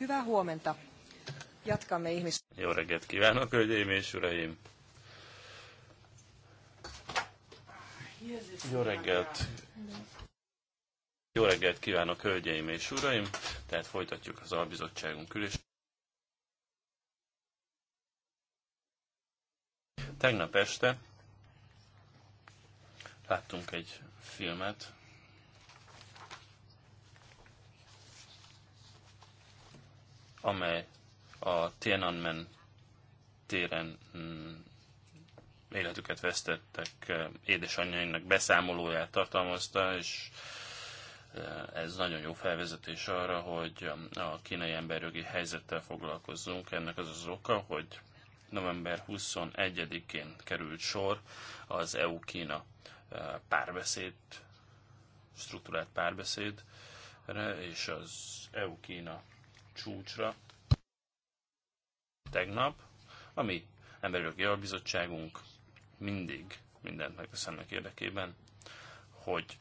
Hyvää huomenta. Jatkamme ihmis... Jó reggelt kívánok, hölgyeim és uraim! Jó reggelt! Jó reggelt kívánok, hölgyeim és uraim! Tehát folytatjuk az albizottságunk ülését. Tegnap este láttunk egy filmet, amely a Tiananmen téren mm, életüket vesztettek édesanyjainak beszámolóját tartalmazta, és ez nagyon jó felvezetés arra, hogy a kínai emberjogi helyzettel foglalkozzunk. Ennek az az oka, hogy november 21-én került sor az EU-Kína párbeszéd, struktúrált párbeszédre, és az EU-Kína csúcsra tegnap, ami emberi bizottságunk mindig mindent megtesz ennek érdekében, hogy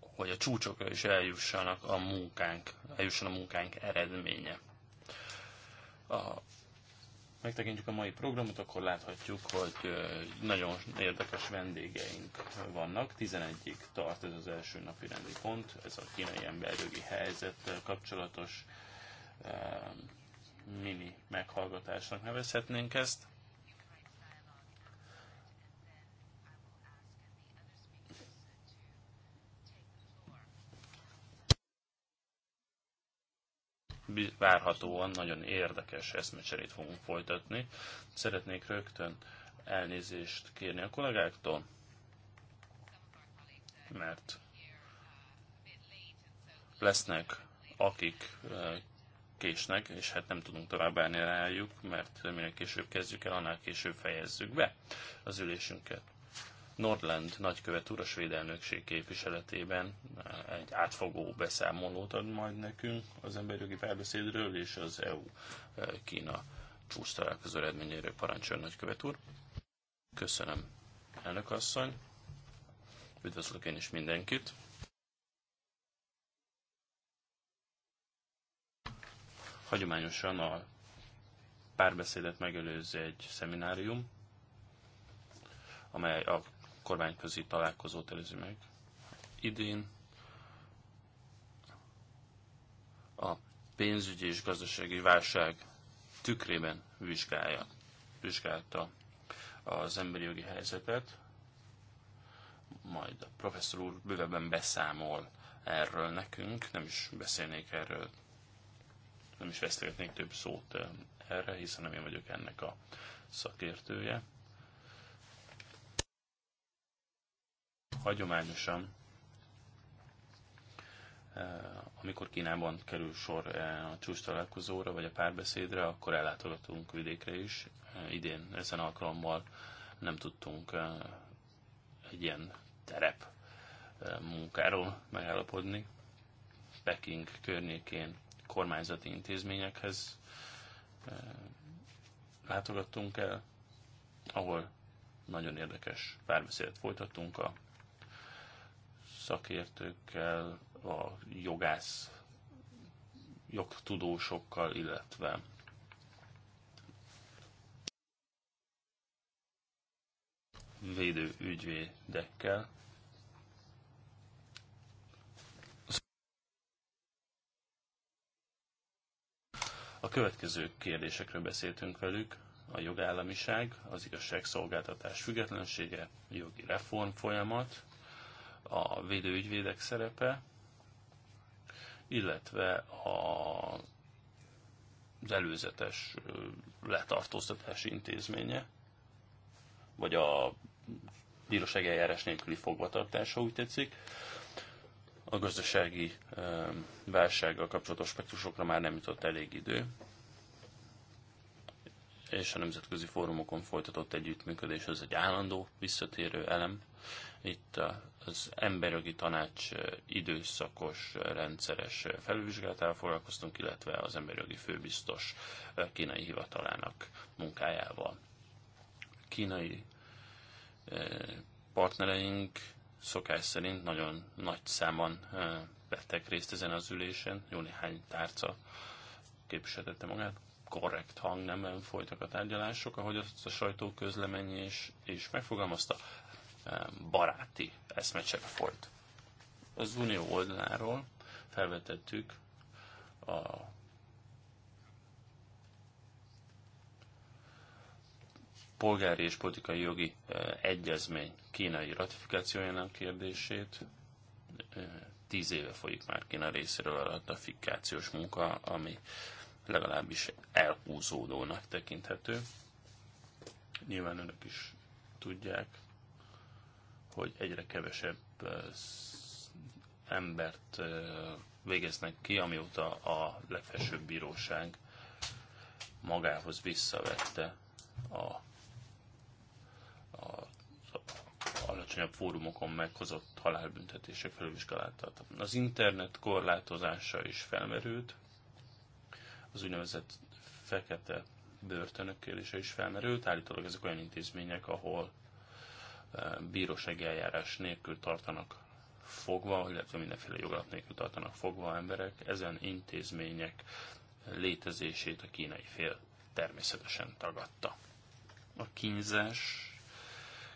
hogy a csúcsokra is eljussanak a munkánk, eljusson a munkánk eredménye. A megtekintjük a mai programot, akkor láthatjuk, hogy nagyon érdekes vendégeink vannak. 11-ig tart ez az első napi rendi pont, ez a kínai emberjogi helyzet kapcsolatos mini meghallgatásnak nevezhetnénk ezt. várhatóan nagyon érdekes eszmecserét fogunk folytatni. Szeretnék rögtön elnézést kérni a kollégáktól, mert lesznek, akik késnek, és hát nem tudunk tovább állni rájuk, mert minél később kezdjük el, annál később fejezzük be az ülésünket. Nordland nagykövet úr a svéd elnökség képviseletében eh, egy átfogó beszámolót ad majd nekünk az emberjogi párbeszédről és az EU-Kína eh, csúcs találkozó eredményéről parancsol nagykövet úr. Köszönöm, elnök asszony. Üdvözlök én is mindenkit. Hagyományosan a párbeszédet megelőzi egy szeminárium, amely a kormányközi találkozót előzi meg. Idén a pénzügyi és gazdasági válság tükrében vizsgálja, vizsgálta az emberi jogi helyzetet, majd a professzor úr bővebben beszámol erről nekünk, nem is beszélnék erről, nem is vesztegetnék több szót eh, erre, hiszen nem én vagyok ennek a szakértője. hagyományosan, eh, amikor Kínában kerül sor eh, a csúcs találkozóra vagy a párbeszédre, akkor ellátogatunk vidékre is. Eh, idén ezen alkalommal nem tudtunk egy ilyen terep munkáról megállapodni. Peking környékén kormányzati intézményekhez látogattunk el, ahol nagyon érdekes párbeszédet folytattunk a szakértőkkel, a jogász, jogtudósokkal, illetve védő ügyvédekkel. A következő kérdésekről beszéltünk velük, a jogállamiság, az igazságszolgáltatás függetlensége, jogi reform folyamat, a védőügyvédek szerepe, illetve a, az előzetes letartóztatási intézménye, vagy a bíróság eljárás nélküli fogvatartása, úgy tetszik. A gazdasági válsággal kapcsolatos aspektusokra már nem jutott elég idő, és a nemzetközi fórumokon folytatott együttműködés az egy állandó, visszatérő elem itt az emberjogi tanács időszakos rendszeres felvizsgálatával foglalkoztunk, illetve az emberjogi főbiztos kínai hivatalának munkájával. Kínai partnereink szokás szerint nagyon nagy számon vettek részt ezen az ülésen, jó néhány tárca képviseltette magát, korrekt hangnemben folytak a tárgyalások, ahogy azt a sajtó közlemennyi is, is megfogalmazta baráti eszmecsere folyt. Az Unió oldaláról felvetettük a polgári és politikai jogi e, egyezmény kínai ratifikációjának kérdését. E, tíz éve folyik már Kína részéről a ratifikációs munka, ami legalábbis elhúzódónak tekinthető. Nyilván önök is tudják, hogy egyre kevesebb embert végeznek ki, amióta a legfelsőbb bíróság magához visszavette a, a, a alacsonyabb fórumokon meghozott halálbüntetések felülvizsgálatát. Az internet korlátozása is felmerült, az úgynevezett fekete börtönök kérdése is felmerült. Állítólag ezek olyan intézmények, ahol bírósági eljárás nélkül tartanak fogva, illetve mindenféle jogalap nélkül tartanak fogva emberek, ezen intézmények létezését a kínai fél természetesen tagadta. A kínzás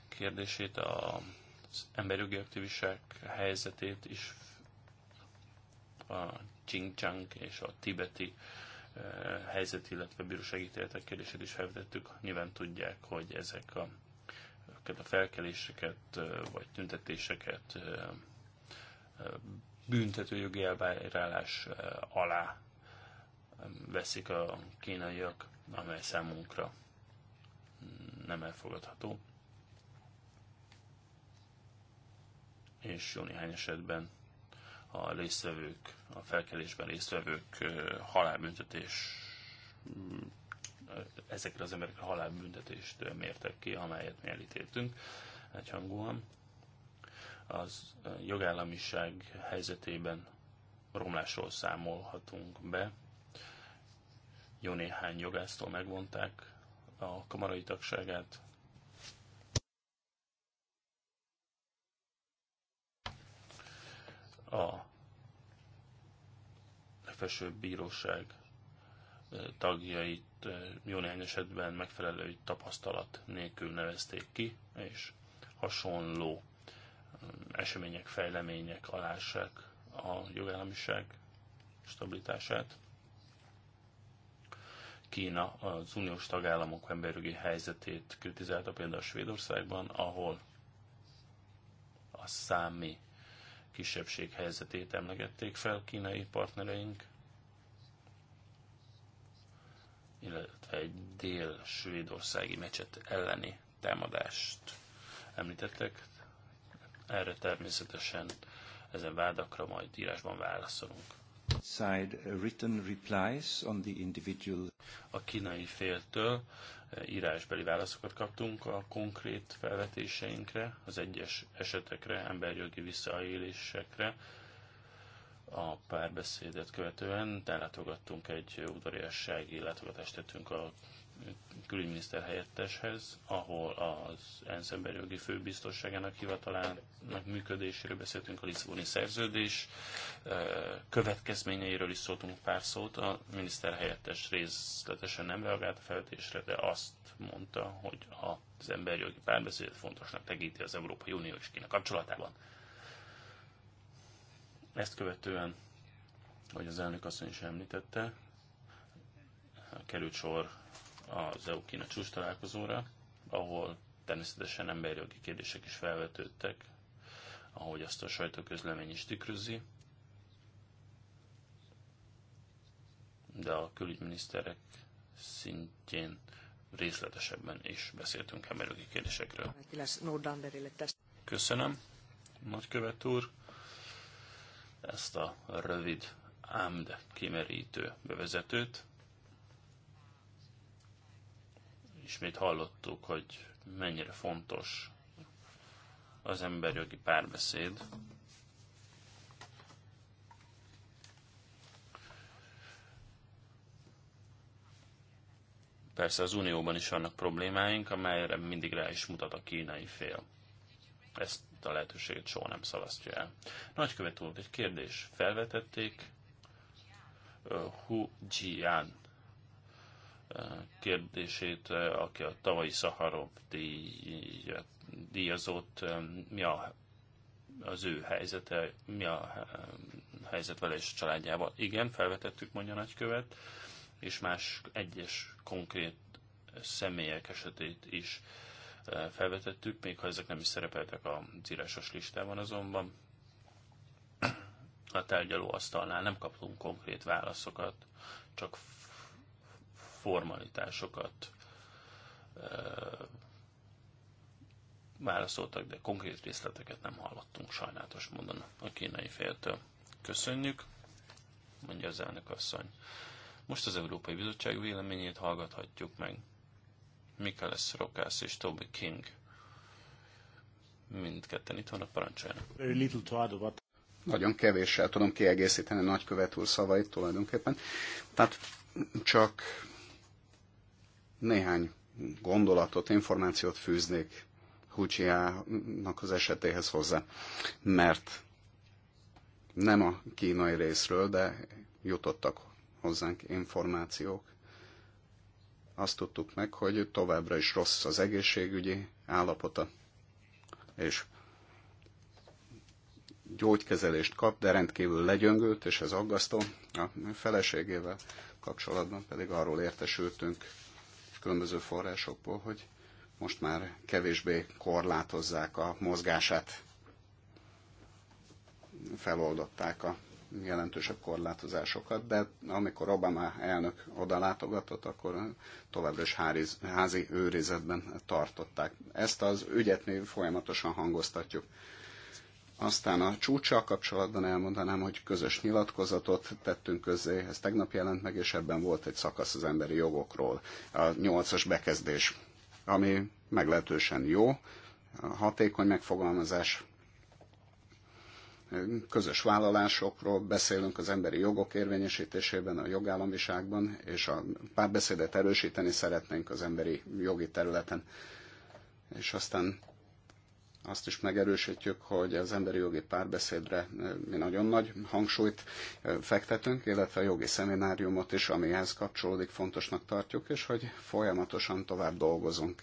kérdését, az emberjogi aktivisták helyzetét is a Xinjiang és a tibeti helyzet, illetve bírósági kérdését is felvetettük. Nyilván tudják, hogy ezek a ezeket a felkeléseket vagy tüntetéseket büntetőjogi elvárás alá veszik a kínaiak, amely számunkra mm, nem elfogadható. És jó néhány esetben a résztvevők, a felkelésben résztvevők halálbüntetés mm, ezekre az emberekre halálbüntetést mértek ki, amelyet mi elítéltünk egyhangúan. Az jogállamiság helyzetében romlásról számolhatunk be. Jó néhány jogásztól megvonták a kamarai tagságát. A legfelsőbb bíróság tagjait jó néhány esetben megfelelő tapasztalat nélkül nevezték ki, és hasonló események, fejlemények alássák a jogállamiság stabilitását. Kína az uniós tagállamok emberjogi helyzetét kritizálta például Svédországban, ahol a számi kisebbség helyzetét emlegették fel kínai partnereink, illetve egy dél-svédországi mecset elleni támadást említettek. Erre természetesen ezen vádakra majd írásban válaszolunk. Side uh, written replies on the individual. A kínai féltől uh, írásbeli válaszokat kaptunk a konkrét felvetéseinkre, az egyes esetekre, emberjogi visszaélésekre, a párbeszédet követően ellátogattunk egy udvariassági látogatást tettünk a külügyminiszter helyetteshez, ahol az ENSZ jogi főbiztosságának hivatalának működéséről beszéltünk, a Lisszaboni szerződés következményeiről is szóltunk pár szót. A miniszter helyettes részletesen nem reagált a felvetésre, de azt mondta, hogy az jogi párbeszédet fontosnak tekinti az Európai Unió és Kína kapcsolatában. Ezt követően, hogy az elnök asszony is említette, került sor az EU-Kína csúcs találkozóra, ahol természetesen emberjogi kérdések is felvetődtek, ahogy azt a sajtóközlemény is tükrözi, de a külügyminiszterek szintjén részletesebben is beszéltünk emberjogi kérdésekről. Köszönöm, nagykövet úr ezt a rövid, ám de kimerítő bevezetőt. Ismét hallottuk, hogy mennyire fontos az emberjogi párbeszéd. Persze az Unióban is vannak problémáink, amelyre mindig rá is mutat a kínai fél. Ezt itt a lehetőséget soha nem szalasztja el. Nagykövet úr, egy kérdés. Felvetették uh, Hu Jian kérdését, aki a tavalyi Szaharov díj, díjazott, mi a, az ő helyzete, mi a helyzet vele és a családjával. Igen, felvetettük, mondja nagykövet, és más egyes konkrét személyek esetét is felvetettük, még ha ezek nem is szerepeltek a írásos listában azonban. A tárgyaló asztalnál nem kaptunk konkrét válaszokat, csak formalitásokat válaszoltak, de konkrét részleteket nem hallottunk sajnálatos módon a kínai féltől. Köszönjük, mondja az elnök asszony. Most az Európai Bizottság véleményét hallgathatjuk meg. Mikales Rokász és Toby King. Mindketten itt van a parancsoljanak. Nagyon kevéssel tudom kiegészíteni a nagykövet úr szavait tulajdonképpen. Tehát csak néhány gondolatot, információt fűznék Hucsiának az esetéhez hozzá, mert nem a kínai részről, de jutottak hozzánk információk azt tudtuk meg, hogy továbbra is rossz az egészségügyi állapota, és gyógykezelést kap, de rendkívül legyöngült, és ez aggasztó. A feleségével kapcsolatban pedig arról értesültünk különböző forrásokból, hogy most már kevésbé korlátozzák a mozgását, feloldották a jelentősebb korlátozásokat, de amikor Obama elnök oda látogatott, akkor továbbra is háriz, házi őrizetben tartották. Ezt az ügyet mi folyamatosan hangoztatjuk. Aztán a csúcsal kapcsolatban elmondanám, hogy közös nyilatkozatot tettünk közzé, ez tegnap jelent meg, és ebben volt egy szakasz az emberi jogokról, a nyolcas bekezdés, ami meglehetősen jó, hatékony megfogalmazás, közös vállalásokról beszélünk az emberi jogok érvényesítésében, a jogállamiságban, és a párbeszédet erősíteni szeretnénk az emberi jogi területen. És aztán azt is megerősítjük, hogy az emberi jogi párbeszédre mi nagyon nagy hangsúlyt fektetünk, illetve a jogi szemináriumot is, amihez kapcsolódik, fontosnak tartjuk, és hogy folyamatosan tovább dolgozunk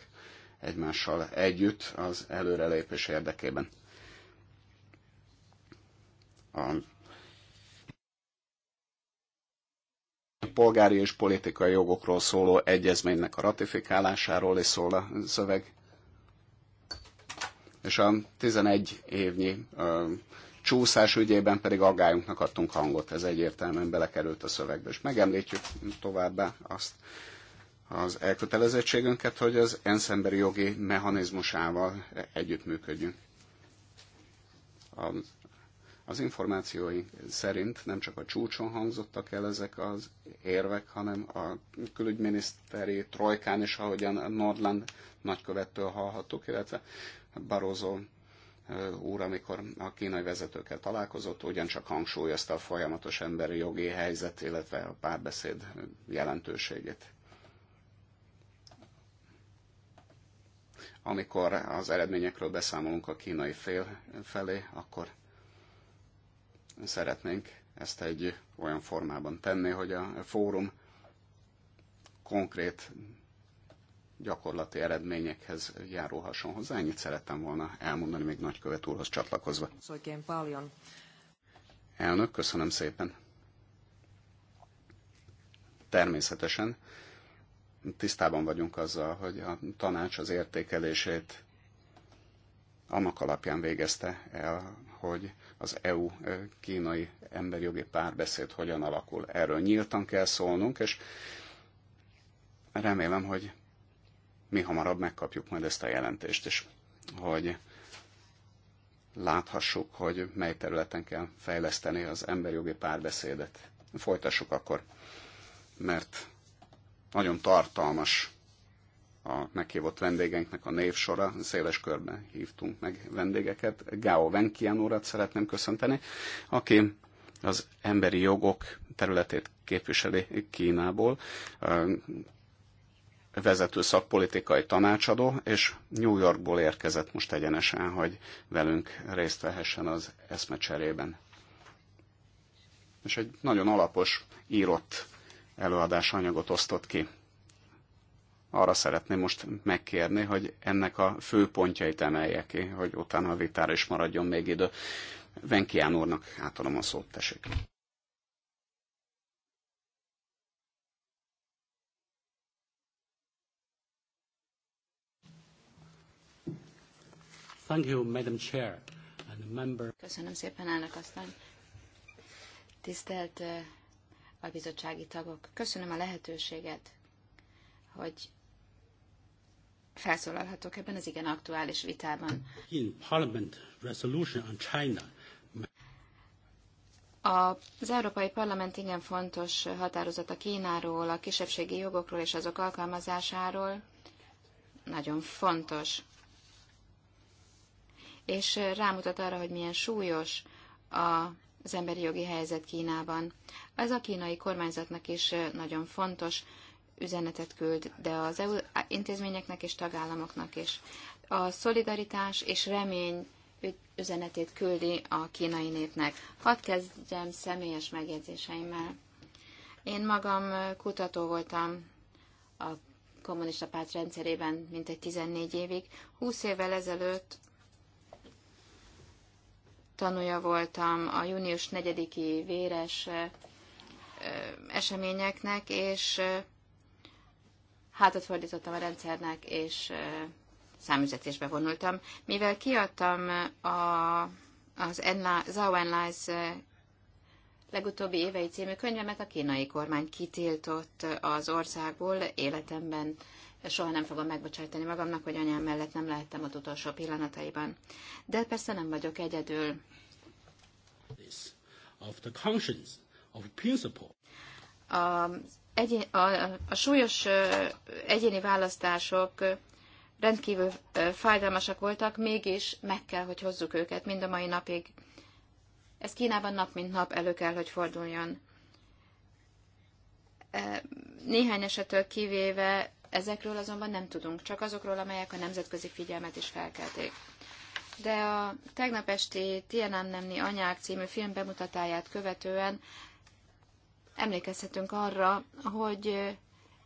egymással együtt az előrelépés érdekében a polgári és politikai jogokról szóló egyezménynek a ratifikálásáról is szól a szöveg. És a 11 évnyi ö, csúszás ügyében pedig aggályunknak adtunk hangot, ez egyértelműen belekerült a szövegbe. És megemlítjük továbbá azt az elkötelezettségünket, hogy az ENSZ emberi jogi mechanizmusával együttműködjünk. Az az információi szerint nem csak a csúcson hangzottak el ezek az érvek, hanem a külügyminiszteri trojkán is, ahogyan Nordland nagykövettől hallhattuk, illetve Barroso úr, amikor a kínai vezetőkkel találkozott, ugyancsak hangsúlyozta a folyamatos emberi jogi helyzet, illetve a párbeszéd jelentőségét. Amikor az eredményekről beszámolunk a kínai fél felé, akkor szeretnénk ezt egy olyan formában tenni, hogy a fórum konkrét gyakorlati eredményekhez járulhasson hozzá. Ennyit szerettem volna elmondani még nagykövet úrhoz csatlakozva. Elnök, köszönöm szépen. Természetesen tisztában vagyunk azzal, hogy a tanács az értékelését annak alapján végezte el, hogy az EU-kínai eh, emberjogi párbeszéd hogyan alakul. Erről nyíltan kell szólnunk, és remélem, hogy mi hamarabb megkapjuk majd ezt a jelentést, és hogy láthassuk, hogy mely területen kell fejleszteni az emberjogi párbeszédet. Folytassuk akkor, mert nagyon tartalmas a meghívott vendégeinknek a névsora, széles körben hívtunk meg vendégeket. Gáó Venkian urat szeretném köszönteni, aki az emberi jogok területét képviseli Kínából, vezető szakpolitikai tanácsadó, és New Yorkból érkezett most egyenesen, hogy velünk részt vehessen az eszmecserében. És egy nagyon alapos, írott előadásanyagot osztott ki arra szeretném most megkérni, hogy ennek a fő pontjait emelje ki, hogy utána a vitára is maradjon még idő. Venkián úrnak átadom a szót, tessék. Thank you, Madam Chair and member. Köszönöm szépen, elnök asszony. Tisztelt bizottsági tagok, köszönöm a lehetőséget, hogy felszólalhatok ebben az igen aktuális vitában. In Parliament resolution on China. Az Európai Parlament igen fontos határozata Kínáról, a kisebbségi jogokról és azok alkalmazásáról nagyon fontos. És rámutat arra, hogy milyen súlyos a az emberi jogi helyzet Kínában. Ez a kínai kormányzatnak is nagyon fontos, üzenetet küld, de az EU intézményeknek és tagállamoknak is. A szolidaritás és remény üzenetét küldi a kínai népnek. Hadd kezdjem személyes megjegyzéseimmel. Én magam kutató voltam a kommunista párt rendszerében mintegy 14 évig. 20 évvel ezelőtt tanúja voltam a június 4-i véres eseményeknek, és hátat fordítottam a rendszernek, és számüzetésbe vonultam. Mivel kiadtam a, az Zhao Enlize legutóbbi évei című könyvemet, a kínai kormány kitiltott az országból életemben. Soha nem fogom megbocsájtani magamnak, hogy anyám mellett nem lehettem ott utolsó pillanataiban. De persze nem vagyok egyedül. Of the conscience, of principle. A egyén, a, a súlyos egyéni választások rendkívül fájdalmasak voltak, mégis meg kell, hogy hozzuk őket mind a mai napig. Ez Kínában nap mint nap elő kell, hogy forduljon. Néhány esetől kivéve ezekről azonban nem tudunk, csak azokról, amelyek a nemzetközi figyelmet is felkelték. De a tegnap esti Tiananmeni anyák című film bemutatáját követően emlékezhetünk arra, hogy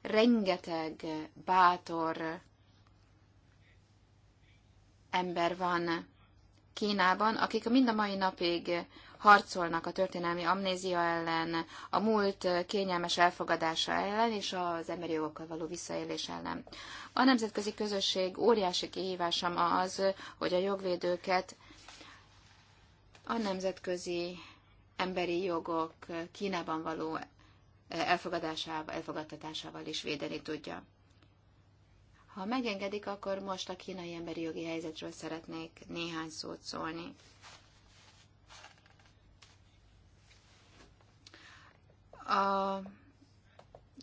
rengeteg bátor ember van Kínában, akik mind a mai napig harcolnak a történelmi amnézia ellen, a múlt kényelmes elfogadása ellen és az emberi jogokkal való visszaélés ellen. A nemzetközi közösség óriási kihívása ma az, hogy a jogvédőket a nemzetközi emberi jogok Kínában való eh, elfogadásával, elfogadtatásával is védeni tudja. Ha megengedik, akkor most a kínai emberi jogi helyzetről szeretnék néhány szót szólni. A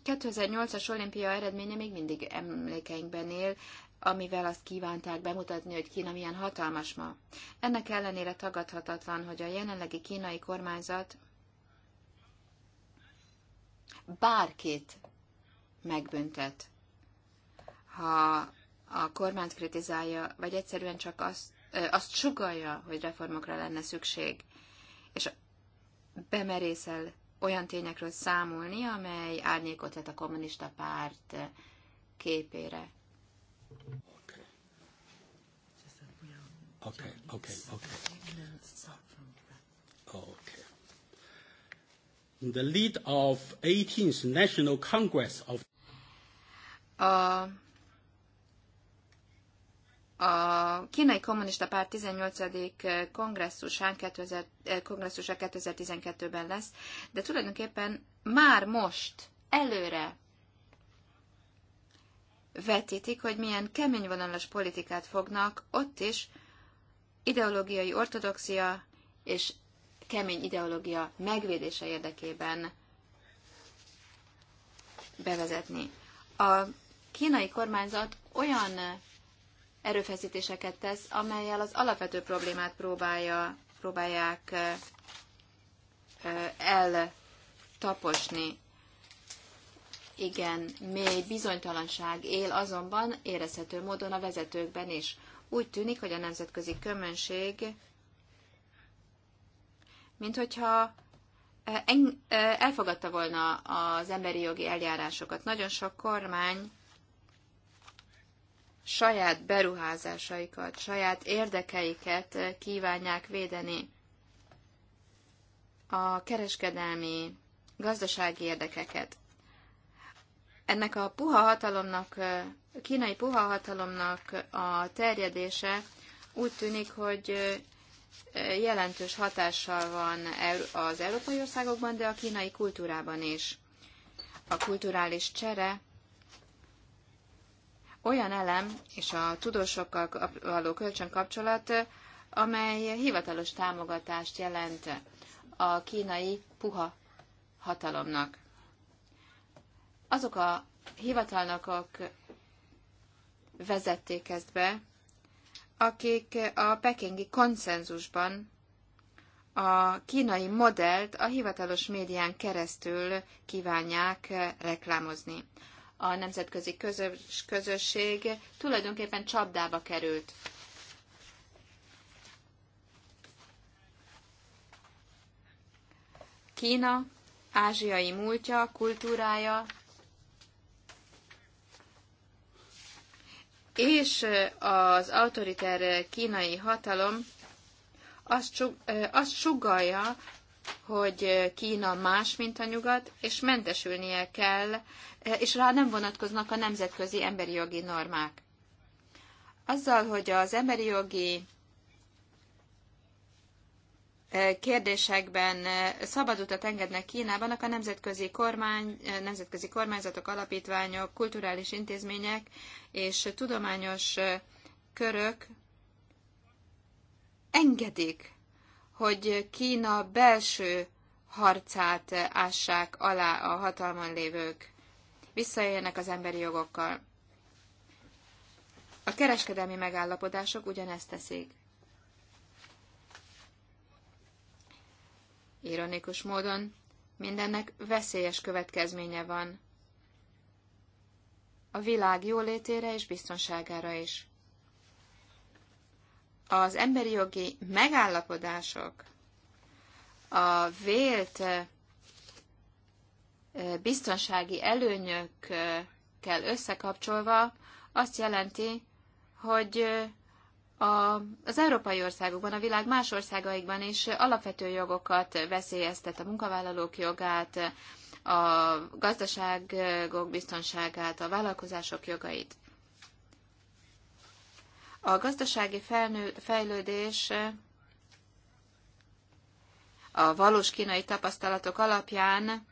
2008-as olimpia eredménye még mindig emlékeinkben él amivel azt kívánták bemutatni, hogy Kína milyen hatalmas ma. Ennek ellenére tagadhatatlan, hogy a jelenlegi kínai kormányzat bárkit megbüntet, ha a kormányt kritizálja, vagy egyszerűen csak azt, azt sugalja, hogy reformokra lenne szükség, és bemerészel olyan tényekről számolni, amely árnyékot vet a kommunista párt képére. Okay, okay, okay. Okay. The lead of 18th National Congress of a, a kínai kommunista párt 18. kongresszusán 2000, eh, kongresszusa 2012-ben lesz, de tulajdonképpen már most, előre vetítik, hogy milyen keményvonalas politikát fognak ott is ideológiai ortodoxia és kemény ideológia megvédése érdekében bevezetni. A kínai kormányzat olyan erőfeszítéseket tesz, amelyel az alapvető problémát próbálja, próbálják eltaposni igen mély bizonytalanság él azonban érezhető módon a vezetőkben is. Úgy tűnik, hogy a nemzetközi kömönség, minthogyha e, e, elfogadta volna az emberi jogi eljárásokat. Nagyon sok kormány saját beruházásaikat, saját érdekeiket kívánják védeni. A kereskedelmi, gazdasági érdekeket ennek a puha hatalomnak, a kínai puha hatalomnak a terjedése úgy tűnik, hogy jelentős hatással van az európai országokban, de a kínai kultúrában is. A kulturális csere olyan elem és a tudósokkal való kölcsönkapcsolat, amely hivatalos támogatást jelent a kínai puha hatalomnak azok a hivatalnokok vezették ezt be, akik a pekingi konszenzusban a kínai modellt a hivatalos médián keresztül kívánják reklámozni. A nemzetközi közös, közösség tulajdonképpen csapdába került. Kína ázsiai múltja, kultúrája és az autoriter kínai hatalom azt, sugalja, hogy Kína más, mint a nyugat, és mentesülnie kell, és rá nem vonatkoznak a nemzetközi emberi jogi normák. Azzal, hogy az emberi jogi kérdésekben szabad utat engednek Kínában, a nemzetközi kormány, nemzetközi kormányzatok, alapítványok, kulturális intézmények és tudományos körök engedik, hogy Kína belső harcát ássák alá a hatalman lévők. Visszaéljenek az emberi jogokkal. A kereskedelmi megállapodások ugyanezt teszik. Ironikus módon mindennek veszélyes következménye van. A világ jólétére és biztonságára is. Az emberi jogi megállapodások, a vélt biztonsági előnyökkel összekapcsolva azt jelenti, hogy a, az európai országokban, a világ más országaiban is alapvető jogokat veszélyeztet, a munkavállalók jogát, a gazdaságok biztonságát, a vállalkozások jogait. A gazdasági felnő, fejlődés a valós kínai tapasztalatok alapján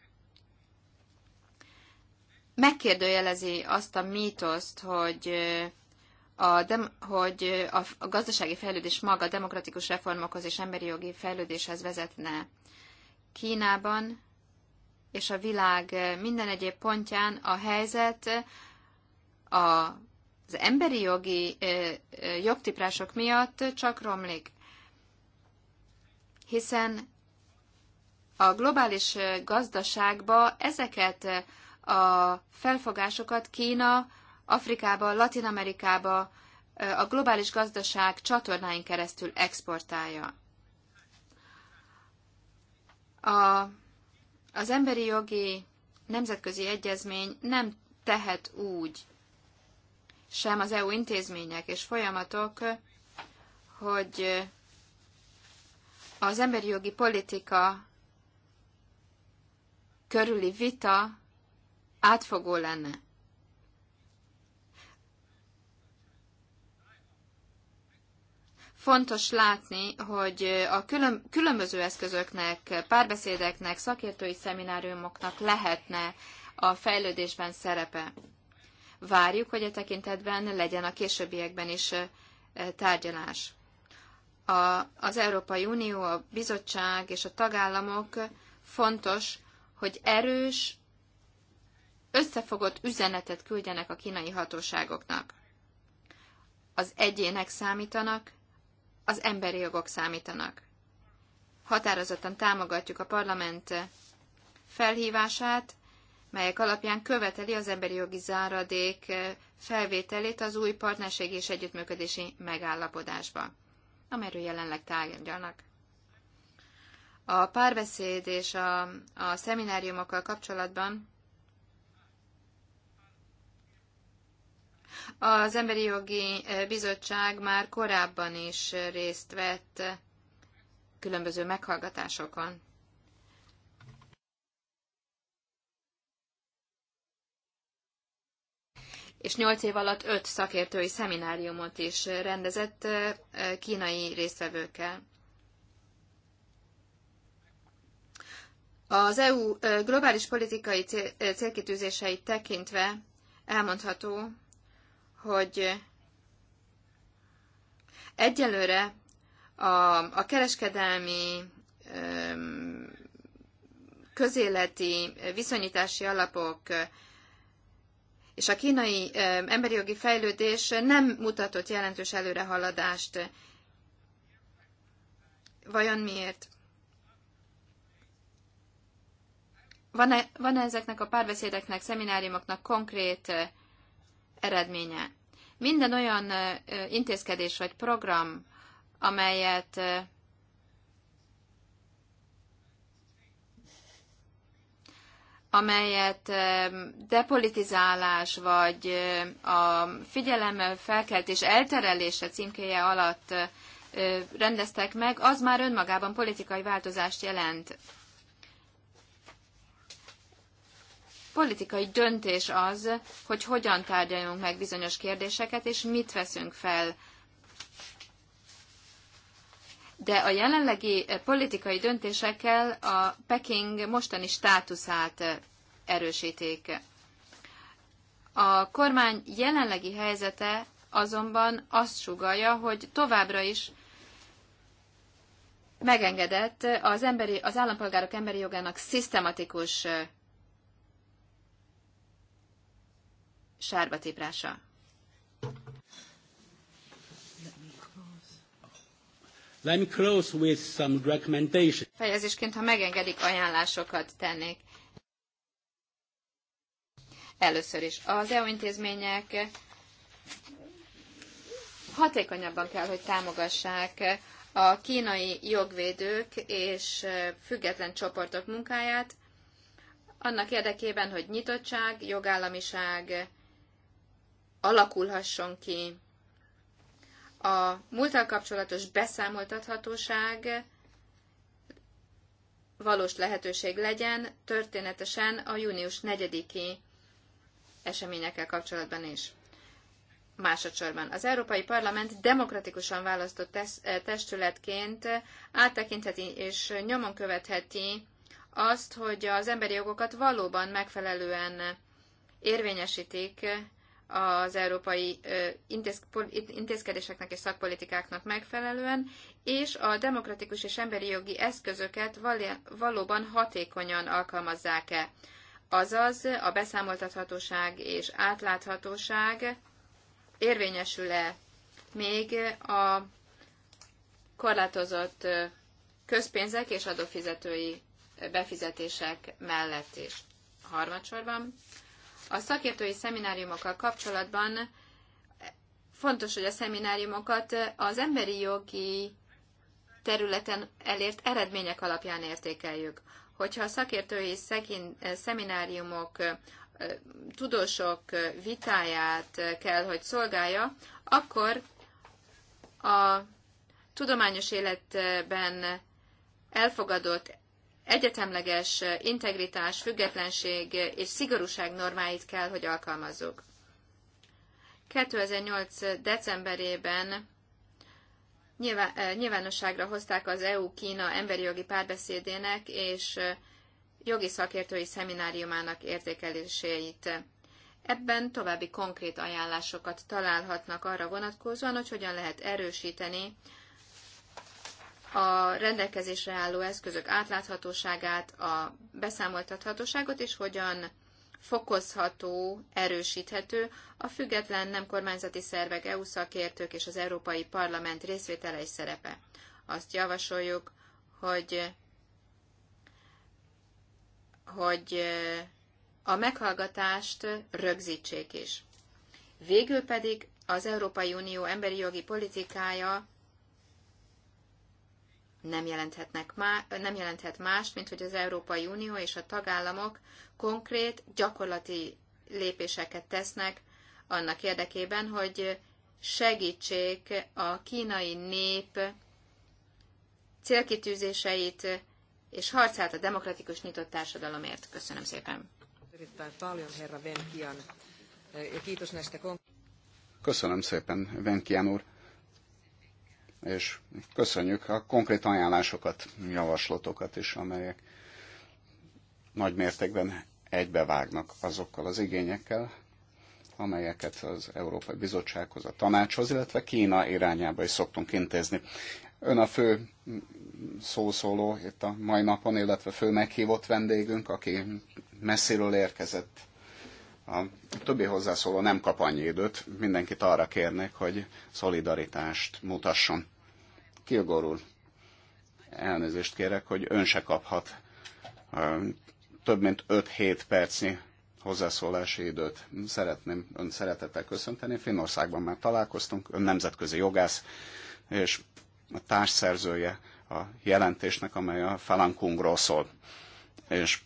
megkérdőjelezi azt a mítoszt, hogy a dem, hogy a gazdasági fejlődés maga demokratikus reformokhoz és emberi jogi fejlődéshez vezetne. Kínában és a világ minden egyéb pontján a helyzet a, az emberi jogi jogtiprások miatt csak romlik. Hiszen a globális gazdaságba ezeket a felfogásokat Kína Afrikába, Latin Amerikába a globális gazdaság csatornáin keresztül exportálja. A, az emberi jogi nemzetközi egyezmény nem tehet úgy, sem az EU intézmények és folyamatok, hogy az emberi jogi politika körüli vita átfogó lenne. Fontos látni, hogy a külön, különböző eszközöknek, párbeszédeknek, szakértői szemináriumoknak lehetne a fejlődésben szerepe. Várjuk, hogy a e tekintetben legyen a későbbiekben is e, tárgyalás. A, az Európai Unió, a bizottság és a tagállamok fontos, hogy erős, összefogott üzenetet küldjenek a kínai hatóságoknak. Az egyének számítanak, az emberi jogok számítanak. Határozottan támogatjuk a parlament felhívását, melyek alapján követeli az emberi jogi záradék felvételét az új partnerség és együttműködési megállapodásba, amelyről jelenleg tárgyalnak. A párbeszéd és a, a szemináriumokkal kapcsolatban Az Emberi Jogi eh, Bizottság már korábban is részt vett különböző meghallgatásokon. és nyolc év alatt öt szakértői szemináriumot is rendezett eh, kínai résztvevőkkel. Az EU eh, globális politikai célkitűzéseit tekintve elmondható, hogy egyelőre a, a kereskedelmi közéleti viszonyítási alapok és a kínai emberi jogi fejlődés nem mutatott jelentős előrehaladást. Vajon miért? Van-e, van-e ezeknek a párbeszédeknek, szemináriumoknak konkrét eredménye? Minden olyan intézkedés vagy program, amelyet amelyet depolitizálás vagy a figyelem felkeltés elterelése címkéje alatt rendeztek meg, az már önmagában politikai változást jelent. politikai döntés az, hogy hogyan tárgyaljunk meg bizonyos kérdéseket, és mit veszünk fel. De a jelenlegi politikai döntésekkel a Peking mostani státuszát erősíték. A kormány jelenlegi helyzete azonban azt sugalja, hogy továbbra is megengedett az, emberi, az állampolgárok emberi jogának szisztematikus sárba téprása. Let me close with some recommendations. Fejezésként, ha megengedik, ajánlásokat tennék. Először is. Az EU intézmények hatékonyabban kell, hogy támogassák a kínai jogvédők és független csoportok munkáját, annak érdekében, hogy nyitottság, jogállamiság alakulhasson ki. A múltal kapcsolatos beszámoltathatóság valós lehetőség legyen történetesen a június 4-i eseményekkel kapcsolatban is. Másodszorban az Európai Parlament demokratikusan választott eh, testületként áttekintheti és nyomon követheti azt, hogy az emberi jogokat valóban megfelelően érvényesítik az európai intézkedéseknek és szakpolitikáknak megfelelően, és a demokratikus és emberi jogi eszközöket valóban hatékonyan alkalmazzák-e. Azaz a beszámoltathatóság és átláthatóság érvényesül-e még a korlátozott közpénzek és adófizetői befizetések mellett is. Harmadsorban a szakértői szemináriumokkal kapcsolatban fontos, hogy a szemináriumokat az emberi jogi területen elért eredmények alapján értékeljük. Hogyha a szakértői szekin, szemináriumok tudósok vitáját kell, hogy szolgálja, akkor a tudományos életben elfogadott egyetemleges integritás, függetlenség és szigorúság normáit kell, hogy alkalmazzuk. 2008. decemberében eh, nyilvánosságra hozták az EU-Kína emberi jogi párbeszédének és eh, jogi szakértői szemináriumának értékeléseit. Ebben további konkrét ajánlásokat találhatnak arra vonatkozóan, hogy hogyan lehet erősíteni a rendelkezésre álló eszközök átláthatóságát, a beszámoltathatóságot, és hogyan fokozható, erősíthető a független nem kormányzati szervek, EU szakértők és az Európai Parlament részvétele és szerepe. Azt javasoljuk, hogy, hogy a meghallgatást rögzítsék is. Végül pedig az Európai Unió emberi jogi politikája nem, jelenthetnek má, nem jelenthet más, mint hogy az Európai Unió és a tagállamok konkrét, gyakorlati lépéseket tesznek annak érdekében, hogy segítsék a kínai nép célkitűzéseit és harcát a demokratikus nyitott társadalomért. Köszönöm szépen. Köszönöm szépen, Venkian úr és köszönjük a konkrét ajánlásokat, javaslatokat is, amelyek nagy mértékben egybevágnak azokkal az igényekkel, amelyeket az Európai Bizottsághoz, a tanácshoz, illetve Kína irányába is szoktunk intézni. Ön a fő szószóló itt a mai napon, illetve fő meghívott vendégünk, aki messziről érkezett. A többi hozzászóló nem kap annyi időt, mindenkit arra kérnék, hogy szolidaritást mutasson. Kilgorul. elnézést kérek, hogy ön se kaphat több mint 5-7 percnyi hozzászólási időt. Szeretném ön szeretettel köszönteni. Finnországban már találkoztunk, ön nemzetközi jogász, és a társszerzője a jelentésnek, amely a Falankungról szól. És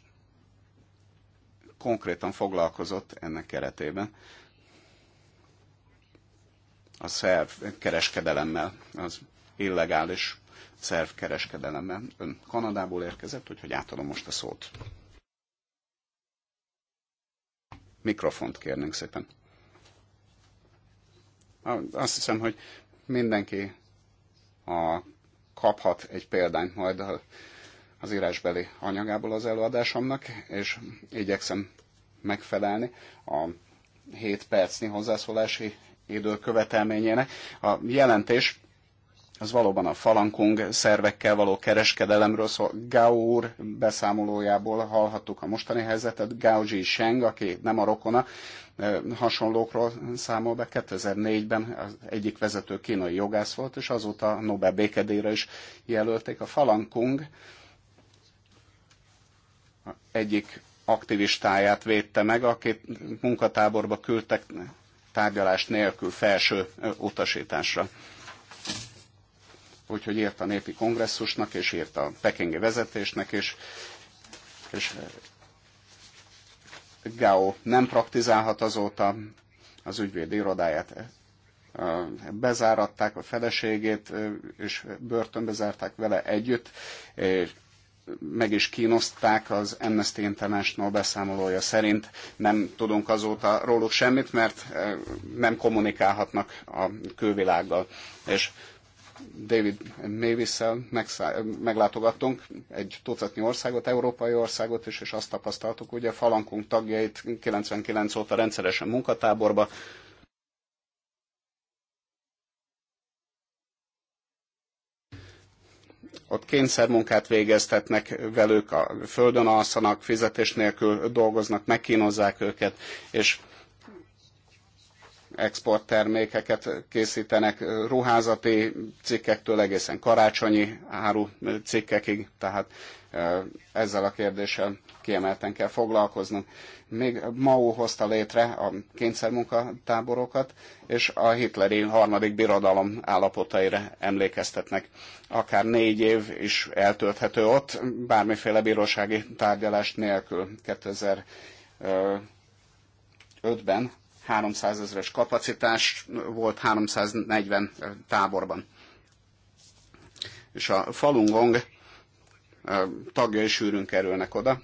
konkrétan foglalkozott ennek keretében a szerv kereskedelemmel, az illegális szerv Ön Kanadából érkezett, úgyhogy átadom most a szót. Mikrofont kérnénk szépen. Azt hiszem, hogy mindenki a, kaphat egy példányt majd a, az írásbeli anyagából az előadásomnak, és igyekszem megfelelni a 7 percnyi hozzászólási idő követelményének. A jelentés az valóban a falankung szervekkel való kereskedelemről szól. Gao úr beszámolójából hallhattuk a mostani helyzetet. Gao Ji Sheng, aki nem a rokona, hasonlókról számol be. 2004-ben az egyik vezető kínai jogász volt, és azóta Nobel békedére is jelölték. A falankung egyik aktivistáját védte meg, akit munkatáborba küldtek tárgyalás nélkül felső utasításra Úgyhogy írt a népi kongresszusnak, és írt a pekingi vezetésnek, és, és eh, Gao nem praktizálhat azóta, az ügyvédi irodáját eh, bezáratták, a feleségét, eh, és börtönbe zárták vele együtt, és meg is kínozták az Amnesty International beszámolója szerint. Nem tudunk azóta róluk semmit, mert nem kommunikálhatnak a külvilággal. És David mavis meglátogattunk egy tucatnyi országot, európai országot is, és azt tapasztaltuk, hogy a falankunk tagjait 99 óta rendszeresen munkatáborba, ott kényszermunkát végeztetnek velük, a földön alszanak, fizetés nélkül dolgoznak, megkínozzák őket, és exporttermékeket készítenek, ruházati cikkektől egészen karácsonyi áru cikkekig, tehát ezzel a kérdéssel kiemelten kell foglalkoznunk. Még Mao hozta létre a kényszermunkatáborokat, és a hitleri harmadik birodalom állapotaira emlékeztetnek. Akár négy év is eltölthető ott, bármiféle bírósági tárgyalás nélkül 2005-ben 300 ezeres kapacitás volt 340 táborban. És a falun gong eh, tagjai sűrűn kerülnek oda.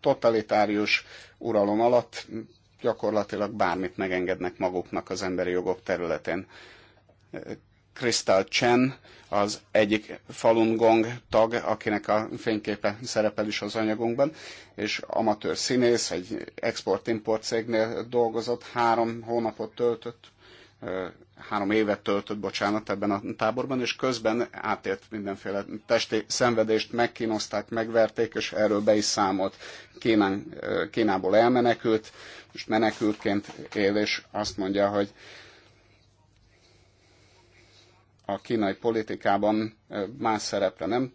Totalitárius uralom alatt gyakorlatilag bármit megengednek maguknak az emberi jogok területén. Crystal Chen az egyik Falun Gong tag, akinek a fényképe szerepel is az anyagunkban, és amatőr színész, egy export-import cégnél dolgozott, három hónapot töltött, három évet töltött, bocsánat, ebben a táborban, és közben átért mindenféle testi szenvedést, megkínozták, megverték, és erről be is számolt. Kínán, Kínából elmenekült, most menekültként él, és azt mondja, hogy a kínai politikában más szerepre nem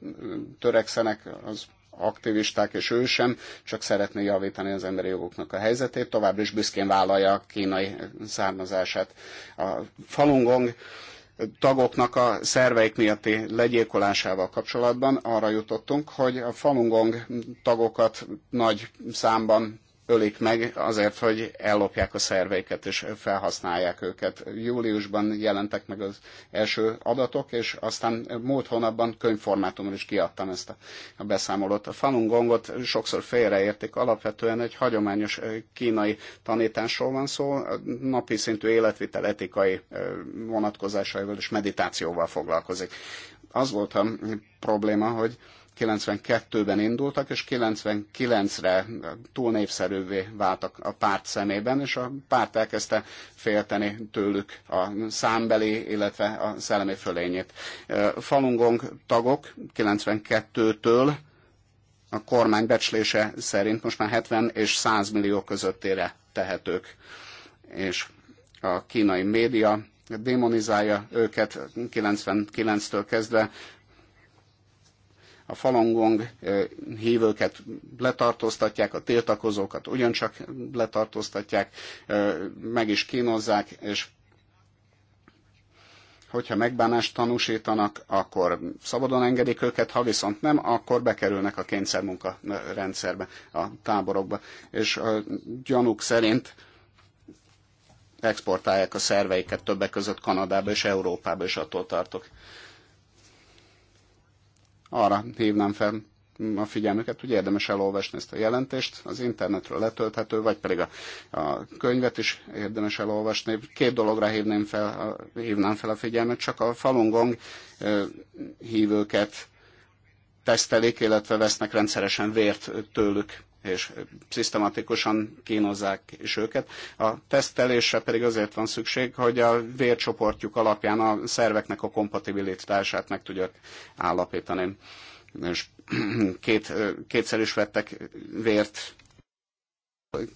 törekszenek az aktivisták, és ő sem, csak szeretné javítani az emberi jogoknak a helyzetét, továbbra is büszkén vállalja a kínai származását. A Falun Gong tagoknak a szerveik miatti legyilkolásával kapcsolatban arra jutottunk, hogy a Falun Gong tagokat nagy számban ölik meg azért, hogy ellopják a szerveiket és felhasználják őket. Júliusban jelentek meg az első adatok, és aztán múlt hónapban könyvformátumon is kiadtam ezt a, a beszámolót. A Falun Gongot sokszor félreértik, alapvetően egy hagyományos kínai tanításról van szó, napi szintű életvitel etikai vonatkozásaival és meditációval foglalkozik. Az volt a probléma, hogy 92-ben indultak, és 99-re túl népszerűvé váltak a párt szemében, és a párt elkezdte félteni tőlük a számbeli, illetve a szellemi fölényét. Falungong tagok 92-től a kormány becslése szerint most már 70 és 100 millió közöttére tehetők. És a kínai média démonizálja őket 99-től kezdve, a falangong hívőket letartóztatják, a tiltakozókat ugyancsak letartóztatják, meg is kínozzák, és hogyha megbánást tanúsítanak, akkor szabadon engedik őket, ha viszont nem, akkor bekerülnek a kényszermunka rendszerbe, a táborokba. És a gyanúk szerint exportálják a szerveiket többek között Kanadába és Európába, és attól tartok arra hívnám fel a figyelmüket, hogy érdemes elolvasni ezt a jelentést, az internetről letölthető, vagy pedig a, a könyvet is érdemes elolvasni. Két dologra hívném fel, a, hívnám fel a figyelmet, csak a Falun Gong hívőket tesztelik, illetve vesznek rendszeresen vért tőlük és szisztematikusan kínozzák is őket. A tesztelésre pedig azért van szükség, hogy a vércsoportjuk alapján a szerveknek a kompatibilitását meg tudják állapítani. És két, kétszer is vettek vért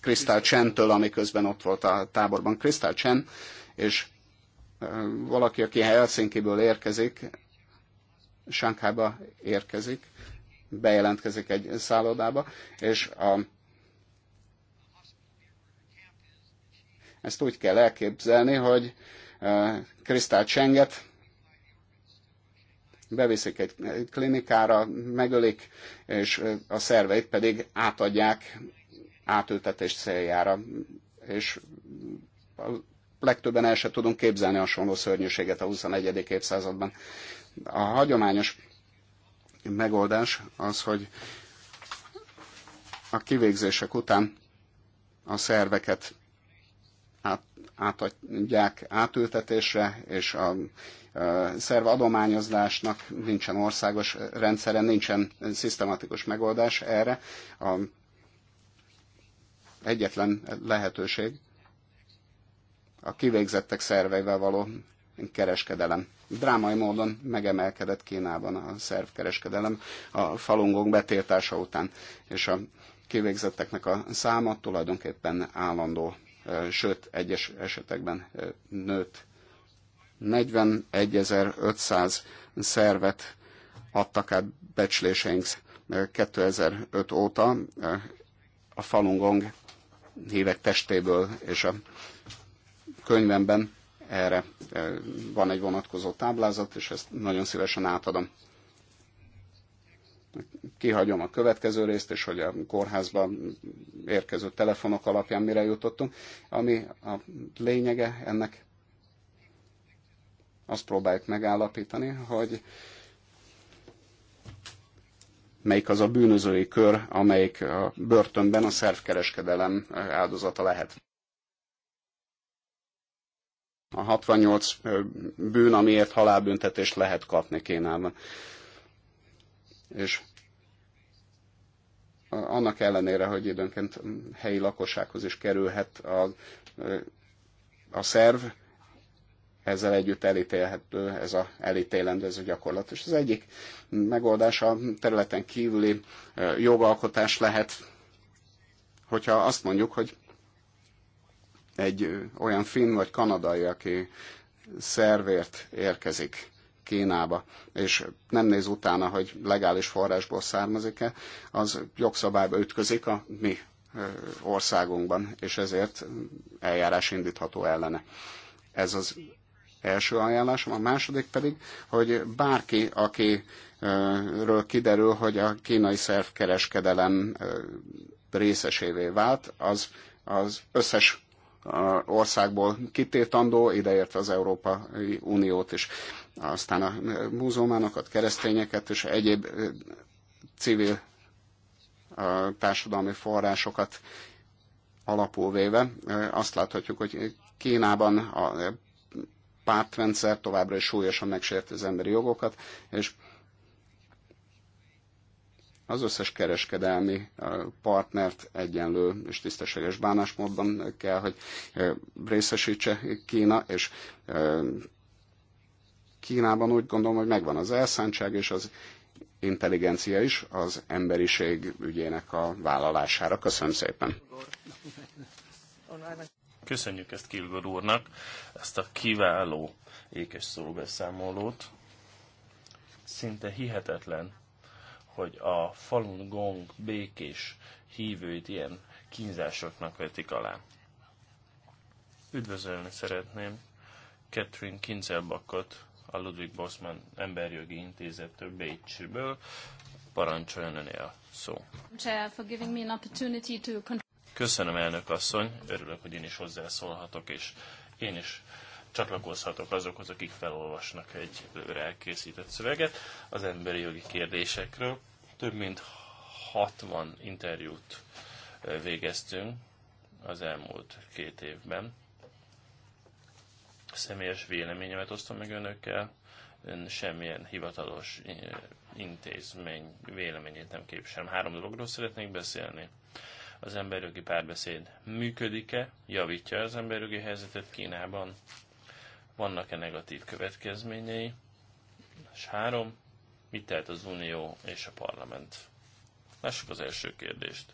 Krisztál Csentől, közben ott volt a táborban. Krisztál Csen, és valaki, aki Helsinkiből érkezik, sánkába érkezik, bejelentkezik egy szállodába, és a, ezt úgy kell elképzelni, hogy e, Krisztál Csenget beviszik egy klinikára, megölik, és e, a szerveit pedig átadják átültetés céljára. És a legtöbben el sem tudunk képzelni hasonló szörnyűséget a 21. században. A hagyományos megoldás az, hogy a kivégzések után a szerveket átadják átültetésre, és a szerv adományozásnak nincsen országos rendszere, nincsen szisztematikus megoldás erre. A egyetlen lehetőség a kivégzettek szerveivel való kereskedelem. Drámai módon megemelkedett Kínában a szerv kereskedelem a falungok betiltása után, és a kivégzetteknek a száma tulajdonképpen állandó, sőt, egyes esetekben nőtt. 41.500 szervet adtak át becsléseink 2005 óta a Falun Gong hívek testéből, és a könyvemben erre e, van egy vonatkozó táblázat, és ezt nagyon szívesen átadom. Kihagyom a következő részt, és hogy a kórházban érkező telefonok alapján mire jutottunk. Ami a lényege ennek, azt próbáljuk megállapítani, hogy melyik az a bűnözői kör, amelyik a börtönben a szervkereskedelem áldozata lehet a 68 bűn, amiért halálbüntetést lehet kapni Kínában. És annak ellenére, hogy időnként helyi lakossághoz is kerülhet a, a szerv, ezzel együtt elítélhető ez a elítélendő, ez a gyakorlat. És az egyik megoldás a területen kívüli jogalkotás lehet, hogyha azt mondjuk, hogy egy olyan finn vagy kanadai, aki szervért érkezik Kínába, és nem néz utána, hogy legális forrásból származik-e, az jogszabályba ütközik a mi országunkban, és ezért eljárás indítható ellene. Ez az első ajánlásom. A második pedig, hogy bárki, akiről kiderül, hogy a kínai szervkereskedelem részesévé vált, az az összes országból kitétandó, ideértve az Európai Uniót is. Aztán a muzulmánokat, keresztényeket és egyéb civil társadalmi forrásokat alapul véve azt láthatjuk, hogy Kínában a pártrendszer továbbra is súlyosan megsérti az emberi jogokat, és az összes kereskedelmi partnert egyenlő és tisztességes bánásmódban kell, hogy részesítse Kína, és Kínában úgy gondolom, hogy megvan az elszántság és az intelligencia is az emberiség ügyének a vállalására. Köszönöm szépen! Köszönjük ezt Kilgor úrnak, ezt a kiváló ékes szóbeszámolót. Szinte hihetetlen hogy a Falun Gong békés hívőit ilyen kínzásoknak vetik alá. Üdvözölni szeretném Catherine Kinzelbakot, a Ludwig Bosman Emberjogi Intézettől Bécsiből. Parancsoljon önél a szó. Köszönöm, elnök asszony. Örülök, hogy én is hozzászólhatok, és én is csatlakozhatok azokhoz, akik felolvasnak egy előre elkészített szöveget az emberi jogi kérdésekről. Több mint 60 interjút végeztünk az elmúlt két évben. Személyes véleményemet osztom meg önökkel. Ön semmilyen hivatalos intézmény véleményét nem képviselem. Három dologról szeretnék beszélni az emberjogi párbeszéd működik-e, javítja az emberjogi helyzetet Kínában, vannak-e negatív következményei, és három, mit tehet az Unió és a Parlament? Lássuk az első kérdést.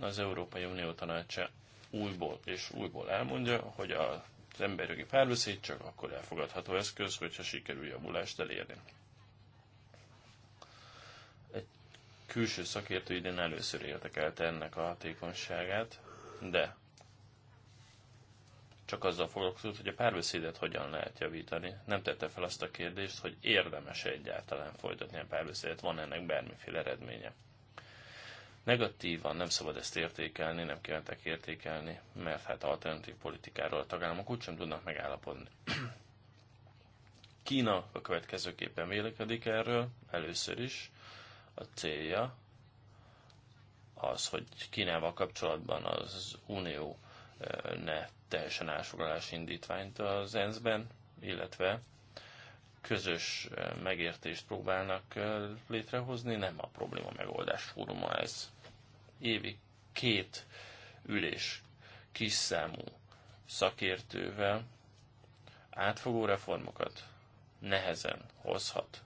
Az Európai Unió tanácsa újból és újból elmondja, hogy az emberjogi párbeszéd csak akkor elfogadható eszköz, hogyha sikerül javulást elérni. Egy külső szakértő idén először értek el ennek a hatékonyságát, de csak azzal foglalkozott, hogy a párbeszédet hogyan lehet javítani. Nem tette fel azt a kérdést, hogy érdemes-e egyáltalán folytatni a párbeszédet, van ennek bármiféle eredménye. Negatívan nem szabad ezt értékelni, nem kellettek értékelni, mert hát alternatív politikáról a tagállamok úgysem tudnak megállapodni. Kína a következőképpen vélekedik erről, először is a célja az, hogy Kínával kapcsolatban az Unió eh, ne teljesen elfoglalás indítványt az ENSZ-ben, illetve közös eh, megértést próbálnak eh, létrehozni, nem a probléma megoldás fóruma ez. Évi két ülés kis számú szakértővel átfogó reformokat nehezen hozhat.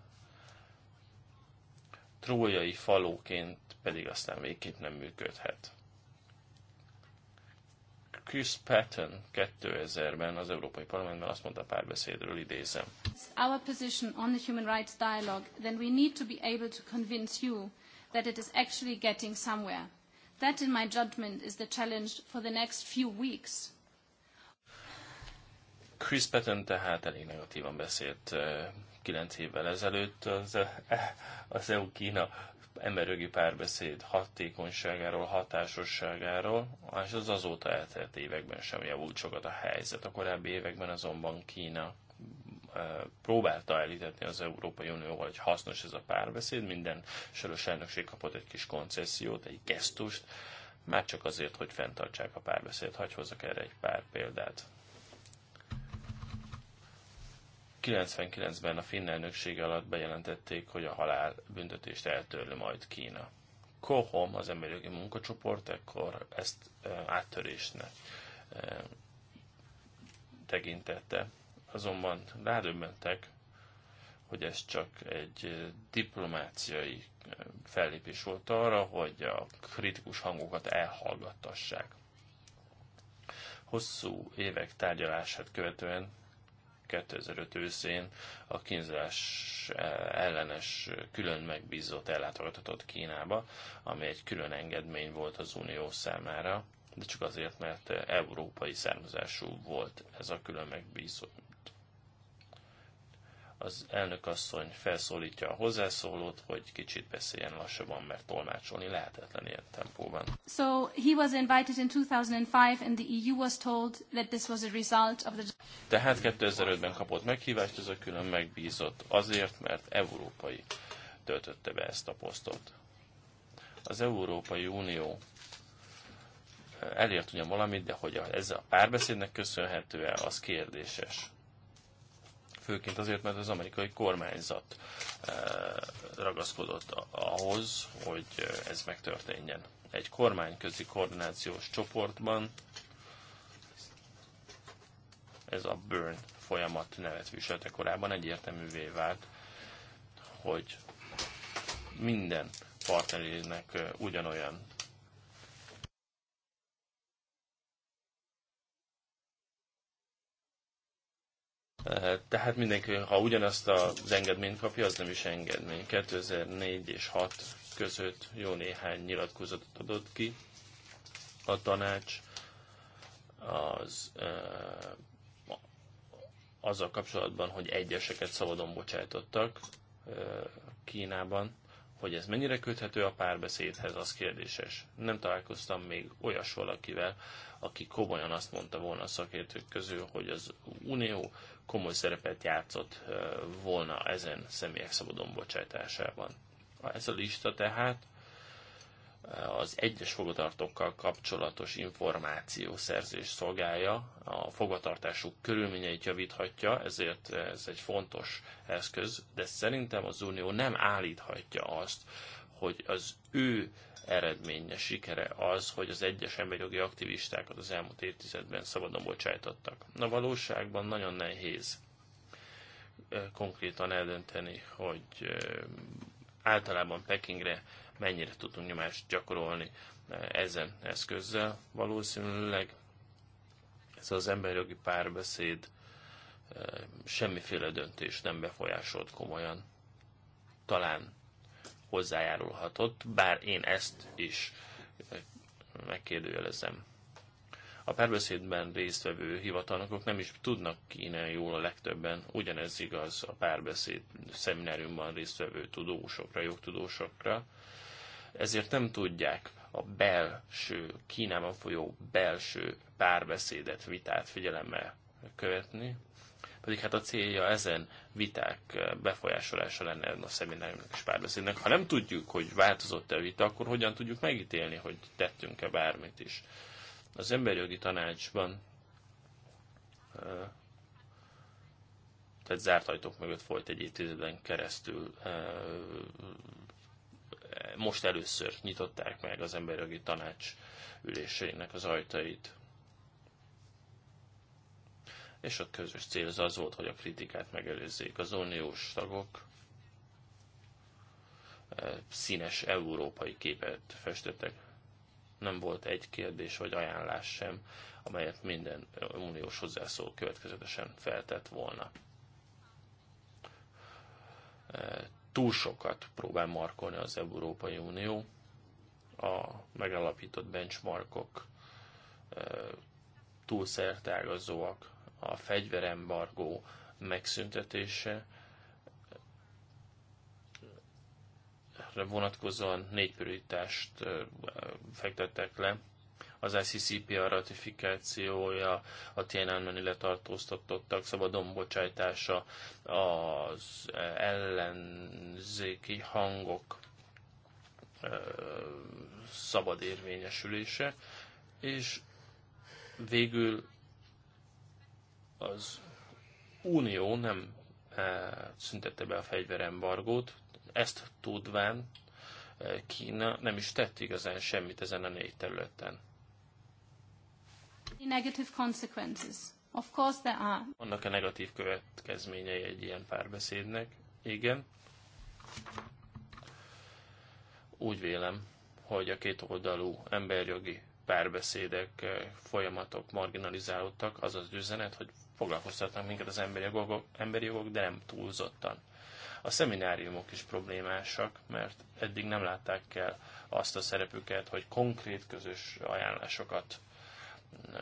Trójai falóként pedig aztán végképp nem működhet. Chris Patton 2000-ben az Európai Parlamentben azt mondta párbeszédről, idézem. Our position on the human rights dialogue, then we need to be able to convince you that it is actually getting somewhere. That, in my judgment, is the challenge for the next few weeks. Chris Patton tehát elég negatívan beszélt eh, kilenc évvel ezelőtt az, eh, az EU-Kína emberögi párbeszéd hatékonyságáról, hatásosságáról, és az azóta eltelt években sem javult sokat a helyzet. A korábbi években azonban Kína próbálta elítetni az Európai Unióval, hogy hasznos ez a párbeszéd, minden sörös elnökség kapott egy kis koncesziót, egy gesztust, már csak azért, hogy fenntartsák a párbeszéd. Hagy hozzak erre egy pár példát. 99-ben a finn elnöksége alatt bejelentették, hogy a halál büntetést eltörli majd Kína. Kohom, az emberi munkacsoport ekkor ezt e, áttörésnek e, tekintette. Azonban rádöbbentek, hogy ez csak egy e, diplomáciai fellépés volt arra, hogy a kritikus hangokat elhallgattassák. Hosszú évek tárgyalását követően 2005 őszén a kínzás eh, ellenes külön megbízott ellátogatott Kínába, ami egy külön engedmény volt az Unió számára, de csak azért, mert eh, európai származású volt ez a külön megbízott, az elnök asszony felszólítja a hozzászólót, hogy kicsit beszéljen lassabban, mert tolmácsolni lehetetlen ilyen tempóban. So he was invited in 2005 and the EU was told that this was a result of the... Tehát 2005-ben kapott meghívást, ez a külön megbízott azért, mert európai töltötte be ezt a posztot. Az Európai Unió eh, elért ugyan valamit, de hogy ez a párbeszédnek köszönhető-e, az kérdéses főként azért, mert az amerikai kormányzat eh, ragaszkodott ahhoz, hogy eh, ez megtörténjen. Egy kormányközi koordinációs csoportban ez a burn folyamat nevet viselte korábban, egyértelművé vált, hogy minden partnerének eh, ugyanolyan Tehát mindenki, ha ugyanazt az engedményt kapja, az nem is engedmény. 2004 és 6 között jó néhány nyilatkozatot adott ki a tanács az, azzal kapcsolatban, hogy egyeseket szabadon bocsájtottak Kínában, hogy ez mennyire köthető a párbeszédhez, az kérdéses. Nem találkoztam még olyas valakivel, aki komolyan azt mondta volna a szakértők közül, hogy az Unió komoly szerepet játszott volna ezen személyek szabadon bocsájtásában. Ez a lista tehát az egyes fogatartókkal kapcsolatos információszerzés szolgálja, a fogatartásuk körülményeit javíthatja, ezért ez egy fontos eszköz, de szerintem az Unió nem állíthatja azt, hogy az ő eredménye, sikere az, hogy az egyes jogi aktivistákat az elmúlt évtizedben szabadon bocsájtottak. Na valóságban nagyon nehéz konkrétan eldönteni, hogy általában Pekingre mennyire tudunk nyomást gyakorolni ezen eszközzel. Valószínűleg ez az jogi párbeszéd semmiféle döntés nem befolyásolt komolyan. Talán hozzájárulhatott, bár én ezt is megkérdőjelezem. A párbeszédben résztvevő hivatalnokok nem is tudnak kínálni jól a legtöbben, ugyanez igaz a párbeszéd szemináriumban résztvevő tudósokra, jogtudósokra, ezért nem tudják a belső, Kínában folyó belső párbeszédet, vitát figyelemmel követni pedig hát a célja ezen viták befolyásolása lenne a szemináriumnak és párbeszédnek. Ha nem tudjuk, hogy változott-e a vita, akkor hogyan tudjuk megítélni, hogy tettünk-e bármit is. Az emberi jogi tanácsban tehát zárt ajtók mögött folyt egy évtizeden keresztül. Most először nyitották meg az emberi jogi tanács üléseinek az ajtait és a közös cél az az volt, hogy a kritikát megelőzzék az uniós tagok, színes európai képet festettek. Nem volt egy kérdés vagy ajánlás sem, amelyet minden uniós hozzászól következetesen feltett volna. Túl sokat próbál markolni az Európai Unió, a megalapított benchmarkok túl szertágazóak, a fegyverembargó megszüntetése vonatkozóan négy prioritást fektettek le. Az A ratifikációja, a Tiananmen tartóztatottak szabadon bocsájtása, az ellenzéki hangok szabad érvényesülése, és végül az Unió nem eh, szüntette be a fegyverembargót, ezt tudván eh, Kína nem is tett igazán semmit ezen a négy területen. Negative consequences. Of course there are. Vannak-e negatív következményei egy ilyen párbeszédnek? Igen. Úgy vélem, hogy a két oldalú emberjogi párbeszédek, eh, folyamatok marginalizálódtak, az az üzenet, hogy foglalkoztatnak minket az emberi jogok, emberi jogok, de nem túlzottan. A szemináriumok is problémásak, mert eddig nem látták el azt a szerepüket, hogy konkrét közös ajánlásokat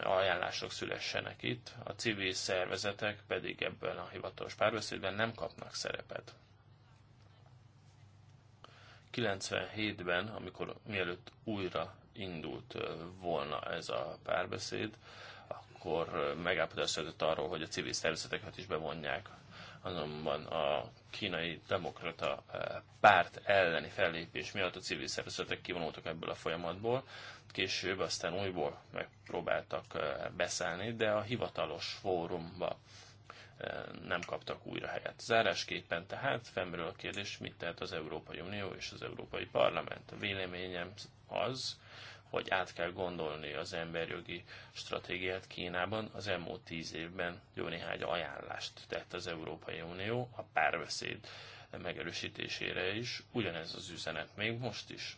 ajánlások szülessenek itt, a civil szervezetek pedig ebben a hivatalos párbeszédben nem kapnak szerepet. 97-ben, amikor mielőtt újra indult volna ez a párbeszéd, akkor megállapodást született arról, hogy a civil szervezeteket is bevonják. Azonban a kínai demokrata eh, párt elleni fellépés miatt a civil szervezetek kivonultak ebből a folyamatból, később aztán újból megpróbáltak eh, beszállni, de a hivatalos fórumba eh, nem kaptak újra helyet. Zárásképpen tehát felmerül a kérdés, mit tehet az Európai Unió és az Európai Parlament. A véleményem az, hogy át kell gondolni az emberjogi stratégiát Kínában. Az elmúlt tíz évben jó néhány ajánlást tett az Európai Unió a párbeszéd megerősítésére is. Ugyanez az üzenet még most is.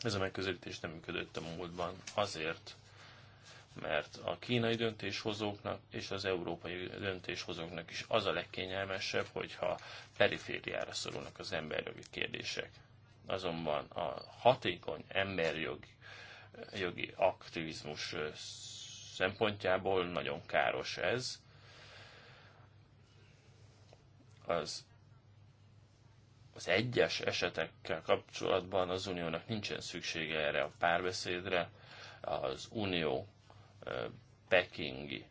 Ez a megközelítés nem működött a múltban azért, mert a kínai döntéshozóknak és az európai döntéshozóknak is az a legkényelmesebb, hogyha perifériára szorulnak az emberjogi kérdések azonban a hatékony emberjogi jogi aktivizmus szempontjából nagyon káros ez. Az, az egyes esetekkel kapcsolatban az uniónak nincsen szüksége erre a párbeszédre. Az unió pekingi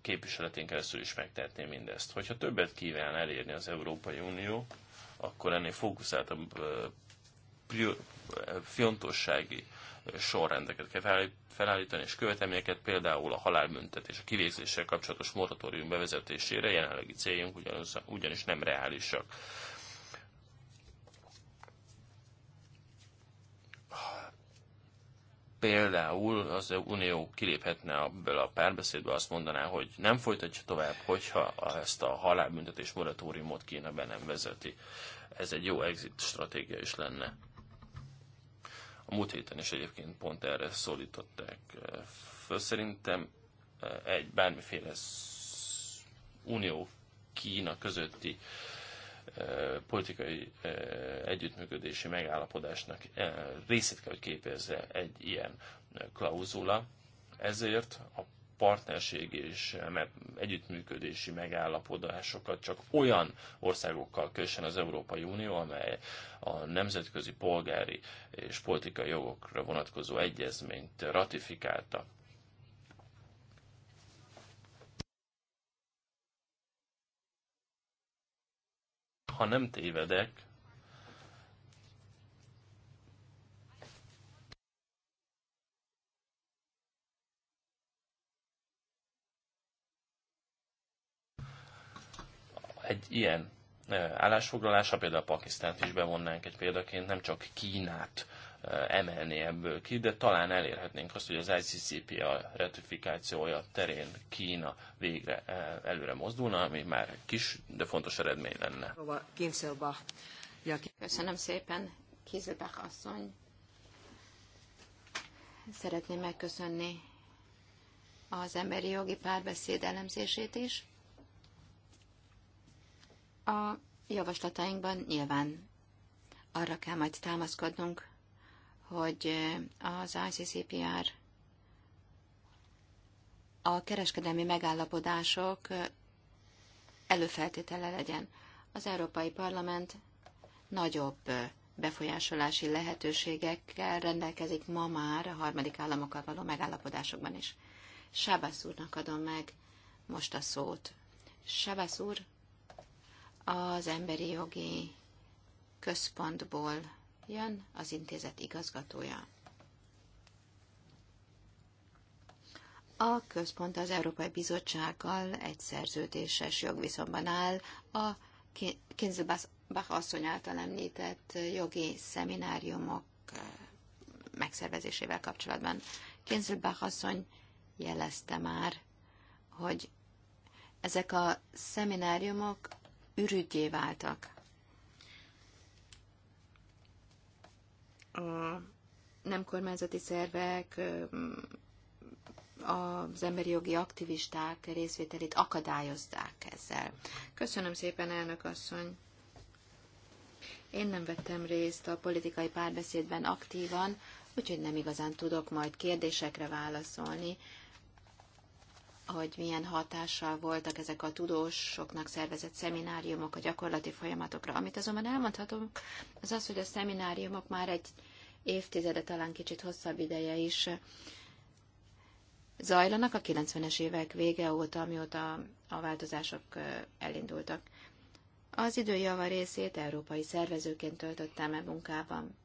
képviseletén keresztül is megtehetné mindezt. Hogyha többet kíván elérni az Európai Unió, akkor ennél fókuszáltabb fontossági sorrendeket kell felállítani és követelményeket, például a halálbüntetés, a kivégzéssel kapcsolatos moratórium bevezetésére jelenlegi céljunk ugyanis, ugyanis nem reálisak. például az Unió kiléphetne ebből a párbeszédből, azt mondaná, hogy nem folytatja tovább, hogyha ezt a halálbüntetés moratóriumot Kína be nem vezeti. Ez egy jó exit stratégia is lenne. A múlt héten is egyébként pont erre szólították eh, föl. Szerintem eh, egy bármiféle Unió Kína közötti uh, politikai együttműködési megállapodásnak részét kell, hogy képezze egy ilyen klauzula. Ezért a partnerség és együttműködési megállapodásokat csak olyan országokkal kössen az Európai Unió, amely a nemzetközi polgári és politikai jogokra vonatkozó egyezményt ratifikálta. ha nem tévedek, egy ilyen állásfoglalása, például a Pakisztánt is bevonnánk egy példaként, nem csak Kínát emelni ebből ki, de talán elérhetnénk azt, hogy az ICCPA ratifikációja terén Kína végre e, előre mozdulna, ami már kis, de fontos eredmény lenne. Köszönöm szépen, Kizelbach asszony. Szeretném megköszönni az emberi jogi párbeszéd elemzését is. A javaslatainkban nyilván arra kell majd támaszkodnunk, hogy az ICCPR a kereskedelmi megállapodások előfeltétele legyen. Az Európai Parlament nagyobb befolyásolási lehetőségekkel rendelkezik ma már a harmadik államokkal való megállapodásokban is. Sábász úrnak adom meg most a szót. Sábász úr az Emberi Jogi Központból Jan, az intézet igazgatója. A központ az Európai Bizottsággal egy szerződéses jogviszonyban áll a Kinzelbach asszony által említett jogi szemináriumok eh, megszervezésével kapcsolatban. Kinzelbach asszony jelezte már, hogy ezek a szemináriumok ürügyé váltak. a nem kormányzati szervek, az emberi jogi aktivisták részvételét akadályozták ezzel. Köszönöm szépen, elnök asszony! Én nem vettem részt a politikai párbeszédben aktívan, úgyhogy nem igazán tudok majd kérdésekre válaszolni, hogy milyen hatással voltak ezek a tudósoknak szervezett szemináriumok a gyakorlati folyamatokra. Amit azonban elmondhatom, az az, hogy a szemináriumok már egy évtizede, talán kicsit hosszabb ideje is zajlanak a 90-es évek vége óta, amióta a változások elindultak. Az idő java részét európai szervezőként töltöttem e munkában.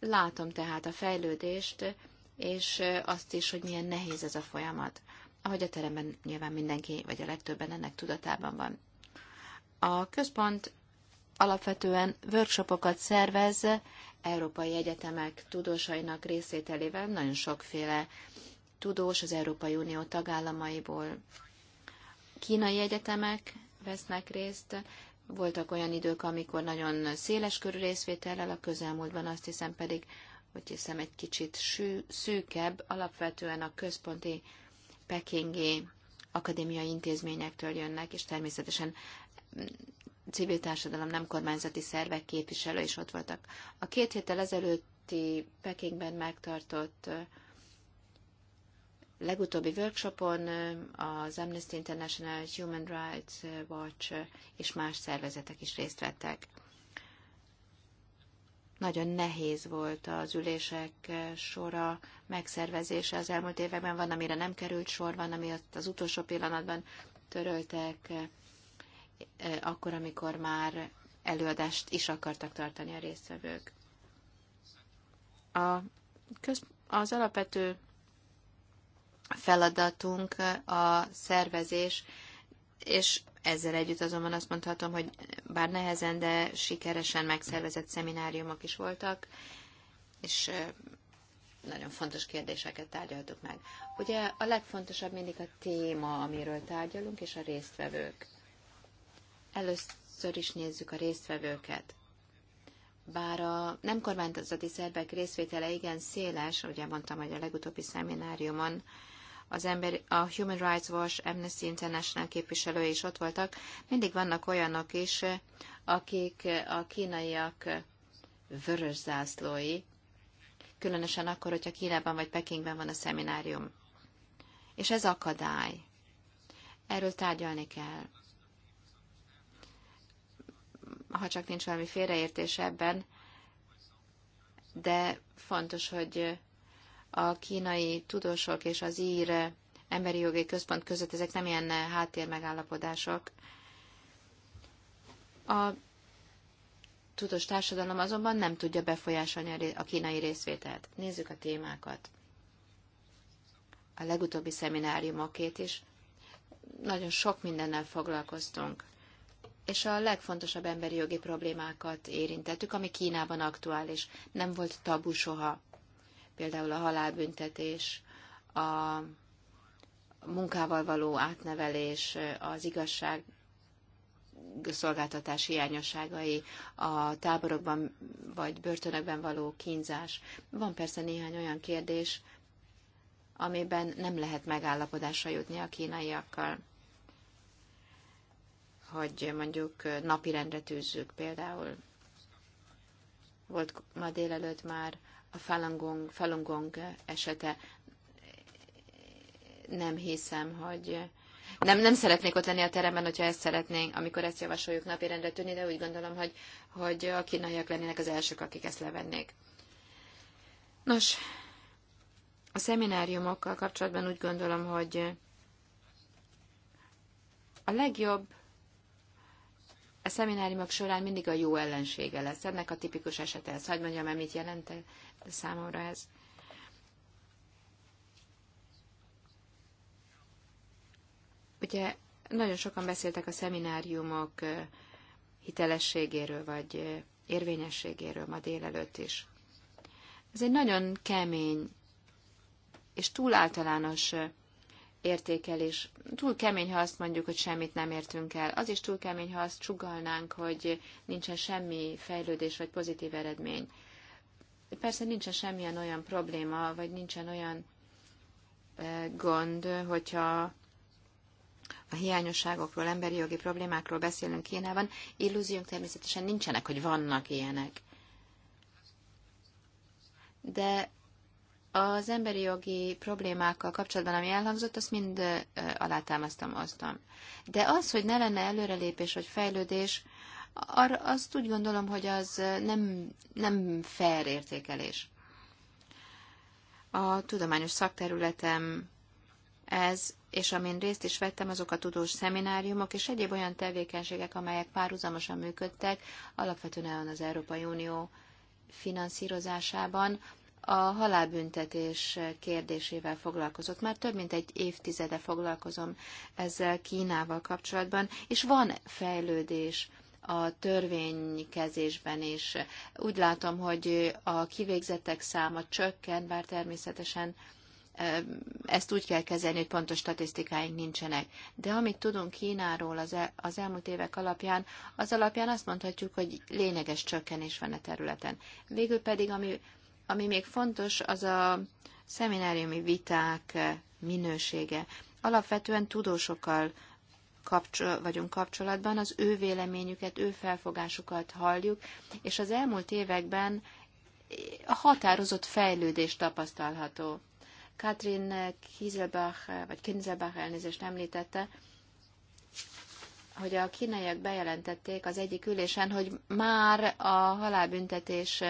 Látom tehát a fejlődést, és azt is, hogy milyen nehéz ez a folyamat. Ahogy a teremben nyilván mindenki, vagy a legtöbben ennek tudatában van. A központ alapvetően workshopokat szervez európai egyetemek tudósainak részvételével nagyon sokféle tudós az Európai Unió tagállamaiból. Kínai egyetemek vesznek részt, voltak olyan idők, amikor nagyon széles körű részvétellel, a közelmúltban azt hiszem pedig, hogy hiszem egy kicsit sű, szűkebb, alapvetően a központi pekingi akadémiai intézményektől jönnek, és természetesen civil társadalom, nem kormányzati szervek képviselő is ott voltak. A két héttel ezelőtti Pekingben megtartott legutóbbi workshopon az Amnesty International, Human Rights Watch és más szervezetek is részt vettek. Nagyon nehéz volt az ülések sora megszervezése az elmúlt években. Van, amire nem került sor, van, amit az utolsó pillanatban töröltek, akkor, amikor már előadást is akartak tartani a résztvevők. A köz, az alapvető feladatunk a szervezés, és ezzel együtt azonban azt mondhatom, hogy bár nehezen, de sikeresen megszervezett szemináriumok is voltak, és nagyon fontos kérdéseket tárgyaltuk meg. Ugye a legfontosabb mindig a téma, amiről tárgyalunk, és a résztvevők. Először is nézzük a résztvevőket. Bár a nem kormányzati szervek részvétele igen széles, ugye mondtam, hogy a legutóbbi szemináriumon az ember, a Human Rights Watch, Amnesty International képviselői is ott voltak, mindig vannak olyanok is, akik a kínaiak vörös zászlói, különösen akkor, hogyha Kínában vagy Pekingben van a szeminárium. És ez akadály. Erről tárgyalni kell ha csak nincs valami félreértés ebben, de fontos, hogy a kínai tudósok és az ír emberi jogi központ között ezek nem ilyen háttérmegállapodások. A tudós társadalom azonban nem tudja befolyásolni a kínai részvételt. Nézzük a témákat. A legutóbbi szemináriumokét is. Nagyon sok mindennel foglalkoztunk és a legfontosabb emberi jogi problémákat érintettük, ami Kínában aktuális. Nem volt tabu soha. Például a halálbüntetés, a munkával való átnevelés, az igazság szolgáltatás hiányosságai, a táborokban vagy börtönökben való kínzás. Van persze néhány olyan kérdés, amiben nem lehet megállapodásra jutni a kínaiakkal hogy mondjuk rendre tűzzük például. Volt ma délelőtt már a falangong, falangong esete. Nem hiszem, hogy nem, nem szeretnék ott lenni a teremben, hogyha ezt szeretnénk, amikor ezt javasoljuk rendre tűnni, de úgy gondolom, hogy, hogy a kínaiak lennének az elsők, akik ezt levennék. Nos, a szemináriumokkal kapcsolatban úgy gondolom, hogy a legjobb a szemináriumok során mindig a jó ellensége lesz. Ennek a tipikus esete ez. Hogy mondjam, mit jelent -e számomra ez? Ugye nagyon sokan beszéltek a szemináriumok hitelességéről, vagy érvényességéről ma délelőtt is. Ez egy nagyon kemény és túl általános értékelés. Túl kemény, ha azt mondjuk, hogy semmit nem értünk el. Az is túl kemény, ha azt csugalnánk, hogy nincsen semmi fejlődés vagy pozitív eredmény. Persze nincsen semmilyen olyan probléma, vagy nincsen olyan gond, hogyha a hiányosságokról, emberi jogi problémákról beszélünk Kínában, illúziónk természetesen nincsenek, hogy vannak ilyenek. De az emberi jogi problémákkal kapcsolatban, ami elhangzott, azt mind alátámasztam, aztam. De az, hogy ne lenne előrelépés vagy fejlődés, arra azt úgy gondolom, hogy az nem, nem fair értékelés. A tudományos szakterületem ez, és amin részt is vettem, azok a tudós szemináriumok és egyéb olyan tevékenységek, amelyek párhuzamosan működtek, alapvetően az Európai Unió finanszírozásában, a halálbüntetés kérdésével foglalkozott. Már több mint egy évtizede foglalkozom ezzel Kínával kapcsolatban, és van fejlődés a törvénykezésben is. Úgy látom, hogy a kivégzettek száma csökken, bár természetesen ezt úgy kell kezelni, hogy pontos statisztikáink nincsenek. De amit tudunk Kínáról az, el, az elmúlt évek alapján, az alapján azt mondhatjuk, hogy lényeges csökkenés van a területen. Végül pedig, ami ami még fontos, az a szemináriumi viták minősége. Alapvetően tudósokkal kapcsol, vagyunk kapcsolatban, az ő véleményüket, ő felfogásukat halljuk, és az elmúlt években a határozott fejlődés tapasztalható. Katrin Kieselbach, vagy Kinzelbach elnézést említette, hogy a kínaiak bejelentették az egyik ülésen, hogy már a halálbüntetés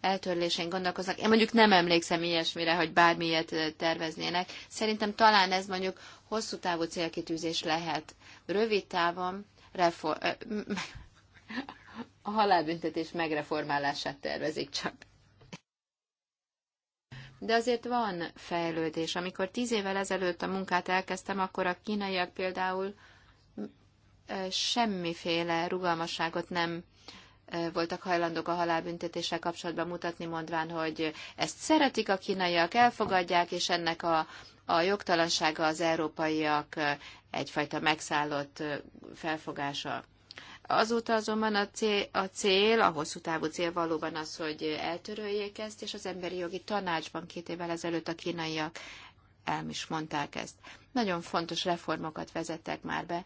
eltörlésén gondolkoznak. Én mondjuk nem emlékszem ilyesmire, hogy bármilyet terveznének. Szerintem talán ez mondjuk hosszú távú célkitűzés lehet. Rövid távon reform, a halálbüntetés megreformálását tervezik csak. De azért van fejlődés. Amikor tíz évvel ezelőtt a munkát elkezdtem, akkor a kínaiak például semmiféle rugalmasságot nem voltak hajlandók a halálbüntetéssel kapcsolatban mutatni, mondván, hogy ezt szeretik a kínaiak, elfogadják, és ennek a, a jogtalansága az európaiak egyfajta megszállott felfogása. Azóta azonban a cél, a cél, a hosszú távú cél valóban az, hogy eltöröljék ezt, és az emberi jogi tanácsban két évvel ezelőtt a kínaiak el is mondták ezt. Nagyon fontos reformokat vezettek már be,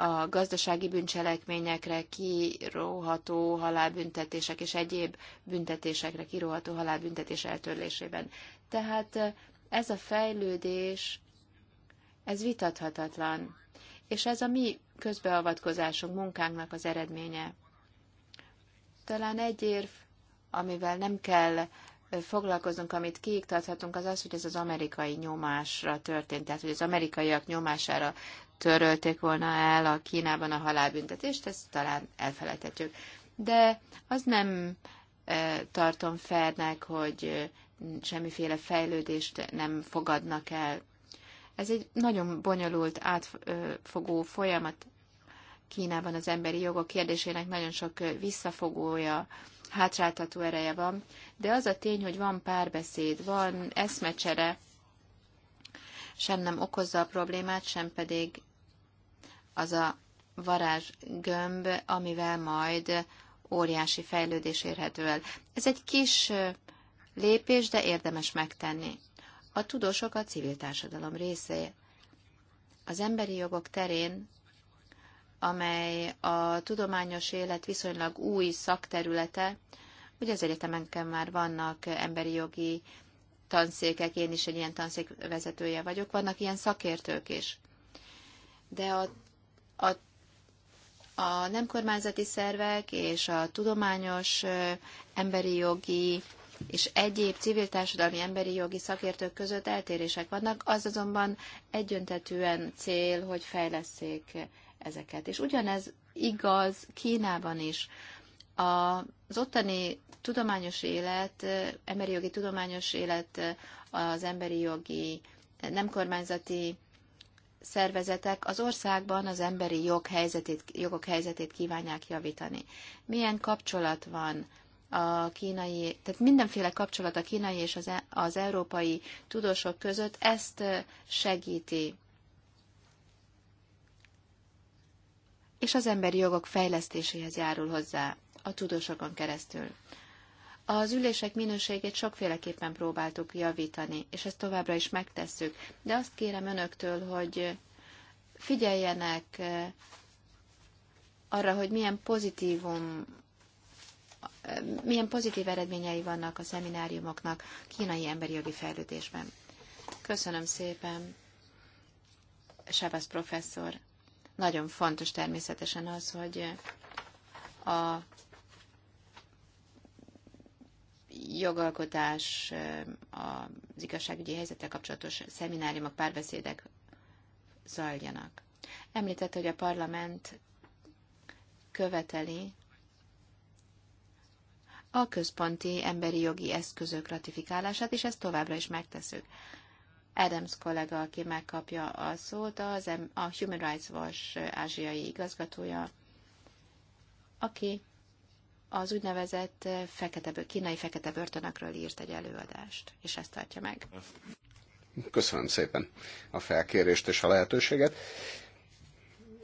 a gazdasági bűncselekményekre kiróható halálbüntetések és egyéb büntetésekre kiróható halálbüntetés eltörlésében. Tehát eh, ez a fejlődés, ez vitathatatlan, és ez a mi közbeavatkozásunk, munkánknak az eredménye. Talán egy érv, amivel nem kell eh, foglalkozunk, amit kiiktathatunk, az az, hogy ez az amerikai nyomásra történt, tehát hogy az amerikaiak nyomására törölték volna el a Kínában a halálbüntetést, ezt talán elfelejthetjük. De az nem e, tartom fernek, hogy e, semmiféle fejlődést nem fogadnak el. Ez egy nagyon bonyolult, átfogó folyamat. Kínában az emberi jogok kérdésének nagyon sok visszafogója, hátráltató ereje van, de az a tény, hogy van párbeszéd, van eszmecsere, sem nem okozza a problémát, sem pedig az a varázsgömb, amivel majd óriási fejlődés érhető el. Ez egy kis lépés, de érdemes megtenni. A tudósok a civil társadalom része. Az emberi jogok terén, amely a tudományos élet viszonylag új szakterülete, ugye az egyetemenken már vannak emberi jogi tanszékek, én is egy ilyen tanszék vezetője vagyok, vannak ilyen szakértők is. De a a, a nem kormányzati szervek és a tudományos emberi jogi és egyéb civil társadalmi emberi jogi szakértők között eltérések vannak, az azonban egyöntetően cél, hogy fejleszék ezeket. És ugyanez igaz Kínában is. Az ottani tudományos élet, emberi jogi tudományos élet, az emberi jogi nem kormányzati szervezetek az országban az emberi jog helyzetét, jogok helyzetét kívánják javítani. Milyen kapcsolat van a kínai, tehát mindenféle kapcsolat a kínai és az, e, az európai tudósok között ezt segíti. És az emberi jogok fejlesztéséhez járul hozzá a tudósokon keresztül. Az ülések minőségét sokféleképpen próbáltuk javítani, és ezt továbbra is megtesszük. De azt kérem önöktől, hogy figyeljenek eh, arra, hogy milyen pozitívum eh, milyen pozitív eredményei vannak a szemináriumoknak kínai emberi jogi fejlődésben. Köszönöm szépen, Sábász professzor. Nagyon fontos természetesen az, hogy a jogalkotás, az igazságügyi helyzettel kapcsolatos szemináriumok, párbeszédek zajljanak. Említette, hogy a parlament követeli a központi emberi jogi eszközök ratifikálását, és ezt továbbra is megteszük. Adams kollega, aki megkapja a szót, az a Human Rights Watch ázsiai igazgatója, aki az úgynevezett eh, fekete, kínai fekete börtönökről írt egy előadást, és ezt tartja meg. Köszönöm szépen a felkérést és a lehetőséget.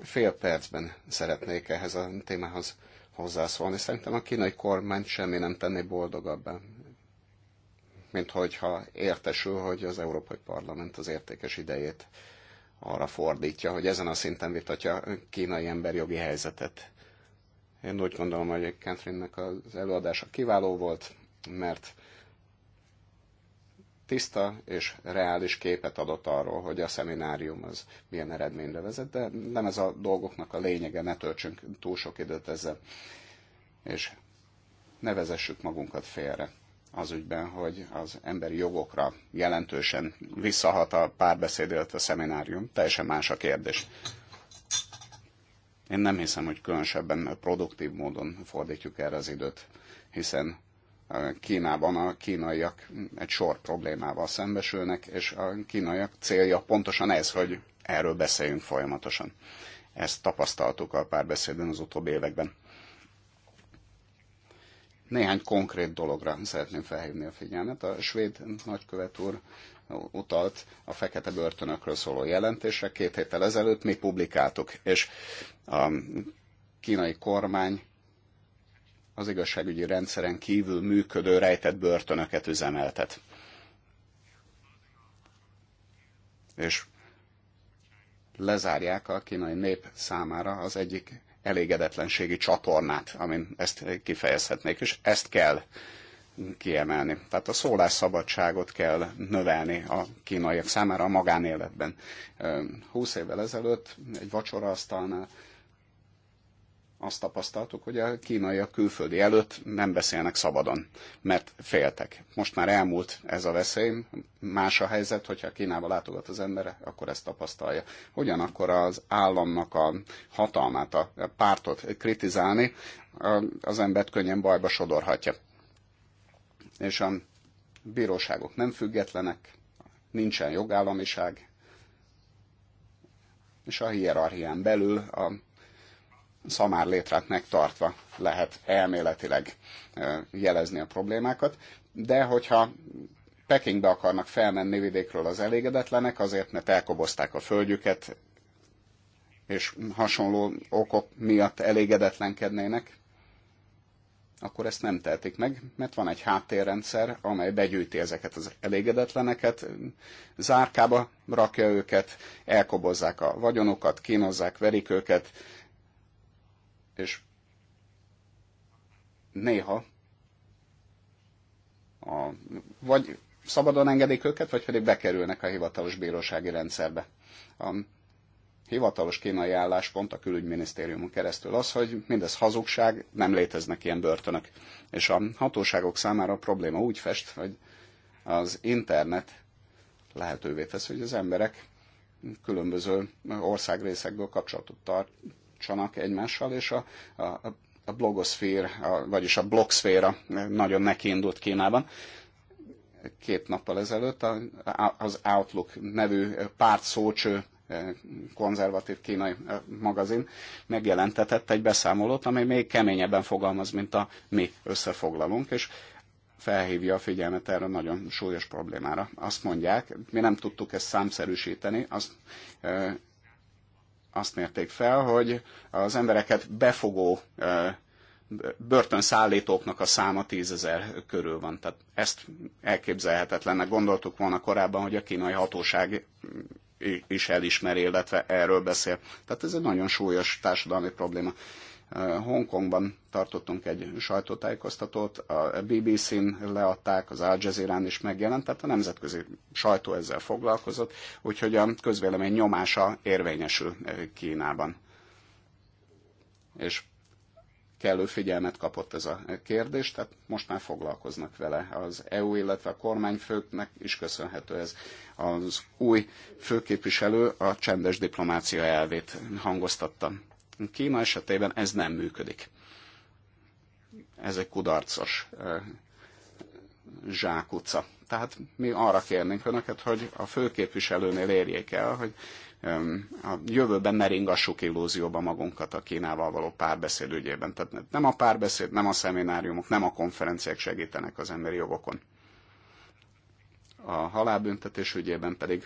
Fél percben szeretnék ehhez a témához hozzászólni. Szerintem a kínai kormány semmi nem tenné boldogabbá, mint hogyha értesül, hogy az Európai Parlament az értékes idejét arra fordítja, hogy ezen a szinten vitatja a kínai emberjogi helyzetet én úgy gondolom, hogy Catherine-nek az előadása kiváló volt, mert tiszta és reális képet adott arról, hogy a szeminárium az milyen eredményre vezet, de nem ez a dolgoknak a lényege, ne töltsünk túl sok időt ezzel, és ne vezessük magunkat félre az ügyben, hogy az emberi jogokra jelentősen visszahat a párbeszéd, illetve a szeminárium. Teljesen más a kérdés. Én nem hiszem, hogy különösebben produktív módon fordítjuk erre az időt, hiszen eh, Kínában a kínaiak egy sor problémával szembesülnek, és a kínaiak célja pontosan ez, hogy erről beszéljünk folyamatosan. Ezt tapasztaltuk a párbeszédben az utóbbi években. Néhány konkrét dologra szeretném felhívni a figyelmet. A svéd nagykövet úr utalt a fekete börtönökről szóló jelentésre. Két héttel ezelőtt mi publikáltuk, és a kínai kormány az igazságügyi rendszeren kívül működő rejtett börtönöket üzemeltet. És lezárják a kínai nép számára az egyik elégedetlenségi csatornát, amin ezt kifejezhetnék, és ezt kell kiemelni. Tehát a szólásszabadságot kell növelni a kínaiak számára a magánéletben. Húsz évvel ezelőtt egy vacsoraasztalnál azt tapasztaltuk, hogy a kínaiak külföldi előtt nem beszélnek szabadon, mert féltek. Most már elmúlt ez a veszély, más a helyzet, hogyha Kínába látogat az ember, akkor ezt tapasztalja. Ugyanakkor az államnak a hatalmát, a pártot kritizálni, az embert könnyen bajba sodorhatja és a bíróságok nem függetlenek, nincsen jogállamiság, és a hierarchián belül a szamár létrát megtartva lehet elméletileg jelezni a problémákat, de hogyha Pekingbe akarnak felmenni vidékről az elégedetlenek, azért mert elkobozták a földjüket, és hasonló okok miatt elégedetlenkednének, akkor ezt nem tehetik meg, mert van egy háttérrendszer, amely begyűjti ezeket az elégedetleneket, zárkába rakja őket, elkobozzák a vagyonokat, kínozzák, verik őket, és néha a, vagy szabadon engedik őket, vagy pedig bekerülnek a hivatalos bírósági rendszerbe. A hivatalos kínai álláspont a külügyminisztériumon keresztül az, hogy mindez hazugság, nem léteznek ilyen börtönök. És a hatóságok számára a probléma úgy fest, hogy az internet lehetővé tesz, hogy az emberek különböző országrészekből kapcsolatot tartsanak egymással, és a, a, a blogoszfér, a, vagyis a blogszféra nagyon nekiindult Kínában. Két nappal ezelőtt az Outlook nevű pártszócső konzervatív kínai magazin megjelentetett egy beszámolót, amely még keményebben fogalmaz, mint a mi összefoglalunk, és felhívja a figyelmet erre nagyon súlyos problémára. Azt mondják, mi nem tudtuk ezt számszerűsíteni, azt, e, azt mérték fel, hogy az embereket befogó e, börtönszállítóknak a száma tízezer körül van. Tehát ezt elképzelhetetlennek gondoltuk volna korábban, hogy a kínai hatóság is elismeri, illetve erről beszél. Tehát ez egy nagyon súlyos társadalmi probléma. Hongkongban tartottunk egy sajtótájékoztatót, a BBC-n leadták, az Al Jazeera-n is megjelent, tehát a nemzetközi sajtó ezzel foglalkozott, úgyhogy a közvélemény nyomása érvényesül Kínában. És kellő figyelmet kapott ez a kérdés, tehát most már foglalkoznak vele. Az EU, illetve a kormányfőknek is köszönhető ez. Az új főképviselő a csendes diplomácia elvét hangoztatta. Kína esetében ez nem működik. Ez egy kudarcos zsákutca. Tehát mi arra kérnénk önöket, hogy a főképviselőnél érjék el, hogy a jövőben ne ringassuk illúzióba magunkat a Kínával való párbeszéd ügyében. Tehát nem a párbeszéd, nem a szemináriumok, nem a konferenciák segítenek az emberi jogokon. A halálbüntetés ügyében pedig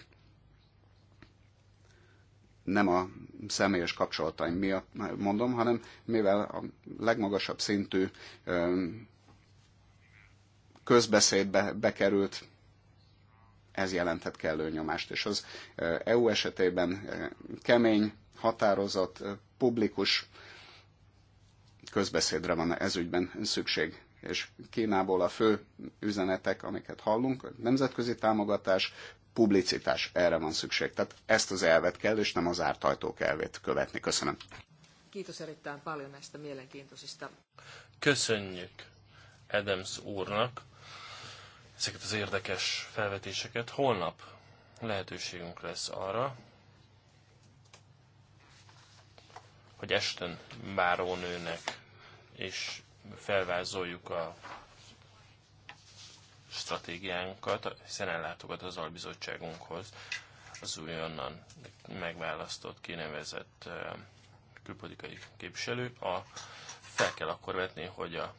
nem a személyes kapcsolataim miatt mondom, hanem mivel a legmagasabb szintű közbeszédbe bekerült ez jelenthet kellő nyomást, és az EU esetében kemény, határozott, publikus közbeszédre van ez ügyben szükség. És Kínából a fő üzenetek, amiket hallunk, nemzetközi támogatás, publicitás, erre van szükség. Tehát ezt az elvet kell, és nem az árt ajtók elvét követni. Köszönöm. Kiitos erittäin paljon näistä mielenkiintoisista. Köszönjük Adams úrnak ezeket az érdekes felvetéseket. Holnap lehetőségünk lesz arra, hogy Esten bárónőnek és felvázoljuk a stratégiánkat, hiszen ellátogat az albizottságunkhoz az újonnan megválasztott, kinevezett eh, külpolitikai képviselő. A, fel kell akkor vetni, hogy a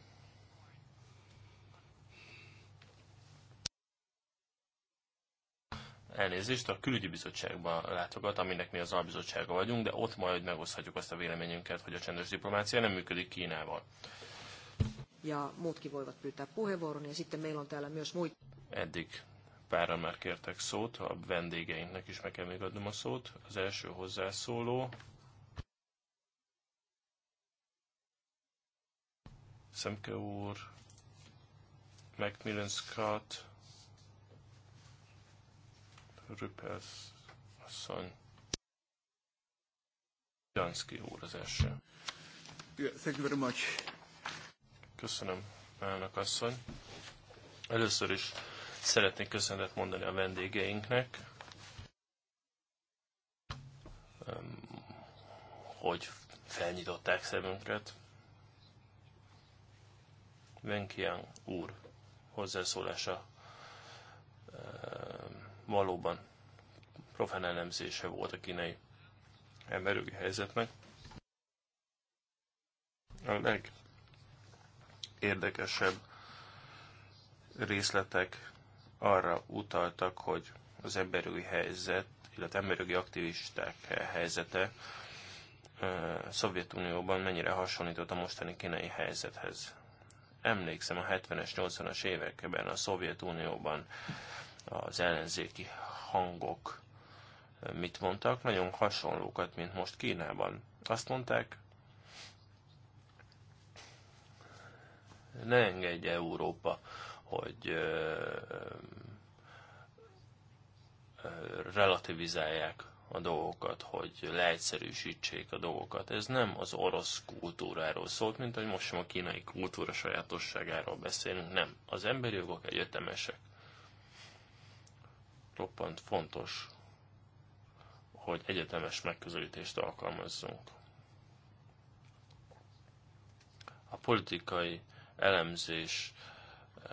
elnézést, a külügyi bizottságban látogat, aminek mi az albizottsága vagyunk, de ott majd megoszthatjuk azt a véleményünket, hogy a csendes diplomácia nem működik Kínával. Ja muutkin voivat pyytää puheenvuoron, ja sitten meillä on täällä myös muita. Eddig páran már kértek szót, a vendégeinknek is meg kell még adnom a szót. Az első hozzászóló Szemke úr, Macmillan Scott, Rüppelsz asszony. Janszki úr az első. Yeah, thank you very much. Köszönöm, elnök asszony. Először is szeretnék köszönetet mondani a vendégeinknek, um, hogy felnyitották szemünket. Venkian úr hozzászólása um, valóban profán elemzése volt a kínai emberügyi helyzetnek. A legérdekesebb részletek arra utaltak, hogy az emberügyi helyzet, illetve emberügyi aktivisták helyzete Szovjetunióban mennyire hasonlított a mostani kínai helyzethez. Emlékszem a 70-es, 80-as években a Szovjetunióban az ellenzéki hangok mit mondtak, nagyon hasonlókat, mint most Kínában. Azt mondták, ne engedje Európa, hogy relativizálják a dolgokat, hogy leegyszerűsítsék a dolgokat. Ez nem az orosz kultúráról szólt, mint hogy most sem a kínai kultúra sajátosságáról beszélünk, nem. Az emberi jogok egyetemesek roppant fontos, hogy egyetemes megközelítést alkalmazzunk. A politikai elemzés eh,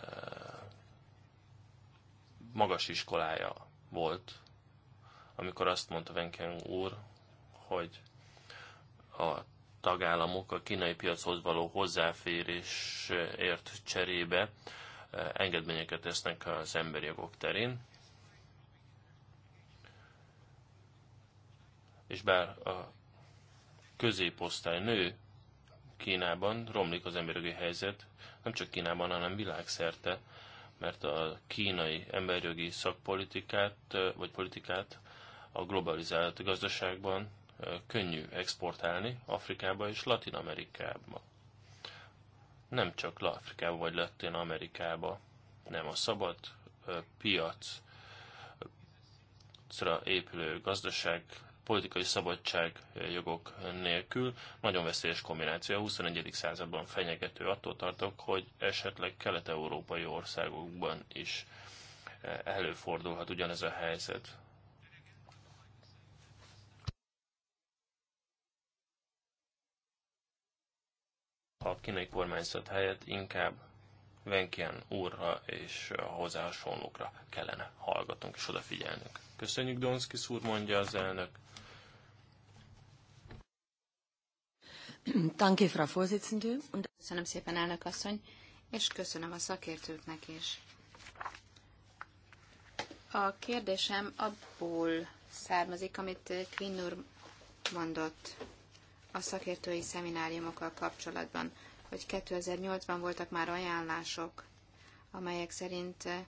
magas iskolája volt, amikor azt mondta Wenken úr, hogy a tagállamok a kínai piachoz való hozzáférésért cserébe eh, engedményeket tesznek az emberi jogok terén. és bár a középosztály nő Kínában, romlik az emberjogi helyzet, nem csak Kínában, hanem világszerte, mert a kínai emberjogi szakpolitikát, vagy politikát a globalizált gazdaságban könnyű exportálni Afrikába és Latin Amerikába. Nem csak Afrikába vagy Latin Amerikába, nem a szabad piacra épülő gazdaság politikai szabadság eh, jogok nélkül nagyon veszélyes kombináció. A 21. században fenyegető. Attól tartok, hogy esetleg kelet-európai országokban is eh, előfordulhat ugyanez a helyzet. A kínai kormányzat helyett inkább Venkian úrra és a hozzá hasonlókra kellene hallgatnunk és odafigyelnünk. Köszönjük, Donszki úr, mondja az elnök. Danke, Frau Vorsitzende. Köszönöm szépen, elnök asszony, és köszönöm a szakértőknek is. A kérdésem abból származik, amit Quinn úr mondott a szakértői szemináriumokkal kapcsolatban hogy 2008-ban voltak már ajánlások, amelyek szerint eh,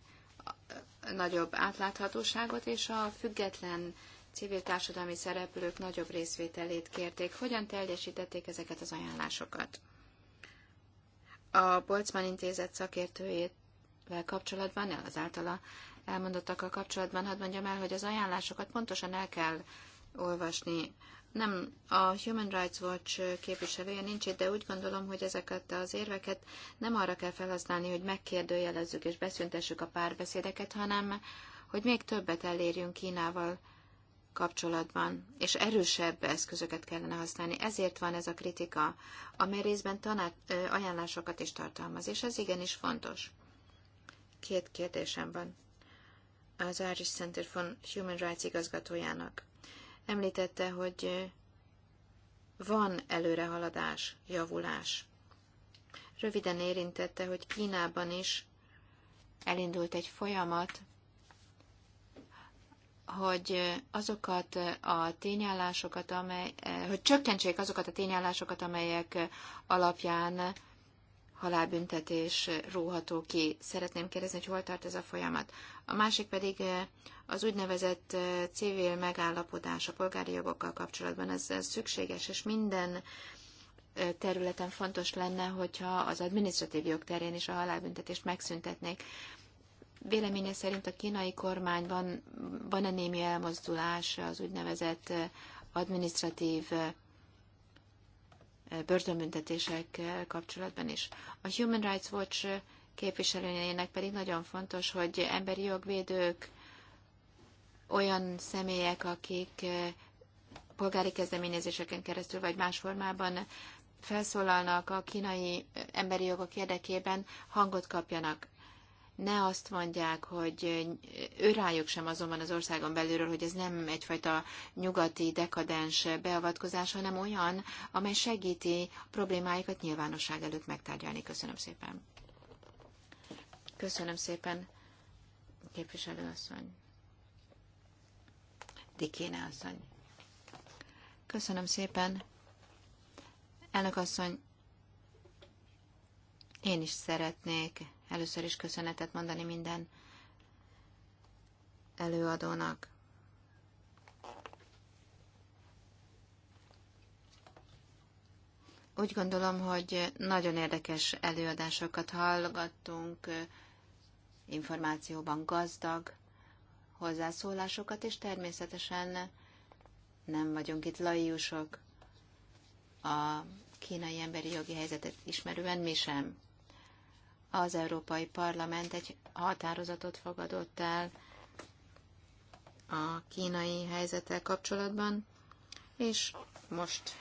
nagyobb átláthatóságot és a független civil társadalmi szereplők nagyobb részvételét kérték. Hogyan teljesítették ezeket az ajánlásokat? A Boltzmann intézet szakértőjével kapcsolatban, az általa elmondottakkal kapcsolatban hadd mondjam el, hogy az ajánlásokat pontosan el kell olvasni nem a Human Rights Watch képviselője nincs itt, de úgy gondolom, hogy ezeket az érveket nem arra kell felhasználni, hogy megkérdőjelezzük és beszüntessük a párbeszédeket, hanem hogy még többet elérjünk Kínával kapcsolatban, és erősebb eszközöket kellene használni. Ezért van ez a kritika, amely részben tanát, ajánlásokat is tartalmaz, és ez igenis fontos. Két kérdésem van az Irish Center for Human Rights igazgatójának. Említette, hogy van előrehaladás, javulás. Röviden érintette, hogy Kínában is elindult egy folyamat, hogy azokat a tényállásokat, amely, hogy csökkentsék azokat a tényállásokat, amelyek alapján halálbüntetés róható ki. Szeretném kérdezni, hogy hol tart ez a folyamat. A másik pedig az úgynevezett civil megállapodás a polgári jogokkal kapcsolatban, ez, ez szükséges, és minden területen fontos lenne, hogyha az adminisztratív jog terén is a halálbüntetést megszüntetnék. Véleménye szerint a kínai kormányban van-e némi elmozdulás az úgynevezett adminisztratív börtönbüntetések kapcsolatban is. A Human Rights Watch képviselőjének pedig nagyon fontos, hogy emberi jogvédők olyan személyek, akik polgári kezdeményezéseken keresztül vagy más formában felszólalnak a kínai emberi jogok érdekében, hangot kapjanak. Ne azt mondják, hogy ő rájuk sem azonban az országon belülről, hogy ez nem egyfajta nyugati, dekadens beavatkozás, hanem olyan, amely segíti a problémáikat nyilvánosság előtt megtárgyalni. Köszönöm szépen. Köszönöm szépen, képviselőasszony. Dikéne asszony. Köszönöm szépen. Elnök asszony, én is szeretnék először is köszönetet mondani minden előadónak. Úgy gondolom, hogy nagyon érdekes előadásokat hallgattunk, információban gazdag, hozzászólásokat, és természetesen nem vagyunk itt laiusok A kínai emberi jogi helyzetet ismerően mi sem. Az Európai Parlament egy határozatot fogadott el a kínai helyzettel kapcsolatban, és most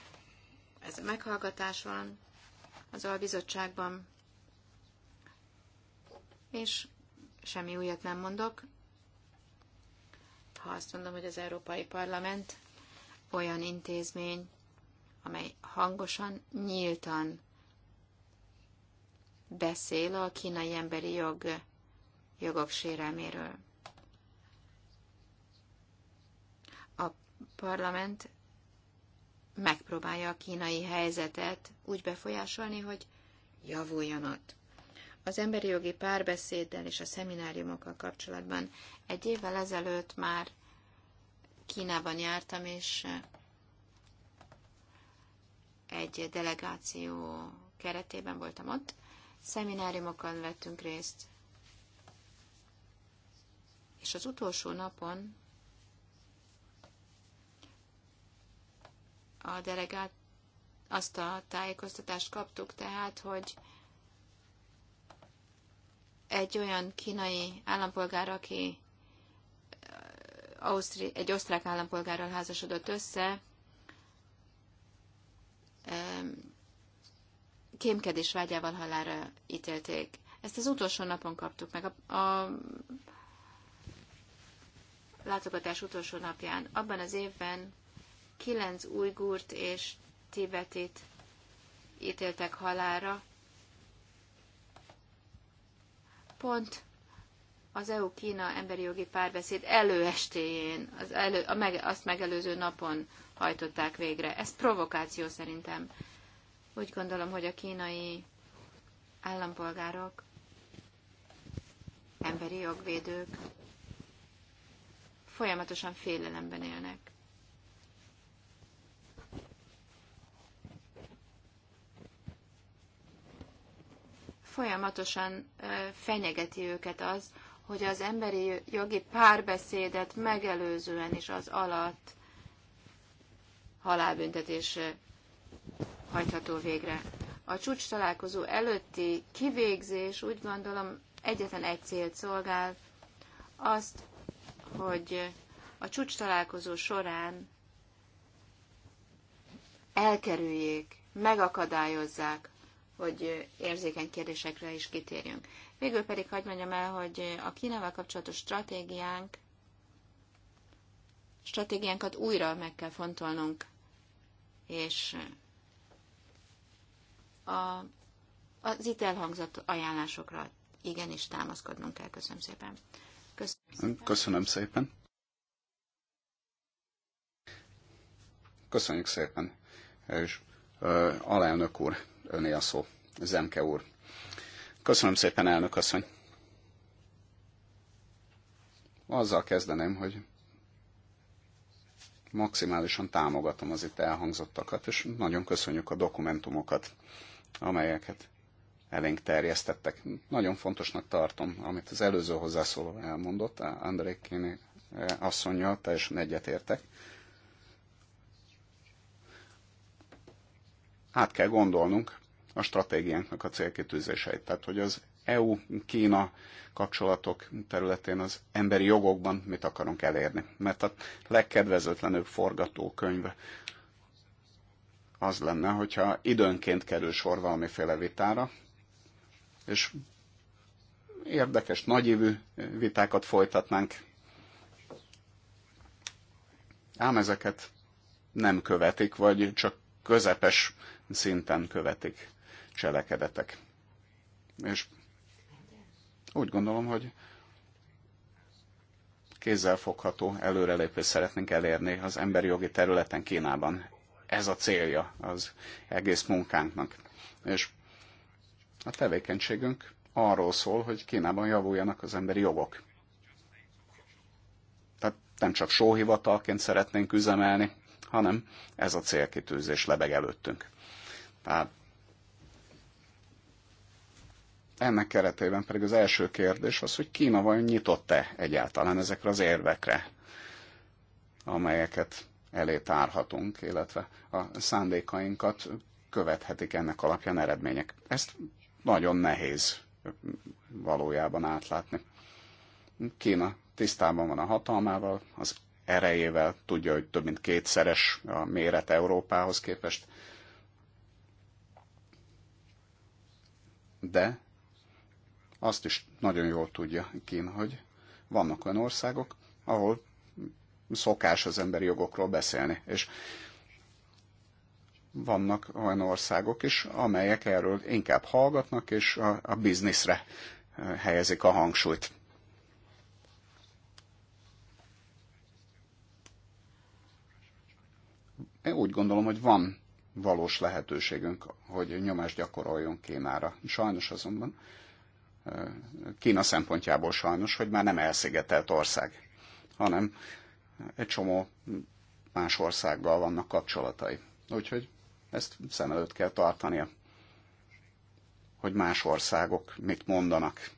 ez a meghallgatás van az albizottságban, és semmi újat nem mondok, ha azt mondom, hogy az Európai Parlament olyan intézmény, amely hangosan, nyíltan beszél a kínai emberi jog, jogok sérelméről. A parlament megpróbálja a kínai helyzetet úgy befolyásolni, hogy javuljon ott az emberi jogi párbeszéddel és a szemináriumokkal kapcsolatban. Egy évvel ezelőtt már Kínában jártam, és egy delegáció keretében voltam ott. Szemináriumokon vettünk részt, és az utolsó napon a delegát azt a tájékoztatást kaptuk tehát, hogy egy olyan kínai állampolgár, aki eh, Ausztri- egy osztrák állampolgárral házasodott össze, kémkedés vágyával halára ítélték. Ezt az utolsó napon kaptuk meg, a, a látogatás utolsó napján. Abban az évben kilenc ujgurt és tibetit ítéltek halára, pont az EU-Kína emberi jogi párbeszéd előestéjén, az elő, a meg, azt megelőző napon hajtották végre. Ez provokáció szerintem. Úgy gondolom, hogy a kínai állampolgárok, emberi jogvédők folyamatosan félelemben élnek. folyamatosan fenyegeti őket az, hogy az emberi jogi párbeszédet megelőzően is az alatt halálbüntetés hajtható végre. A csúcs találkozó előtti kivégzés úgy gondolom egyetlen egy célt szolgál, azt, hogy a csúcs találkozó során elkerüljék, megakadályozzák hogy érzékeny kérdésekre is kitérjünk. Végül pedig hagyd mondjam el, hogy a Kínával kapcsolatos stratégiánk, stratégiánkat újra meg kell fontolnunk, és a, az itt elhangzott ajánlásokra igenis támaszkodnunk kell. Köszönöm szépen. Köszönöm szépen. Köszönöm szépen. Köszönjük szépen. És uh, alelnök úr, öné a szó. Zemke úr. Köszönöm szépen, elnök asszony. Azzal kezdeném, hogy maximálisan támogatom az itt elhangzottakat, és nagyon köszönjük a dokumentumokat, amelyeket elénk terjesztettek. Nagyon fontosnak tartom, amit az előző hozzászóló elmondott, André Kéni eh, asszonyjal teljesen egyetértek. Át kell gondolnunk a stratégiánknak a célkitűzéseit. Tehát, hogy az EU-Kína kapcsolatok területén az emberi jogokban mit akarunk elérni. Mert a legkedvezőtlenebb forgatókönyv az lenne, hogyha időnként kerül sor valamiféle vitára, és érdekes, nagyívű vitákat folytatnánk. Ám ezeket nem követik, vagy csak közepes szinten követik cselekedetek. És úgy gondolom, hogy kézzelfogható előrelépés szeretnénk elérni az emberi jogi területen Kínában. Ez a célja az egész munkánknak. És a tevékenységünk arról szól, hogy Kínában javuljanak az emberi jogok. Tehát nem csak sóhivatalként szeretnénk üzemelni, hanem ez a célkitűzés lebeg előttünk. Tehát ennek keretében pedig az első kérdés az, hogy Kína vajon nyitott-e egyáltalán ezekre az érvekre, amelyeket elé tárhatunk, illetve a szándékainkat követhetik ennek alapján eredmények. Ezt nagyon nehéz valójában átlátni. Kína tisztában van a hatalmával, az erejével tudja, hogy több mint kétszeres a méret Európához képest. De azt is nagyon jól tudja Kína, hogy vannak olyan országok, ahol szokás az emberi jogokról beszélni, és vannak olyan országok is, amelyek erről inkább hallgatnak, és a, a bizniszre eh, helyezik a hangsúlyt. Én úgy gondolom, hogy van valós lehetőségünk, hogy nyomást gyakoroljon Kínára. Sajnos azonban Kína szempontjából sajnos, hogy már nem elszigetelt ország, hanem egy csomó más országgal vannak kapcsolatai. Úgyhogy ezt szem előtt kell tartania, hogy más országok mit mondanak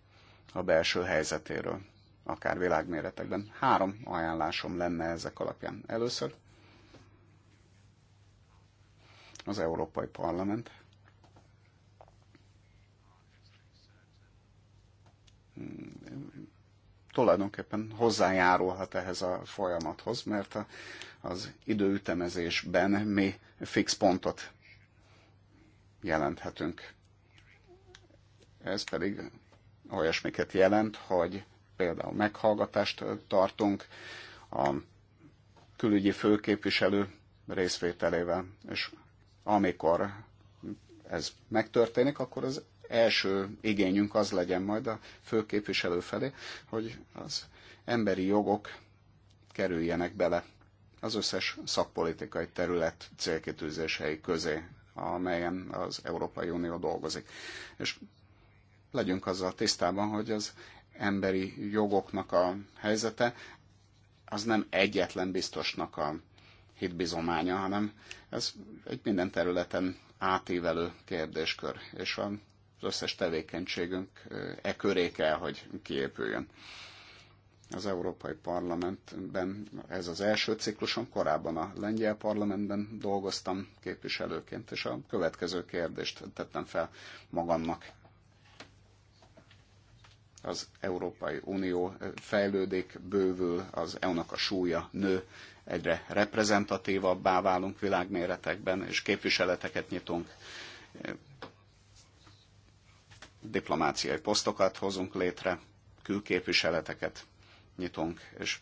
a belső helyzetéről, akár világméretekben. Három ajánlásom lenne ezek alapján. Először az Európai Parlament tulajdonképpen hozzájárulhat ehhez a folyamathoz, mert a, az időütemezésben mi fix pontot jelenthetünk. Ez pedig olyasmiket jelent, hogy például meghallgatást tartunk a külügyi főképviselő részvételével, és amikor ez megtörténik, akkor az első igényünk az legyen majd a főképviselő felé, hogy az emberi jogok kerüljenek bele az összes szakpolitikai terület célkitűzései közé, amelyen az Európai Unió dolgozik. És legyünk azzal tisztában, hogy az emberi jogoknak a helyzete az nem egyetlen biztosnak a hitbizománya, hanem ez egy minden területen átívelő kérdéskör. És a az összes tevékenységünk e köré kell, hogy kiépüljön. Az Európai Parlamentben ez az első ciklusom, korábban a Lengyel Parlamentben dolgoztam képviselőként, és a következő kérdést tettem fel magamnak. Az Európai Unió fejlődik, bővül, az EU-nak a súlya nő, egyre reprezentatívabbá válunk világméretekben, és képviseleteket nyitunk diplomáciai posztokat hozunk létre, külképviseleteket nyitunk, és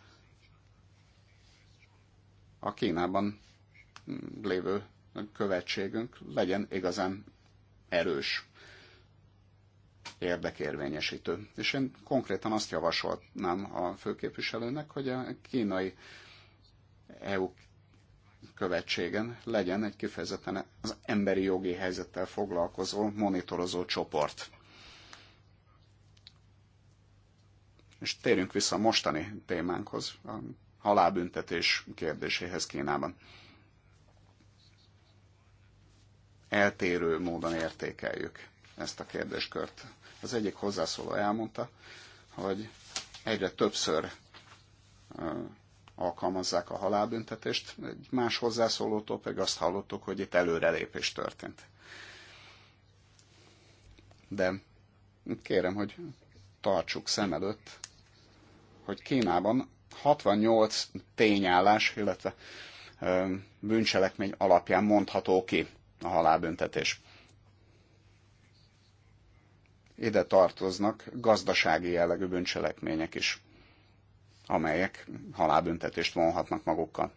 a Kínában lévő követségünk legyen igazán erős, érdekérvényesítő. És én konkrétan azt javasolnám a főképviselőnek, hogy a kínai EU követségen legyen egy kifejezetten az emberi jogi helyzettel foglalkozó monitorozó csoport. És térjünk vissza a mostani témánkhoz, a halálbüntetés kérdéséhez Kínában. Eltérő módon értékeljük ezt a kérdéskört. Az egyik hozzászóló elmondta, hogy egyre többször alkalmazzák a halálbüntetést, egy más hozzászólótól pedig azt hallottuk, hogy itt előrelépés történt. De kérem, hogy tartsuk szem előtt hogy Kínában 68 tényállás, illetve bűncselekmény alapján mondható ki a halálbüntetés. Ide tartoznak gazdasági jellegű bűncselekmények is, amelyek halálbüntetést vonhatnak magukkal.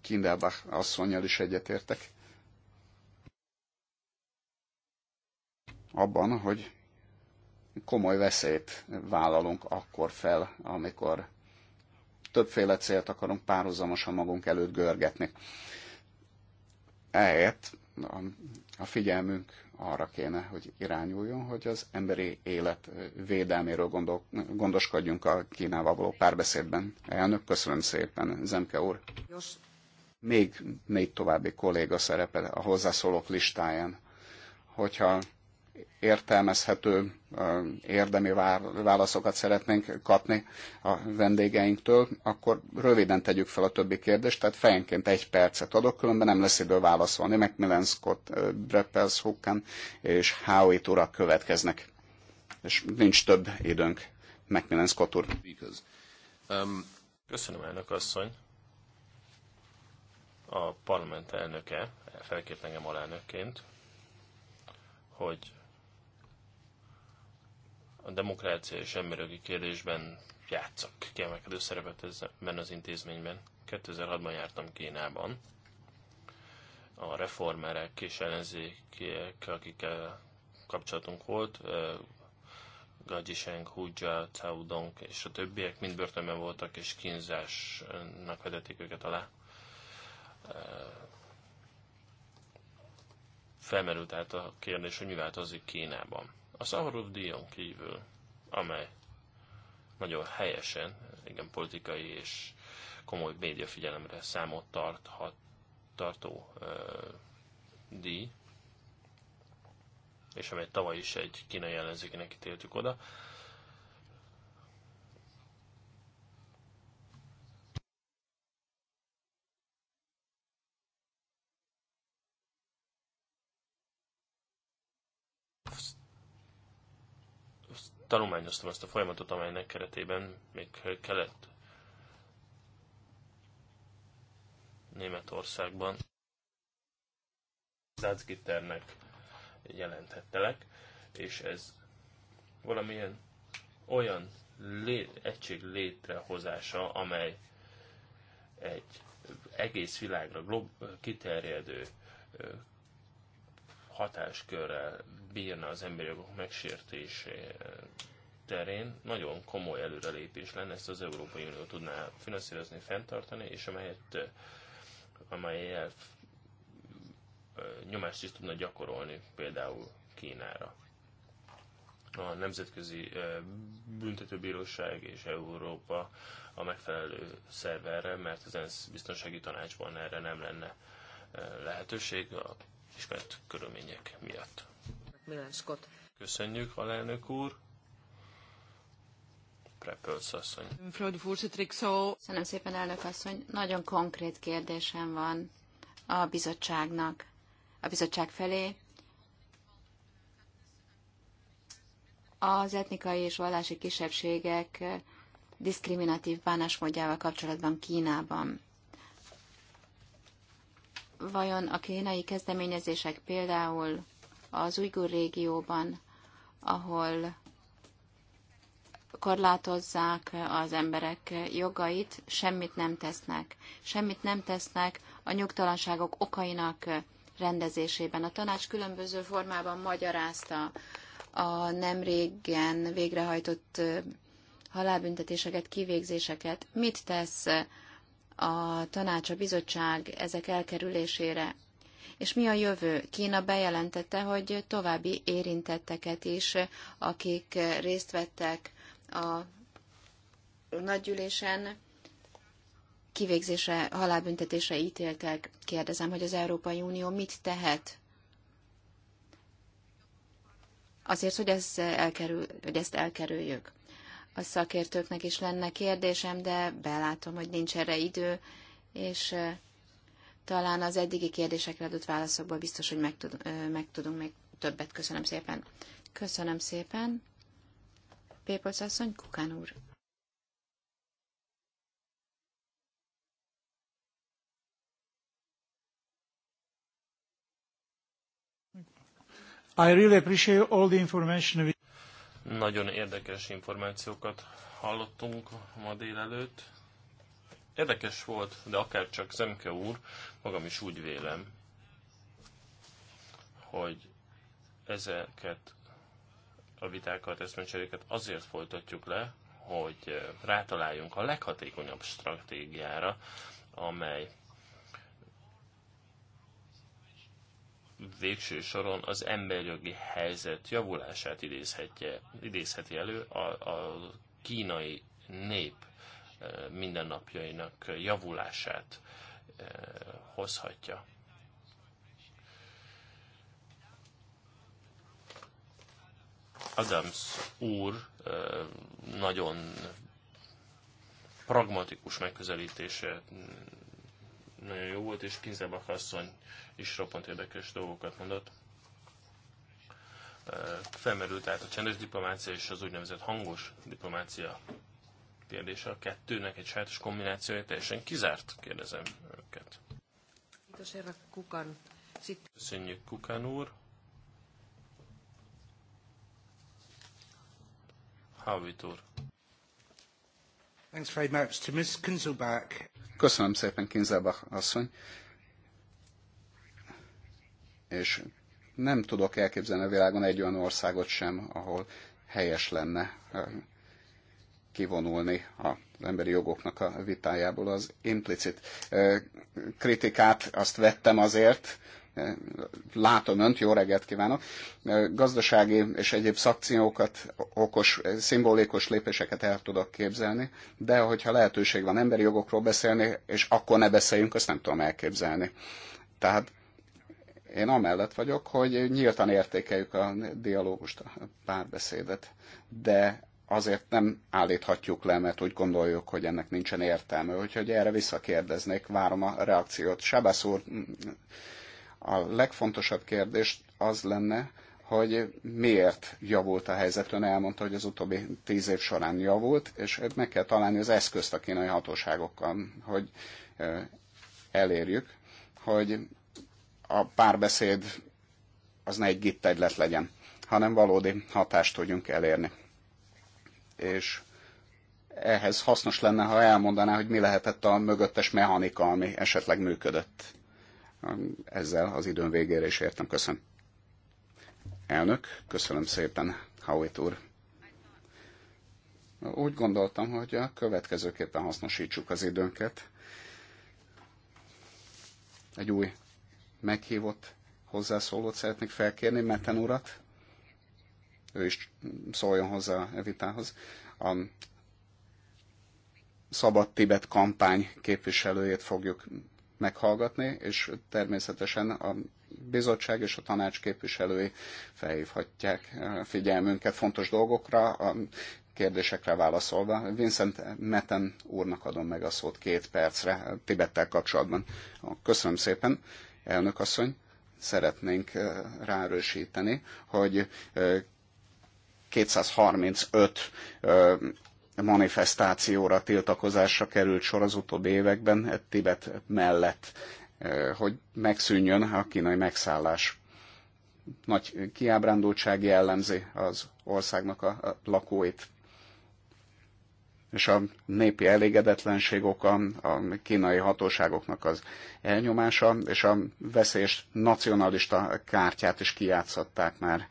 Kinderbach asszonyjal is egyetértek. Abban, hogy komoly veszélyt vállalunk akkor fel, amikor többféle célt akarunk párhuzamosan magunk előtt görgetni. Ehelyett a figyelmünk arra kéne, hogy irányuljon, hogy az emberi élet védelméről gondol, gondoskodjunk a Kínával való párbeszédben. Elnök, köszönöm szépen, Zemke úr. Még négy további kolléga szerepel a hozzászólók listáján. Hogyha értelmezhető érdemi válaszokat szeretnénk kapni a vendégeinktől, akkor röviden tegyük fel a többi kérdést, tehát fejenként egy percet adok, különben nem lesz idő válaszolni. Macmillan Scott, Breppels, Hucken és Howitt urak következnek. És nincs több időnk. Macmillan Scott úr. Um, Köszönöm, elnök asszony. A parlament elnöke felkért engem alelnökként, hogy a demokrácia és emberi kérdésben játszak kiemelkedő szerepet ebben az intézményben. 2006-ban jártam Kínában. A reformerek és ellenzékiek, akikkel kapcsolatunk volt, Gaji Sheng, Hujja, Cao Dong és a többiek mind börtönben voltak, és kínzásnak vedették őket alá. Felmerült át a kérdés, hogy mi változik Kínában a Szaharov díjon kívül, amely nagyon helyesen, igen, politikai és komoly médiafigyelemre számot tarthat, tartó ö, díj, és amely tavaly is egy kínai ellenzékének ítéltük oda, tanulmányoztam ezt a folyamatot, amelynek keretében még kellett Németországban Zátszgitternek jelenthettelek, és ez valamilyen olyan lé, egység létrehozása, amely egy egész világra glob, kiterjedő hatáskörrel bírna az emberi jogok megsértése terén nagyon komoly előrelépés lenne, ezt az Európai Unió tudná finanszírozni, fenntartani, és amelyet, amelyel nyomást is tudna gyakorolni például Kínára. A Nemzetközi Büntetőbíróság és Európa a megfelelő szerverre, mert az ENSZ biztonsági tanácsban erre nem lenne lehetőség. A ismert körülmények miatt. Milan Scott. Köszönjük, alelnök úr. Prepölsz asszony. Köszönöm szépen, elnök asszony. Nagyon konkrét kérdésem van a bizottságnak, a bizottság felé. Az etnikai és vallási kisebbségek diszkriminatív bánásmódjával kapcsolatban Kínában vajon a kínai kezdeményezések például az Ujgur régióban, ahol korlátozzák az emberek jogait, semmit nem tesznek. Semmit nem tesznek a nyugtalanságok okainak rendezésében. A tanács különböző formában magyarázta a nemrégen végrehajtott halálbüntetéseket, kivégzéseket. Mit tesz a tanács, a bizottság ezek elkerülésére? És mi a jövő? Kína bejelentette, hogy további érintetteket is, akik részt vettek a nagygyűlésen, kivégzése, halálbüntetése ítéltek. Kérdezem, hogy az Európai Unió mit tehet azért, hogy, ez elkerül, hogy ezt elkerüljük a szakértőknek is lenne kérdésem, de belátom, hogy nincs erre idő, és talán az eddigi kérdésekre adott válaszokból biztos, hogy meg, tud, meg tudunk még többet. Köszönöm szépen. Köszönöm szépen. Pépolc asszony, Kukán úr. I really appreciate all the information we nagyon érdekes információkat hallottunk ma délelőtt. Érdekes volt, de akár csak Zemke úr, magam is úgy vélem, hogy ezeket a vitákat, eszmecseréket azért folytatjuk le, hogy rátaláljunk a leghatékonyabb stratégiára, amely végső soron az emberjogi helyzet javulását idézhetje, idézheti elő a, a kínai nép e, mindennapjainak javulását e, hozhatja. Adams úr e, nagyon pragmatikus megközelítése nagyon jó volt, és Kinzelbach asszony is roppant érdekes dolgokat mondott. Felmerült tehát a csendes diplomácia és az úgynevezett hangos diplomácia kérdése. A kettőnek egy sajátos kombinációja teljesen kizárt, kérdezem őket. Köszönjük, Kukan úr. Howitt úr. Köszönöm szépen, Kinzelbach asszony. És nem tudok elképzelni a világon egy olyan országot sem, ahol helyes lenne kivonulni az emberi jogoknak a vitájából az implicit kritikát, azt vettem azért, látom önt, jó reggelt kívánok, gazdasági és egyéb szakciókat, okos, szimbolikus lépéseket el tudok képzelni, de hogyha lehetőség van emberi jogokról beszélni, és akkor ne beszéljünk, azt nem tudom elképzelni. Tehát én amellett vagyok, hogy nyíltan értékeljük a dialógust, a párbeszédet, de azért nem állíthatjuk le, mert úgy gondoljuk, hogy ennek nincsen értelme. Úgyhogy erre visszakérdeznék, várom a reakciót. Sebesz úr a legfontosabb kérdés az lenne, hogy miért javult a helyzet. Ön elmondta, hogy az utóbbi tíz év során javult, és meg kell találni az eszközt a kínai hatóságokkal, hogy elérjük, hogy a párbeszéd az ne egy gittegylet legyen, hanem valódi hatást tudjunk elérni. És ehhez hasznos lenne, ha elmondaná, hogy mi lehetett a mögöttes mechanika, ami esetleg működött ezzel az időn végére is értem. Köszönöm. Elnök, köszönöm szépen, Howitt úr. Úgy gondoltam, hogy a következőképpen hasznosítsuk az időnket. Egy új meghívott hozzászólót szeretnék felkérni, Meten urat. Ő is szóljon hozzá a vitához. A Szabad Tibet kampány képviselőjét fogjuk meghallgatni, és természetesen a bizottság és a tanács képviselői felhívhatják eh, figyelmünket fontos dolgokra, a kérdésekre válaszolva. Vincent Meten úrnak adom meg a szót két percre Tibettel kapcsolatban. Köszönöm szépen, elnök asszony. Szeretnénk eh, ráerősíteni, hogy 235 eh, manifestációra, tiltakozásra került sor az utóbbi években e, Tibet mellett, e, hogy megszűnjön a kínai megszállás. Nagy kiábrándultság jellemzi az országnak a lakóit. És a népi elégedetlenség oka a kínai hatóságoknak az elnyomása, és a veszélyes nacionalista kártyát is kijátszották már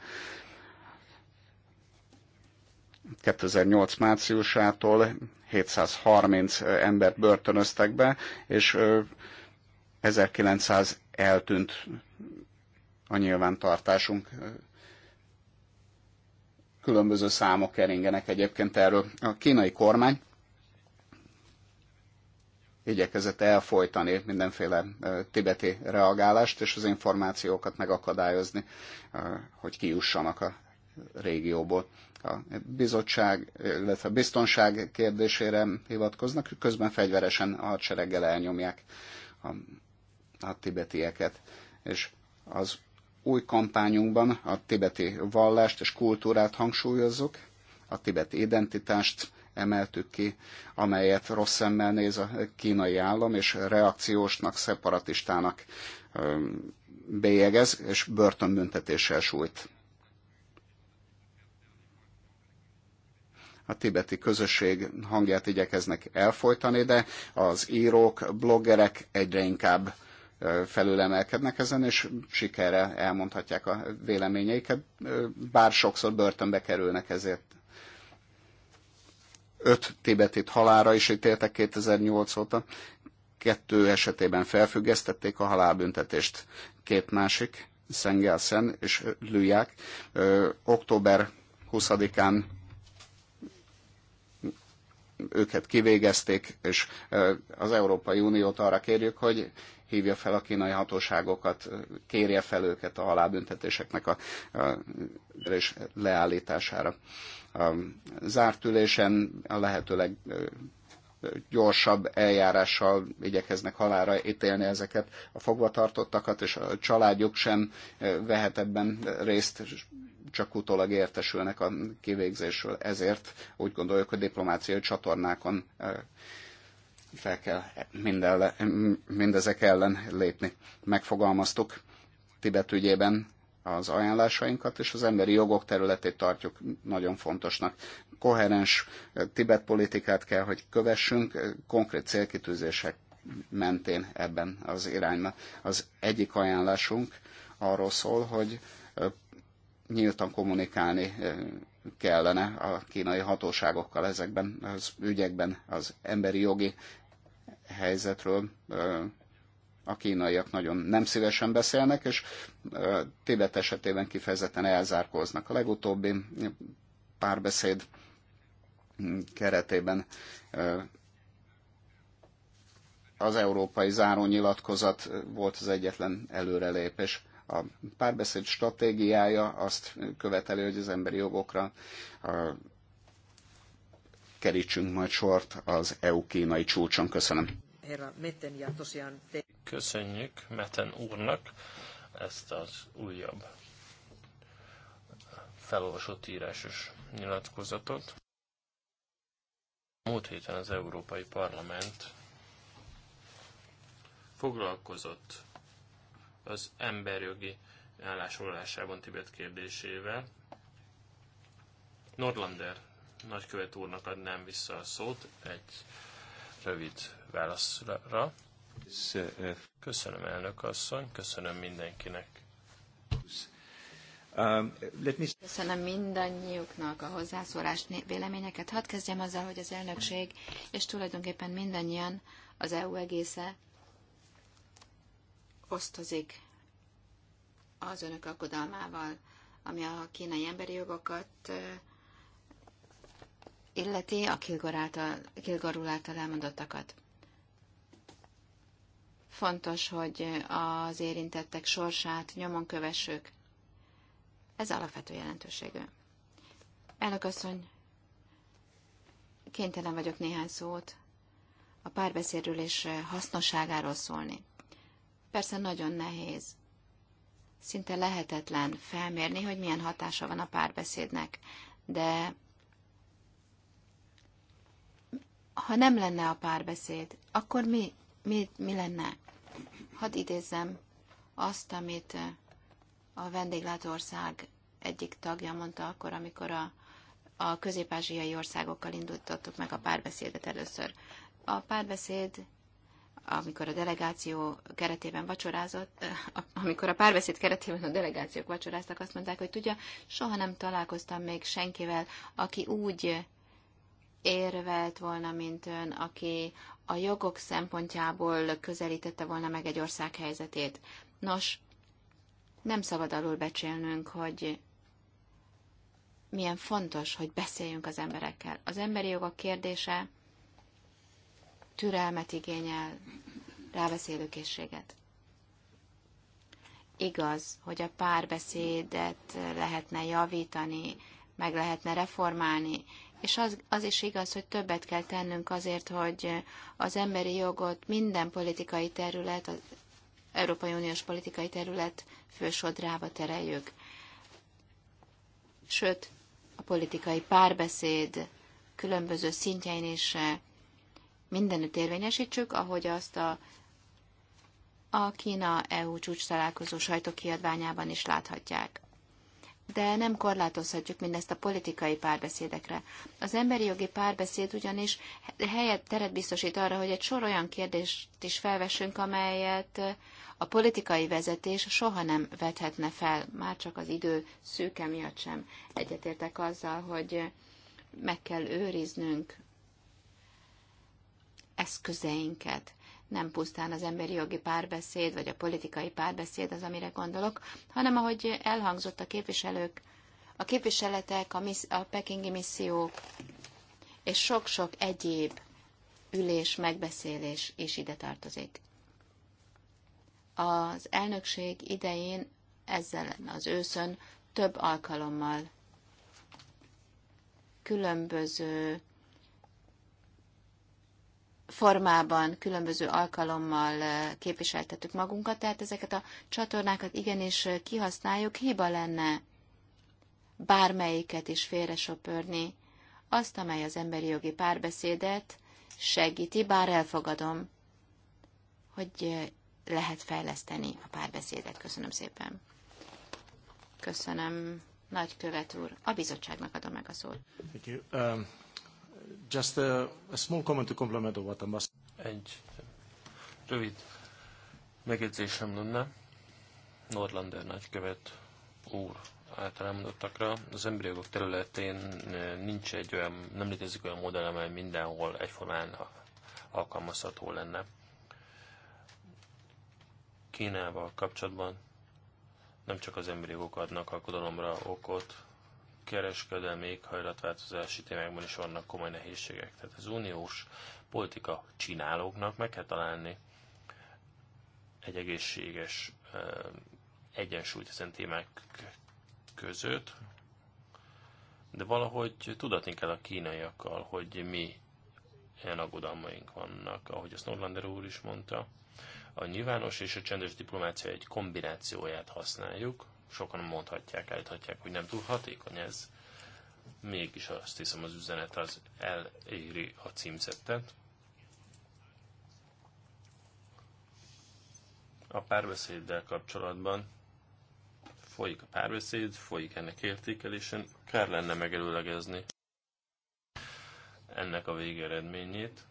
2008 márciusától 730 embert börtönöztek be, és 1900 eltűnt a nyilvántartásunk. Különböző számok keringenek egyébként erről. A kínai kormány igyekezett elfolytani mindenféle tibeti reagálást, és az információkat megakadályozni, hogy kiussanak a régióból a bizottság, illetve a biztonság kérdésére hivatkoznak, közben fegyveresen a hadsereggel elnyomják a, a tibetieket. És az új kampányunkban a tibeti vallást és kultúrát hangsúlyozzuk, a tibeti identitást emeltük ki, amelyet rossz szemmel néz a kínai állam, és reakciósnak, szeparatistának bélyegez, és börtönbüntetéssel sújt. a tibeti közösség hangját igyekeznek elfolytani, de az írók, bloggerek egyre inkább felülemelkednek ezen, és sikerre elmondhatják a véleményeiket, bár sokszor börtönbe kerülnek ezért. Öt tibetit halára is ítéltek 2008 óta, kettő esetében felfüggesztették a halálbüntetést, két másik, Szengelszen és Lüják, október 20-án őket kivégezték, és az Európai Uniót arra kérjük, hogy hívja fel a kínai hatóságokat, kérje fel őket a halálbüntetéseknek a, a és leállítására. A zárt ülésen a lehetőleg gyorsabb eljárással igyekeznek halára ítélni ezeket a fogvatartottakat, és a családjuk sem vehet ebben részt, csak utólag értesülnek a kivégzésről. Ezért úgy gondoljuk, hogy diplomáciai csatornákon fel kell minden, mindezek ellen lépni. Megfogalmaztuk Tibet ügyében az ajánlásainkat, és az emberi jogok területét tartjuk nagyon fontosnak. Koherens Tibet politikát kell, hogy kövessünk, konkrét célkitűzések mentén ebben az irányban. Az egyik ajánlásunk arról szól, hogy nyíltan kommunikálni kellene a kínai hatóságokkal ezekben az ügyekben az emberi jogi helyzetről. A kínaiak nagyon nem szívesen beszélnek, és Tibet esetében kifejezetten elzárkóznak. A legutóbbi párbeszéd keretében az európai zárónyilatkozat volt az egyetlen előrelépés a párbeszéd stratégiája azt követeli, hogy az emberi jogokra kerítsünk majd sort az EU-kínai csúcson. Köszönöm. Köszönjük Meten úrnak ezt az újabb felolvasott írásos nyilatkozatot. Múlt héten az Európai Parlament foglalkozott az emberjogi állásolásában Tibet kérdésével. Nordlander nagykövet úrnak adnám vissza a szót egy rövid válaszra. Uh, köszönöm, elnök asszony, köszönöm mindenkinek. Um, köszönöm mindannyiuknak a hozzászólást, véleményeket. Hadd kezdjem azzal, hogy az elnökség, és tulajdonképpen mindannyian az EU egésze osztozik az önök aggodalmával, ami a kínai emberi jogokat illeti a Kilgor, által, által elmondottakat. Fontos, hogy az érintettek sorsát nyomon kövessük. Ez alapvető jelentőségű. Elnök asszony, kénytelen vagyok néhány szót a párbeszédről és hasznosságáról szólni. Persze nagyon nehéz, szinte lehetetlen felmérni, hogy milyen hatása van a párbeszédnek, de ha nem lenne a párbeszéd, akkor mi, mi, mi lenne? Hadd idézzem azt, amit a vendéglátország egyik tagja mondta akkor, amikor a, a közép-ázsiai országokkal indultottuk meg a párbeszédet először. A párbeszéd amikor a delegáció keretében vacsorázott, eh, amikor a párbeszéd keretében a delegációk vacsoráztak, azt mondták, hogy tudja, soha nem találkoztam még senkivel, aki úgy érvelt volna, mint ön, aki a jogok szempontjából közelítette volna meg egy ország helyzetét. Nos, nem szabad alul becsélnünk, hogy milyen fontos, hogy beszéljünk az emberekkel. Az emberi jogok kérdése türelmet igényel, rábeszélő készséget. Igaz, hogy a párbeszédet lehetne javítani, meg lehetne reformálni, és az, az is igaz, hogy többet kell tennünk azért, hogy az emberi jogot minden politikai terület, az Európai Uniós politikai terület fősodrába tereljük. Sőt, a politikai párbeszéd különböző szintjein is mindenütt érvényesítsük, ahogy azt a, a Kína-EU csúcs találkozó sajtókiadványában is láthatják. De nem korlátozhatjuk mindezt a politikai párbeszédekre. Az emberi jogi párbeszéd ugyanis helyet teret biztosít arra, hogy egy sor olyan kérdést is felvessünk, amelyet a politikai vezetés soha nem vethetne fel, már csak az idő szűke miatt sem. Egyetértek azzal, hogy meg kell őriznünk eszközeinket. Nem pusztán az emberi jogi párbeszéd, vagy a politikai párbeszéd az, amire gondolok, hanem ahogy elhangzott a képviselők, a képviseletek, a, missz, a pekingi misszió, és sok-sok egyéb ülés, megbeszélés is ide tartozik. Az elnökség idején ezzel az őszön több alkalommal különböző formában, különböző alkalommal eh, képviseltetük magunkat, tehát ezeket a csatornákat igenis eh, kihasználjuk, hiba lenne bármelyiket is söpörni, azt, amely az emberi jogi párbeszédet segíti, bár elfogadom, hogy eh, lehet fejleszteni a párbeszédet. Köszönöm szépen. Köszönöm, nagykövet úr. A bizottságnak adom meg a szót. Um, just a, a small comment to complement what Ambassador. Egy rövid megjegyzésem lenne. Norlander nagykövet úr által elmondottakra. Az emberi jogok területén eh, nincs egy olyan, nem létezik olyan modell, amely mindenhol egyformán alkalmazható lenne. Kínával kapcsolatban nem csak az emberi jogok adnak alkodalomra okot, kereskedelmi éghajlatváltozási témákban is vannak komoly nehézségek. Tehát az uniós politika csinálóknak meg kell találni egy egészséges egyensúlyt ezen témák között, de valahogy tudatni kell a kínaiakkal, hogy mi ilyen aggodalmaink vannak, ahogy azt Norlander úr is mondta. A nyilvános és a csendes diplomácia egy kombinációját használjuk, sokan mondhatják, állíthatják, hogy nem túl hatékony ez. Mégis azt hiszem az üzenet az eléri a címzettet. A párbeszéddel kapcsolatban folyik a párbeszéd, folyik ennek értékelésen, kár lenne megelőlegezni ennek a végeredményét.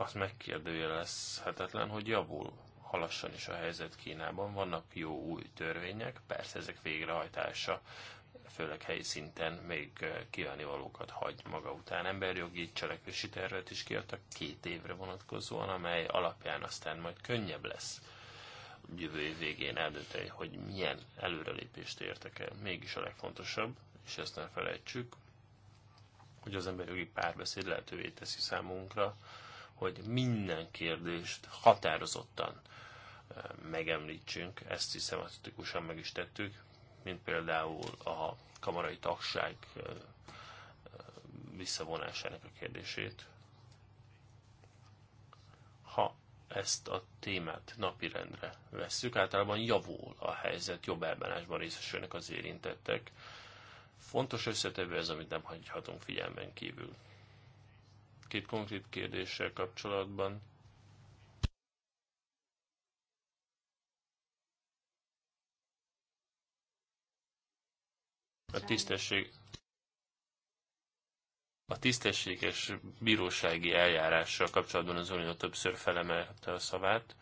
az megkérdőjelezhetetlen, hogy javul halassan is a helyzet Kínában. Vannak jó új törvények, persze ezek végrehajtása, főleg helyi szinten még eh, kívánivalókat hagy maga után. Emberjogi cselekvési tervet is kiadtak két évre vonatkozóan, amely alapján aztán majd könnyebb lesz jövő év végén eldönteni, hogy milyen előrelépést értek el. Mégis a legfontosabb, és ezt ne felejtsük, hogy az emberjogi párbeszéd lehetővé teszi számunkra, hogy minden kérdést határozottan megemlítsünk, ezt is szematikusan meg is tettük, mint például a kamarai tagság visszavonásának a kérdését. Ha ezt a témát napirendre vesszük, általában javul a helyzet, jobb elbánásban részesülnek az érintettek. Fontos összetevő ez, amit nem hagyhatunk figyelmen kívül két konkrét kérdéssel kapcsolatban. A tisztesség, a tisztességes bírósági eljárással kapcsolatban az Unió többször felemelte a szavát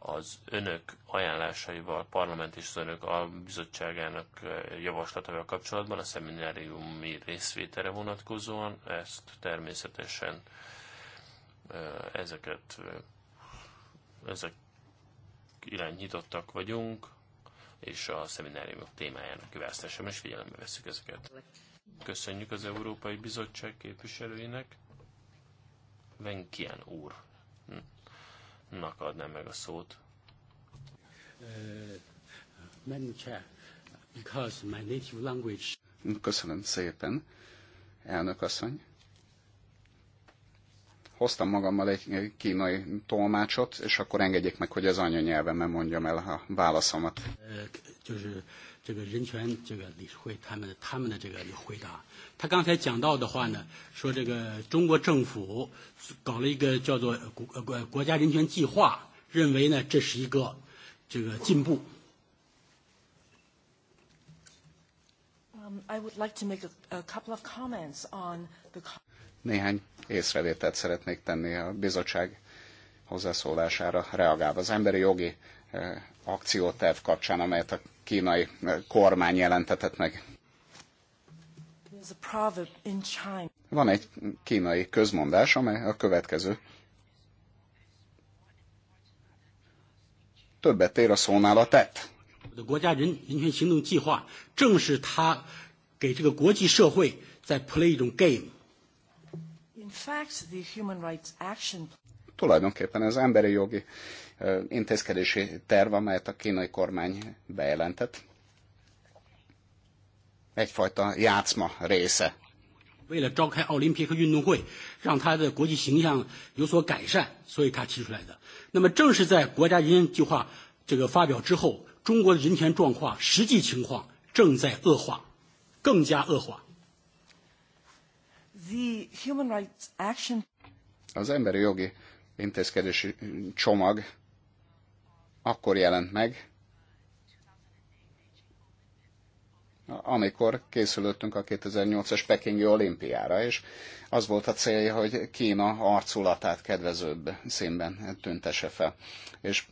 az önök ajánlásaival, parlament és az önök a bizottságának eh, javaslatával kapcsolatban, a szemináriumi részvételre vonatkozóan, ezt természetesen eh, ezeket eh, ezek irányítottak nyitottak vagyunk, és a szemináriumok témájának kiválasztásában is figyelembe veszük ezeket. Köszönjük az Európai Bizottság képviselőinek. Venkian úr hm nak adnám meg a szót. Uh, because my native language. Köszönöm szépen, elnök asszony. Hoztam magammal egy kínai tolmácsot, és akkor engedjék meg, hogy az anyanyelvemen mondjam el a válaszomat. Uh, 这个人权这个理事会他们他们的这个回答。他刚才讲到的话呢，说这个中国政府搞了一个叫做国国国家人权计划，认为呢这是一个这个进步。I would like to make a, a couple of comments on the. Néhány észrevételt szeretnék tenni a bizottság hozzászólására reagálva. Az emberi jogi akcióterv kapcsán, amelyet a kínai kormány jelentetett meg. Van egy kínai közmondás, amely a következő. Többet ér a szónál a tett. 的国家人人权行动计划，正是他给这个国际社会在 fact, the human rights action tulajdonképpen az emberi jogi intézkedési terv, amelyet a kínai kormány bejelentett, egyfajta játszma része. Az emberi jogi intézkedési csomag akkor jelent meg, amikor készülöttünk a 2008-as Pekingi olimpiára, és az volt a célja, hogy Kína arculatát kedvezőbb színben tüntesse fel. És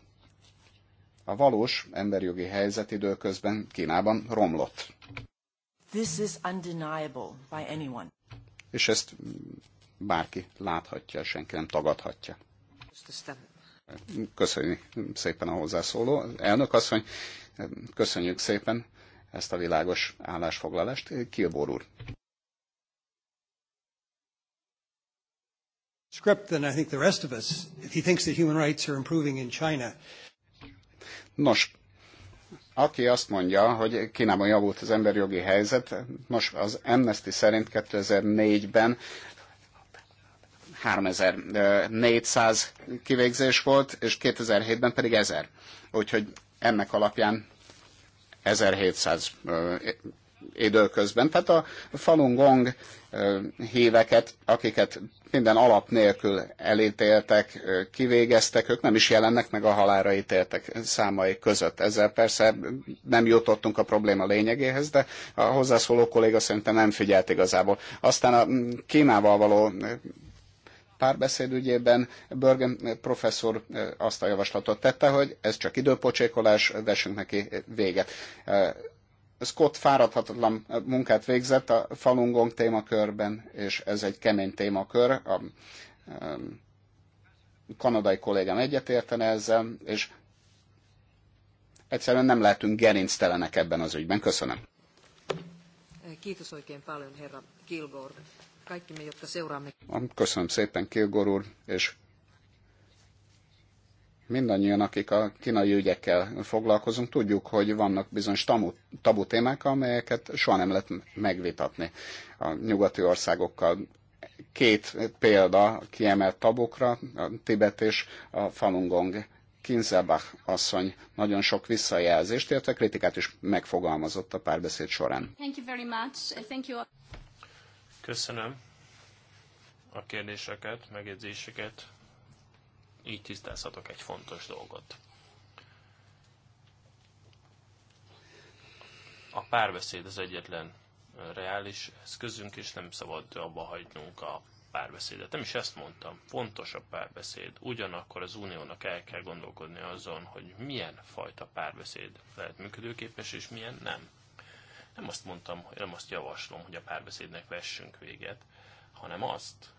a valós emberjogi helyzet időközben Kínában romlott. This is undeniable by anyone. És ezt bárki láthatja, senki nem tagadhatja. Köszönjük szépen a hozzászóló. Elnök asszony, köszönjük szépen ezt a világos állásfoglalást. Kilbor úr. script I think the rest of us if he thinks that human rights are improving in China. Nos, aki azt mondja, hogy Kínában javult az emberi jogi helyzet, nos, az Amnesty szerint 2004-ben 3400 kivégzés volt, és 2007-ben pedig 1000. Úgyhogy ennek alapján 1700 időközben. Tehát a Falun Gong híveket, akiket minden alap nélkül elítéltek, kivégeztek, ők nem is jelennek meg a halára ítéltek számai között. Ezzel persze nem jutottunk a probléma lényegéhez, de a hozzászóló kolléga szerintem nem figyelt igazából. Aztán a Kínával való párbeszéd ügyében Bergen professzor azt a javaslatot tette, hogy ez csak időpocsékolás, vessünk neki véget. Scott fáradhatatlan munkát végzett a Gong témakörben, és ez egy kemény témakör. A kanadai kollégám egyetértene ezzel, és egyszerűen nem lehetünk gerinctelenek ebben az ügyben. Köszönöm. Kiitos oikein herra Kilgore kaikki me, jotka seuraamme. Köszönöm szépen, Kilgor úr, és mindannyian, akik a kínai ügyekkel foglalkozunk, tudjuk, hogy vannak bizonyos tabu, tabu témák, amelyeket soha nem lehet megvitatni a nyugati országokkal. Két példa kiemelt tabukra, a Tibet és a Falun Gong. Kinzelbach asszony nagyon sok visszajelzést, illetve kritikát is megfogalmazott a párbeszéd során. Köszönöm a kérdéseket, megjegyzéseket. Így tisztázhatok egy fontos dolgot. A párbeszéd az egyetlen reális eszközünk, és nem szabad abba hagynunk a párbeszédet. Nem is ezt mondtam, fontos a párbeszéd. Ugyanakkor az uniónak el kell gondolkodni azon, hogy milyen fajta párbeszéd lehet működőképes, és milyen nem. Nem azt mondtam, nem azt javaslom, hogy a párbeszédnek vessünk véget, hanem azt,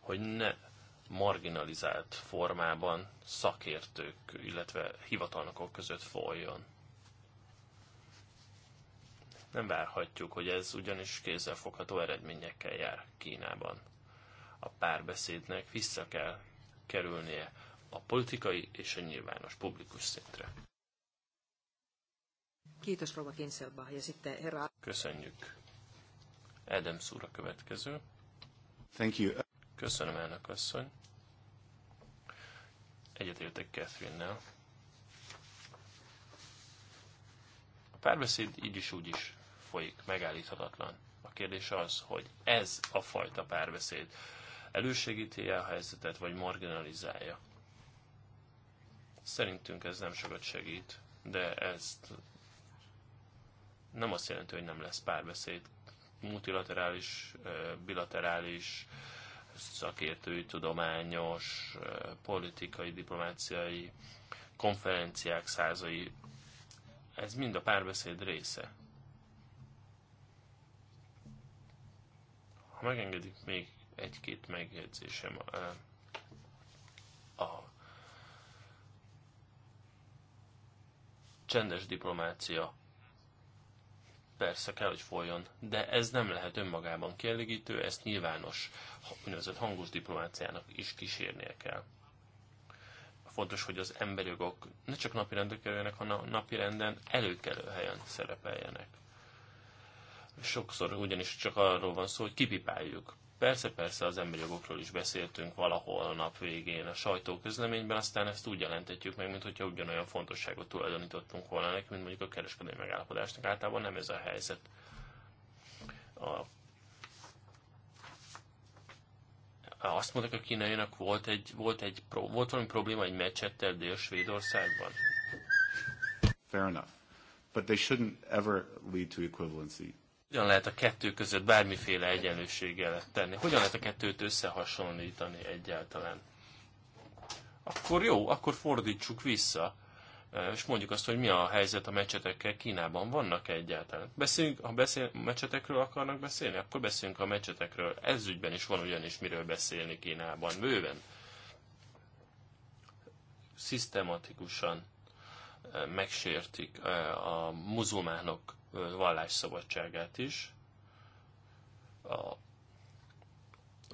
hogy ne marginalizált formában szakértők, illetve hivatalnokok között folyjon. Nem várhatjuk, hogy ez ugyanis kézzelfogható eredményekkel jár Kínában. A párbeszédnek vissza kell kerülnie a politikai és a nyilvános publikus szintre. Kiitos, Rova Ja sitten herra... Köszönjük. Edem úr a következő. Thank you. Köszönöm, elnök asszony. Egyetértek Catherine-nel. A párbeszéd így is úgy is folyik, megállíthatatlan. A kérdés az, hogy ez a fajta párbeszéd elősegíti -e a helyzetet, vagy marginalizálja. Szerintünk ez nem sokat segít, de ezt nem azt jelenti, hogy nem lesz párbeszéd. Multilaterális, bilaterális, szakértői, tudományos, politikai, diplomáciai konferenciák százai, ez mind a párbeszéd része. Ha megengedik, még egy-két megjegyzésem a, a csendes diplomácia persze kell, hogy folyjon, de ez nem lehet önmagában kielégítő, ezt nyilvános, úgynevezett hangos diplomáciának is kísérnie kell. Fontos, hogy az emberi jogok ne csak napirendre kerüljenek, hanem napirenden előkelő helyen szerepeljenek. Sokszor ugyanis csak arról van szó, hogy kipipáljuk Persze, persze az emberi jogokról is beszéltünk valahol nap végén a sajtóközleményben, aztán ezt úgy jelentetjük meg, mint ugyanolyan fontosságot tulajdonítottunk volna neki, mint mondjuk a kereskedelmi megállapodásnak. Általában nem ez a helyzet. A azt mondták a kínaiak, volt egy, volt egy volt valami probléma egy meccsettel Dél-Svédországban. Fair enough. But they shouldn't ever lead to equivalency. Hogyan lehet a kettő között bármiféle egyenlőséggel tenni? Hogyan lehet a kettőt összehasonlítani egyáltalán? Akkor jó, akkor fordítsuk vissza, és mondjuk azt, hogy mi a helyzet a mecsetekkel Kínában. Vannak -e egyáltalán? Beszéljünk, ha beszél, mecsetekről akarnak beszélni, akkor beszéljünk a mecsetekről. Ez ügyben is van ugyanis miről beszélni Kínában. Bőven. Szisztematikusan eh, megsértik eh, a muzulmánok vallásszabadságát is, a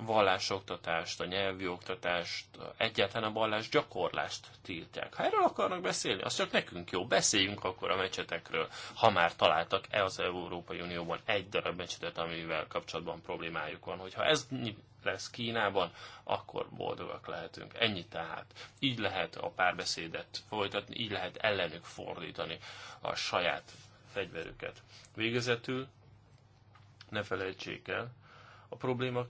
vallásoktatást, a nyelvi oktatást, egyáltalán a vallás gyakorlást tiltják. Ha erről akarnak beszélni, az csak nekünk jó. Beszéljünk akkor a mecsetekről, ha már találtak e az Európai Unióban egy darab mecsetet, amivel kapcsolatban problémájuk van. Hogyha ez lesz Kínában, akkor boldogak lehetünk. Ennyi tehát. Így lehet a párbeszédet folytatni, így lehet ellenük fordítani a saját fegyverüket. Végezetül ne felejtsék el, a probléma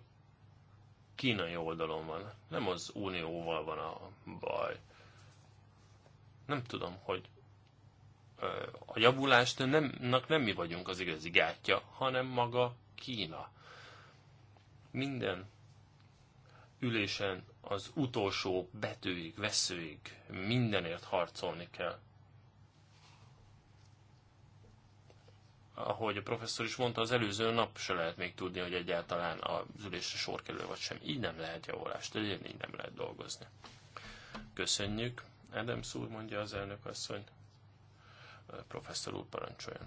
kínai oldalon van, nem az unióval van a baj. Nem tudom, hogy a javulást nem, nem mi vagyunk az igazi gátja, hanem maga Kína. Minden ülésen az utolsó betűig, veszőig mindenért harcolni kell. ahogy a professzor is mondta, az előző nap se lehet még tudni, hogy egyáltalán az ülésre sor kerül vagy sem. Így nem lehet javulást elérni, így nem lehet dolgozni. Köszönjük. Adam úr, mondja az elnök asszony. Professzor úr, parancsoljon.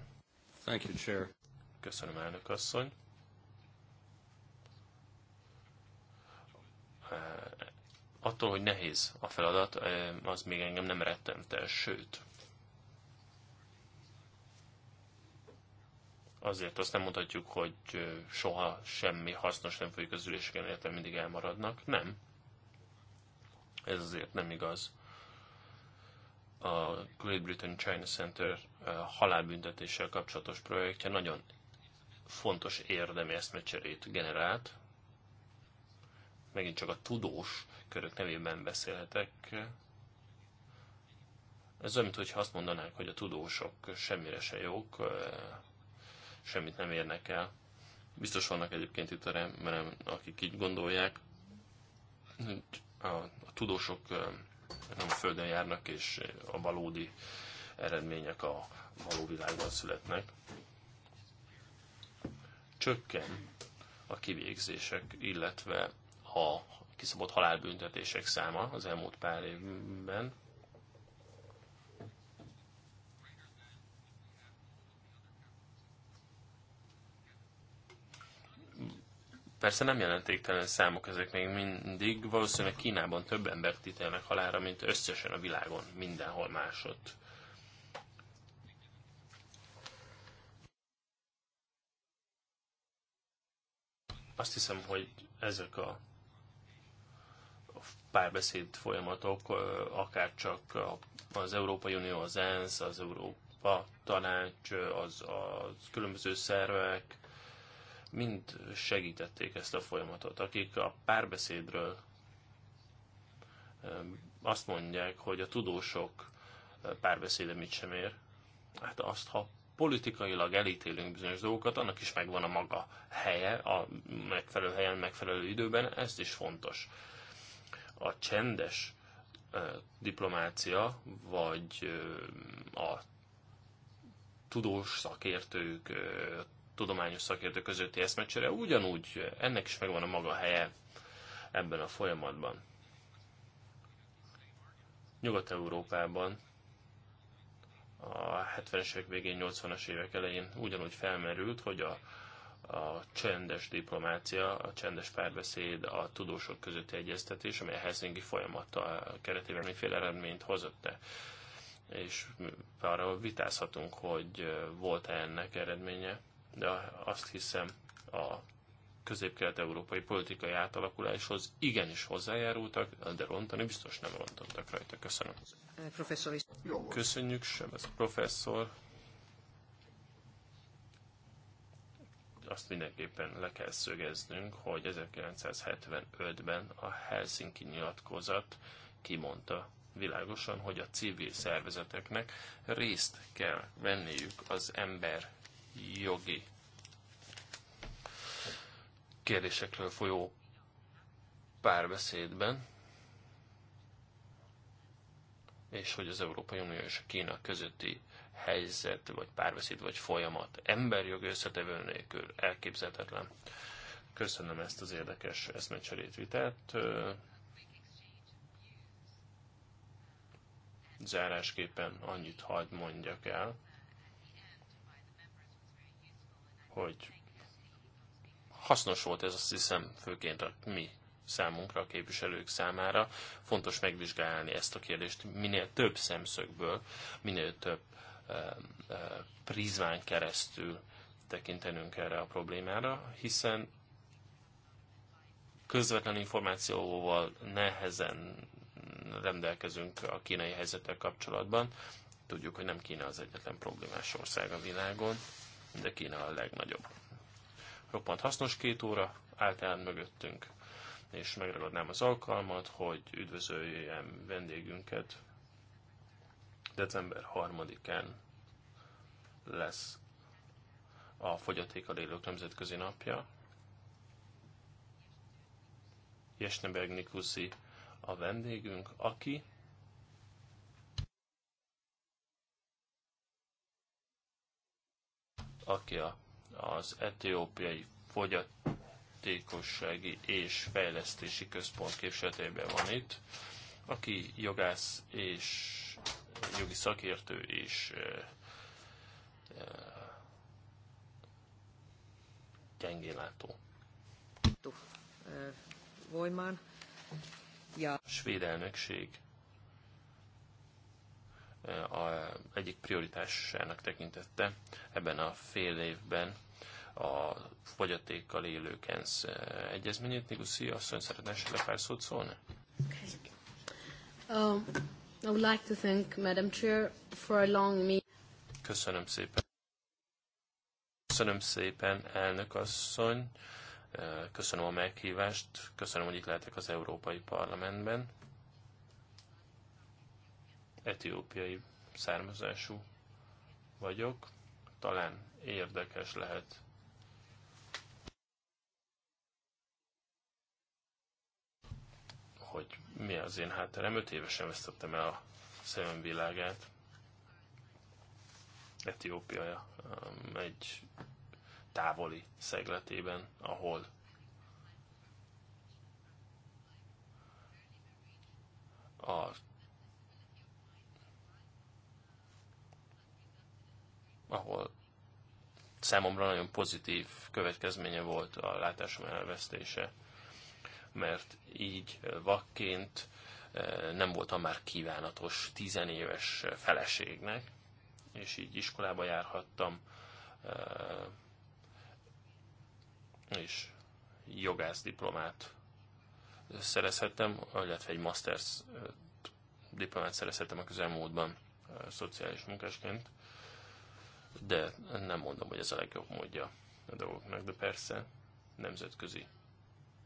Thank you, Chair. Köszönöm, elnök asszony. Attól, hogy nehéz a feladat, az még engem nem rettente, sőt, azért azt nem mondhatjuk, hogy soha semmi hasznos nem folyik az üléseken, illetve mindig elmaradnak. Nem. Ez azért nem igaz. A Great Britain China Center halálbüntetéssel kapcsolatos projektje nagyon fontos érdemi eszmecserét generált. Megint csak a tudós körök nevében beszélhetek. Ez olyan, mintha azt mondanák, hogy a tudósok semmire se jók, semmit nem érnek el. Biztos vannak egyébként itt a remerem, akik így gondolják, a, a tudósok nem a Földön járnak, és a valódi eredmények a való világban születnek. Csökken a kivégzések, illetve a kiszabott halálbüntetések száma az elmúlt pár évben Persze nem jelentéktelen számok ezek még mindig, valószínűleg Kínában több embert ítélnek halára, mint összesen a világon, mindenhol másod. Azt hiszem, hogy ezek a párbeszéd folyamatok, akár csak az Európai Unió, az ENSZ, az Európa Tanács, az, az különböző szervek, mind segítették ezt a folyamatot. Akik a párbeszédről azt mondják, hogy a tudósok párbeszéde mit sem ér, hát azt, ha politikailag elítélünk bizonyos dolgokat, annak is megvan a maga helye, a megfelelő helyen, megfelelő időben, ez is fontos. A csendes diplomácia, vagy a tudós szakértők tudományos szakértő közötti eszmecsere, ugyanúgy ennek is megvan a maga helye ebben a folyamatban. Nyugat-Európában a 70-es évek végén, 80-as évek elején ugyanúgy felmerült, hogy a, a csendes diplomácia, a csendes párbeszéd, a tudósok közötti egyeztetés, amely a Helsinki folyamata keretében miféle eredményt hozott-e. És arra vitázhatunk, hogy volt-e ennek eredménye, de azt hiszem a közép-kelet-európai politikai átalakuláshoz igenis hozzájárultak, de rontani biztos nem rontottak rajta. Köszönöm. Professzor is. Köszönjük, a professzor. Azt mindenképpen le kell szögeznünk, hogy 1975-ben a Helsinki nyilatkozat kimondta világosan, hogy a civil szervezeteknek részt kell venniük az ember jogi kérdésekről folyó párbeszédben, és hogy az Európai Unió és a Kína közötti helyzet, vagy párbeszéd, vagy folyamat emberjogi összetevő nélkül elképzelhetetlen. Köszönöm ezt az érdekes eszmecserét vitát. Zárásképpen annyit hagyd mondjak el, hogy hasznos volt ez azt hiszem főként a mi számunkra, a képviselők számára. Fontos megvizsgálni ezt a kérdést minél több szemszögből, minél több prizmán keresztül tekintenünk erre a problémára, hiszen közvetlen információval nehezen rendelkezünk a kínai helyzettel kapcsolatban. Tudjuk, hogy nem Kína az egyetlen problémás ország a világon, de Kína a legnagyobb. Roppant hasznos két óra állt el mögöttünk, és megragadnám az alkalmat, hogy üdvözöljem vendégünket. December 3-án lesz a a élők nemzetközi napja. Jesneberg Nikuszi a vendégünk, aki aki a, az etiópiai fogyatékossági és fejlesztési központ képviseletében van itt, aki jogász és jogi szakértő és e, e, gyengélátó. Voiman. Ja. svéd elnökség a egyik prioritásának tekintette ebben a fél évben a fogyatékkal élők ENSZ eh, egyezményét. Niguszi asszony szeretne esetleg pár szót szólni? Okay. Um, I would like to thank Madam Chair for Köszönöm szépen. Köszönöm szépen, elnök asszony. Eh, köszönöm a meghívást, köszönöm, hogy itt lehetek az Európai Parlamentben etiópiai származású vagyok, talán érdekes lehet hogy mi az én hátterem. Öt évesen vesztettem el a szemem világát. Etiópia um, egy távoli szegletében, ahol a ahol számomra nagyon pozitív következménye volt a látásom elvesztése, mert így vakként eh, nem voltam már kívánatos tizenéves feleségnek, és így iskolába járhattam, eh, és jogász diplomát szerezhettem, illetve egy masters eh, diplomát szerezhettem a közelmúltban szociális munkásként de nem mondom, hogy ez a legjobb módja a dolgoknak, de persze nemzetközi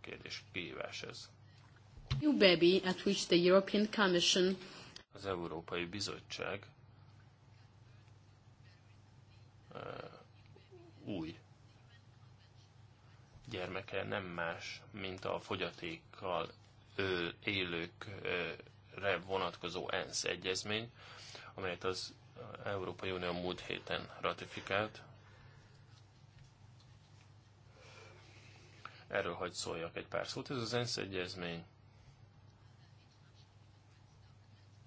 kérdés, kihívás ez. You baby at which the European Commission az Európai Bizottság eh, új gyermeke nem más, mint a fogyatékkal élőkre vonatkozó ENSZ egyezmény, amelyet az Európai Unió múlt héten ratifikált. Erről hagy szóljak egy pár szót. Ez az ENSZ egyezmény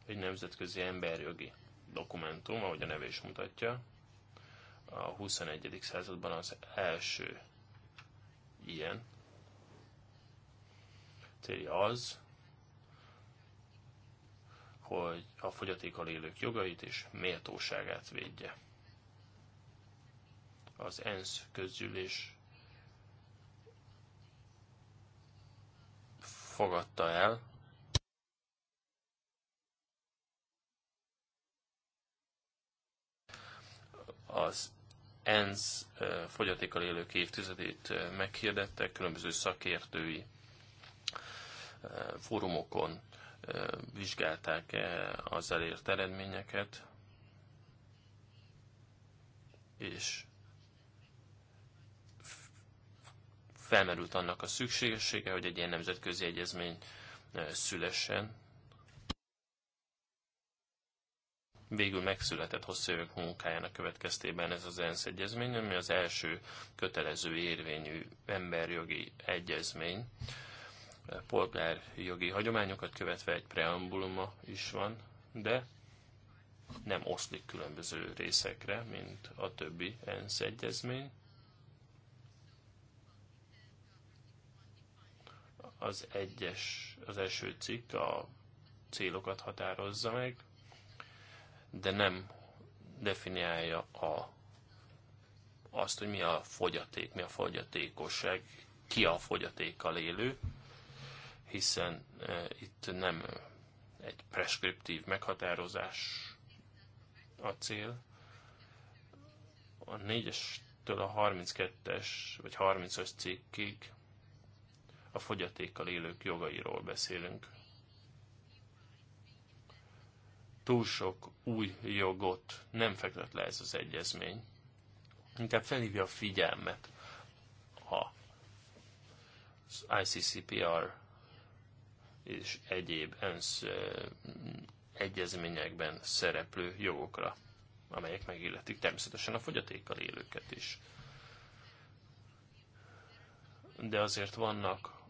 egy nemzetközi emberjogi dokumentum, ahogy a neve is mutatja. A 21. században az első ilyen. Célja az, hogy a fogyatékkal élők jogait és méltóságát védje. Az ENSZ közgyűlés fogadta el az ENSZ fogyatékkal élők évtizedét meghirdettek különböző szakértői fórumokon, vizsgálták-e az elért eredményeket, és felmerült annak a szükségessége, hogy egy ilyen nemzetközi egyezmény szülessen. Végül megszületett hosszú évek munkájának következtében ez az ENSZ egyezmény, ami az első kötelező érvényű emberjogi egyezmény, polgárjogi hagyományokat követve egy preambuluma is van, de nem oszlik különböző részekre, mint a többi ENSZ egyezmény. Az egyes, az első cikk a célokat határozza meg, de nem definiálja a, azt, hogy mi a fogyaték, mi a fogyatékosság, ki a fogyatékkal élő, hiszen e, itt nem egy preskriptív meghatározás a cél. A 4-estől a 32-es vagy 30-as cikkig a fogyatékkal élők jogairól beszélünk. Túl sok új jogot nem fektet le ez az egyezmény. Inkább felhívja a figyelmet a ICCPR és egyéb ENSZ egyezményekben szereplő jogokra, amelyek megilletik természetesen a fogyatékkal élőket is. De azért vannak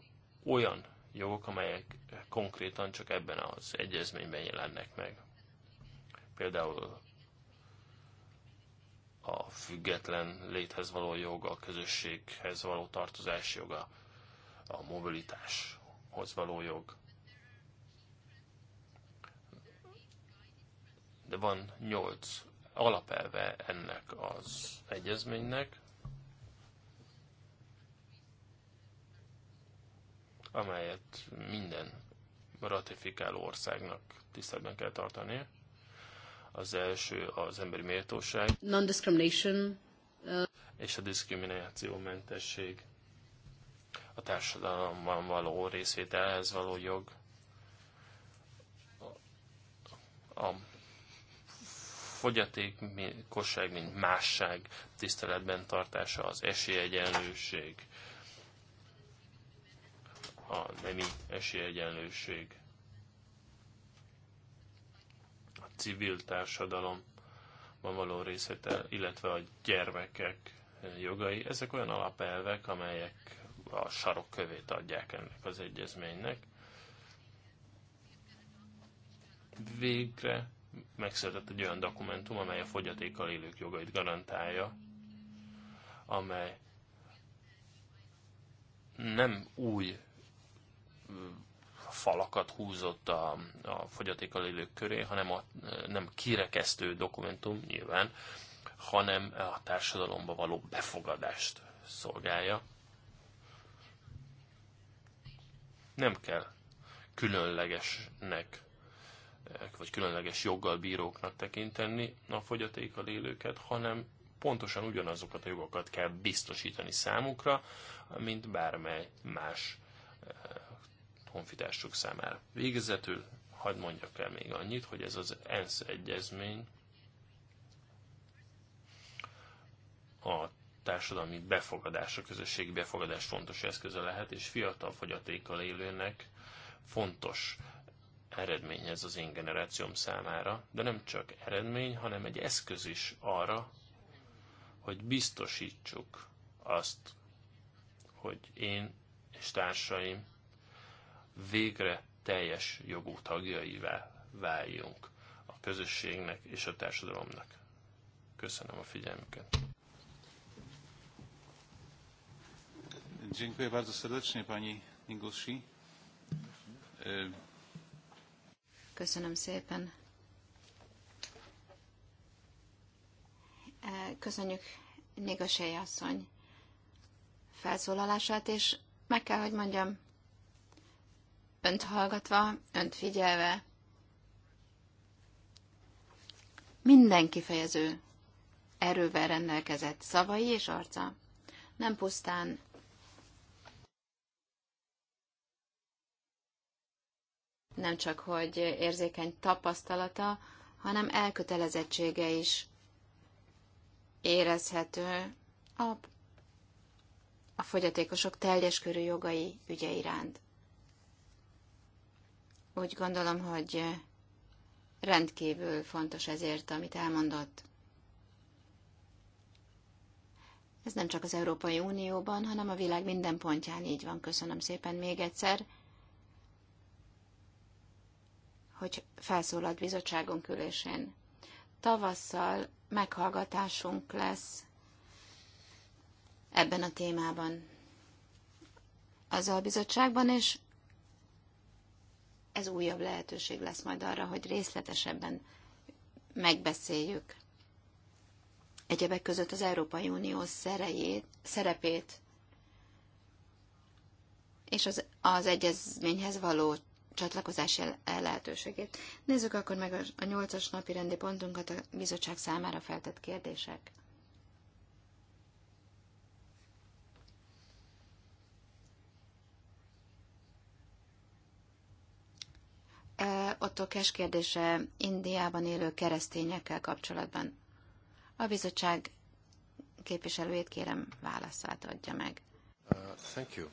olyan jogok, amelyek konkrétan csak ebben az egyezményben jelennek meg. Például a független léthez való joga, a közösséghez való tartozás joga, a mobilitáshoz való jog, de van nyolc alapelve ennek az egyezménynek, amelyet minden ratifikáló országnak tisztelben kell tartani. Az első az emberi méltóság. Non-discrimination. Uh, és a diszkriminációmentesség. A társadalomban való részvételhez való jog. A fogyatékosság, mint másság tiszteletben tartása, az esélyegyenlőség, a nemi esélyegyenlőség, a civil társadalomban való részvétel, illetve a gyermekek jogai. Ezek olyan alapelvek, amelyek a kövét adják ennek az egyezménynek. Végre megszületett egy olyan dokumentum, amely a fogyatékkal élők jogait garantálja, amely nem új falakat húzott a, a fogyatékkal élők köré, hanem a, nem kirekesztő dokumentum nyilván, hanem a társadalomba való befogadást szolgálja. Nem kell különlegesnek vagy különleges joggal bíróknak tekinteni a fogyatékkal élőket, hanem pontosan ugyanazokat a jogokat kell biztosítani számukra, mint bármely más eh, honfitársuk számára. Végezetül hadd mondjak el még annyit, hogy ez az ENSZ egyezmény a társadalmi befogadás, a közösségi befogadás fontos eszköze lehet, és fiatal fogyatékkal élőnek fontos eredmény ez az én generációm számára, de nem csak eredmény, hanem egy eszköz is arra, hogy biztosítsuk azt, hogy én és társaim végre teljes jogú tagjaivá váljunk a közösségnek és a társadalomnak. Köszönöm a figyelmüket. Dziękuję bardzo serdecznie Pani Ningoshi. E, Köszönöm szépen. E, köszönjük Négasei asszony felszólalását, és meg kell, hogy mondjam, önt hallgatva, önt figyelve, minden kifejező erővel rendelkezett szavai és arca. Nem pusztán nem csak hogy érzékeny tapasztalata, hanem elkötelezettsége is érezhető a, a fogyatékosok teljes körű jogai ügye iránt. Úgy gondolom, hogy rendkívül fontos ezért, amit elmondott. Ez nem csak az Európai Unióban, hanem a világ minden pontján így van. Köszönöm szépen még egyszer hogy felszólalt bizottságunk ülésén. Tavasszal meghallgatásunk lesz ebben a témában az bizottságban és ez újabb lehetőség lesz majd arra, hogy részletesebben megbeszéljük egyebek között az Európai Unió szerejét, szerepét és az, az egyezményhez való csatlakozás lehetőségét. Nézzük akkor meg a nyolcas napi rendi pontunkat a bizottság számára feltett kérdések. E, Otto Kes kérdése Indiában élő keresztényekkel kapcsolatban. A bizottság képviselőjét kérem válaszát adja meg. Uh, thank you.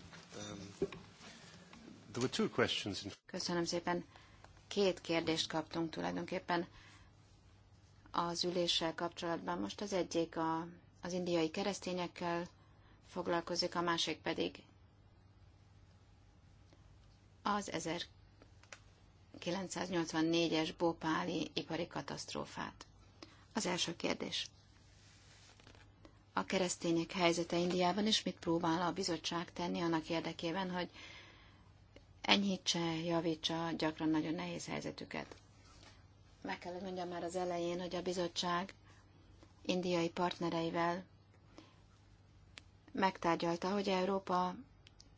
Um... Köszönöm szépen. Két kérdést kaptunk tulajdonképpen az üléssel kapcsolatban. Most az egyik a, az indiai keresztényekkel foglalkozik, a másik pedig az 1984-es Bopáli ipari katasztrófát. Az első kérdés. A keresztények helyzete Indiában, és mit próbál a bizottság tenni annak érdekében, hogy enyhítse, javítsa gyakran nagyon nehéz helyzetüket. Meg kell, hogy mondjam már az elején, hogy a bizottság indiai partnereivel megtárgyalta, hogy Európa,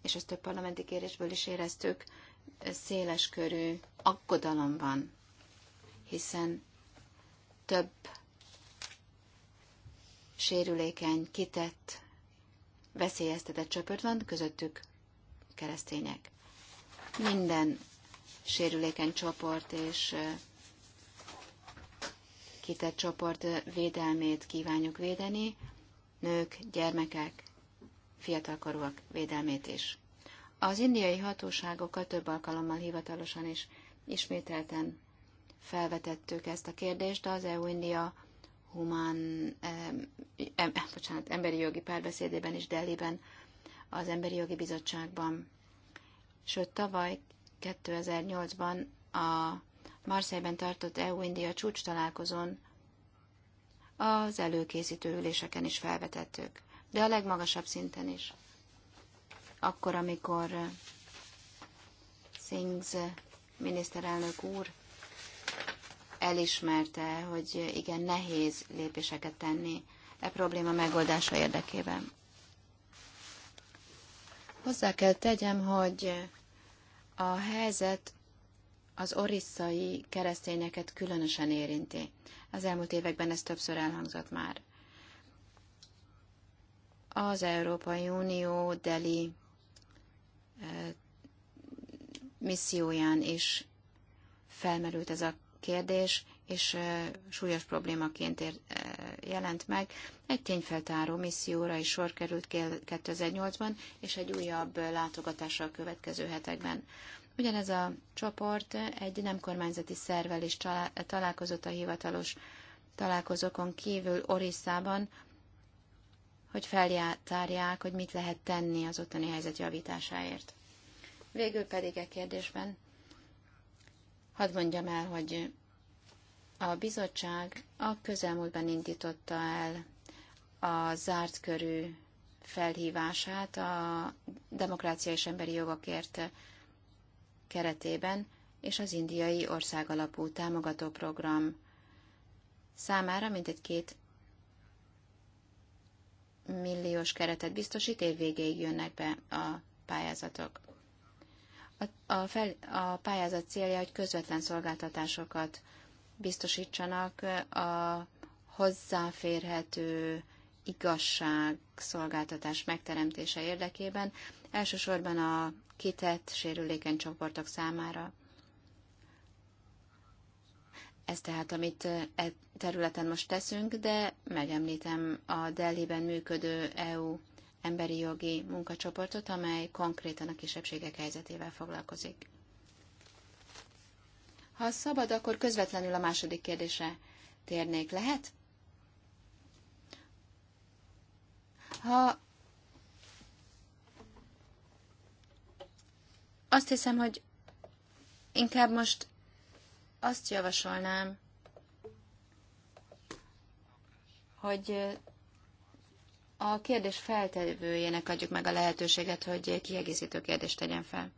és ezt több parlamenti kérésből is éreztük, széles körű aggodalom van, hiszen több sérülékeny, kitett, veszélyeztetett csoport van, közöttük keresztények minden sérülékeny csoport és kitett csoport védelmét kívánjuk védeni, nők, gyermekek, fiatalkorúak védelmét is. Az indiai hatóságokat több alkalommal hivatalosan is ismételten felvetettük ezt a kérdést, az EU-India humán, eh, em, bocsánat, emberi jogi párbeszédében is Delhiben, az Emberi Jogi Bizottságban sőt tavaly 2008-ban a Marseille-ben tartott EU-India csúcs találkozón az előkészítő üléseken is felvetettük, de a legmagasabb szinten is. Akkor, amikor Szings miniszterelnök úr elismerte, hogy igen, nehéz lépéseket tenni e probléma megoldása érdekében. Hozzá kell tegyem, hogy a helyzet az orisszai keresztényeket különösen érinti. Az elmúlt években ez többször elhangzott már. Az Európai Unió deli misszióján is felmerült ez a kérdés, és súlyos problémaként ér, jelent meg. Egy tényfeltáró misszióra is sor került 2008-ban, és egy újabb látogatásra a következő hetekben. Ugyanez a csoport egy nem kormányzati szervel is találkozott a hivatalos találkozókon kívül Orisszában, hogy feljátárják, hogy mit lehet tenni az ottani helyzet javításáért. Végül pedig e kérdésben hadd mondjam el, hogy a bizottság a közelmúltban indította el a zárt körű felhívását a demokrácia és emberi jogokért keretében, és az indiai országalapú támogató program számára mintegy két milliós keretet biztosít, évvégéig jönnek be a pályázatok. A, a, fel, a pályázat célja, hogy közvetlen szolgáltatásokat biztosítsanak a hozzáférhető igazságszolgáltatás megteremtése érdekében, elsősorban a kitett, sérülékeny csoportok számára. Ez tehát, amit e területen most teszünk, de megemlítem a Delhi-ben működő EU emberi jogi munkacsoportot, amely konkrétan a kisebbségek helyzetével foglalkozik. Ha szabad, akkor közvetlenül a második kérdése térnék. Lehet? Ha azt hiszem, hogy inkább most azt javasolnám, hogy a kérdés feltevőjének adjuk meg a lehetőséget, hogy kiegészítő kérdést tegyen fel.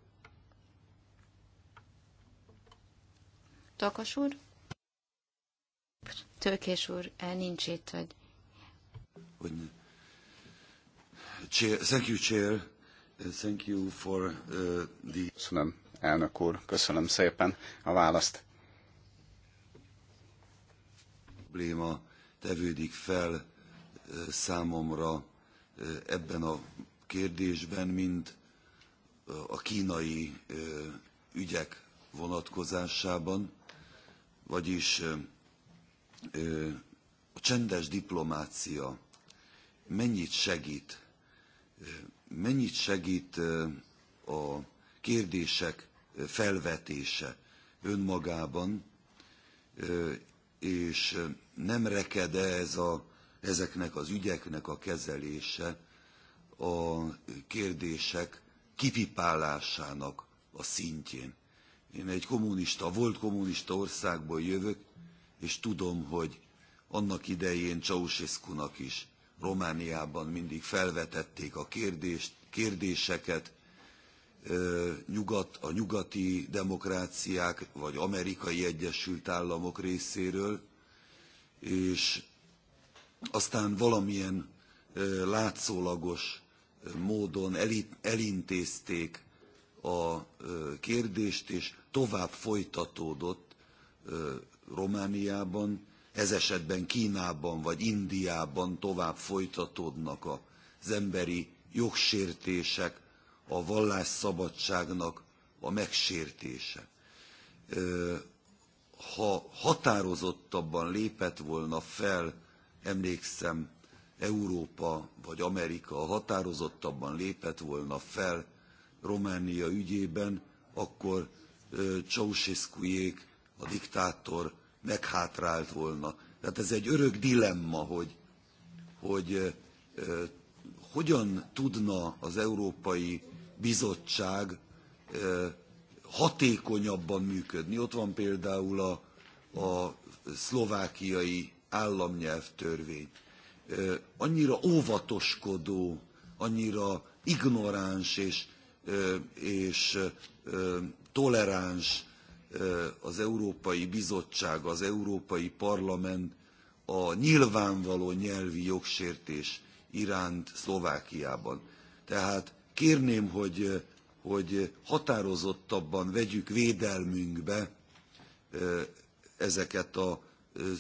Takas úr? Tőkés úr, eh, nincs itt, vagy... Hogy ne. Uh, Chair, thank you, Chair. Uh, thank you for uh, the... Köszönöm, elnök úr, köszönöm szépen a választ. Probléma tevődik fel uh, számomra ebben a kérdésben, mint a kínai ügyek vonatkozásában. Vagyis a csendes diplomácia mennyit segít, mennyit segít a kérdések felvetése önmagában, és nem rekede ez a, ezeknek az ügyeknek a kezelése a kérdések kipipálásának a szintjén. Én egy kommunista, volt kommunista országból jövök, és tudom, hogy annak idején ceausescu is Romániában mindig felvetették a kérdést, kérdéseket, nyugat, a nyugati demokráciák vagy amerikai Egyesült Államok részéről, és aztán valamilyen látszólagos módon elintézték a kérdést, és tovább folytatódott Romániában, ez esetben Kínában vagy Indiában tovább folytatódnak az emberi jogsértések, a vallásszabadságnak a megsértése. Ha határozottabban lépett volna fel, emlékszem, Európa vagy Amerika határozottabban lépett volna fel Románia ügyében, akkor Ceausescujék, a diktátor meghátrált volna. Tehát ez egy örök dilemma, hogy, hogy hogyan tudna az Európai Bizottság hatékonyabban működni. Ott van például a, a szlovákiai államnyelvtörvény. Annyira óvatoskodó, annyira ignoráns és és toleráns az Európai Bizottság, az Európai Parlament a nyilvánvaló nyelvi jogsértés iránt Szlovákiában. Tehát kérném, hogy, hogy határozottabban vegyük védelmünkbe ezeket az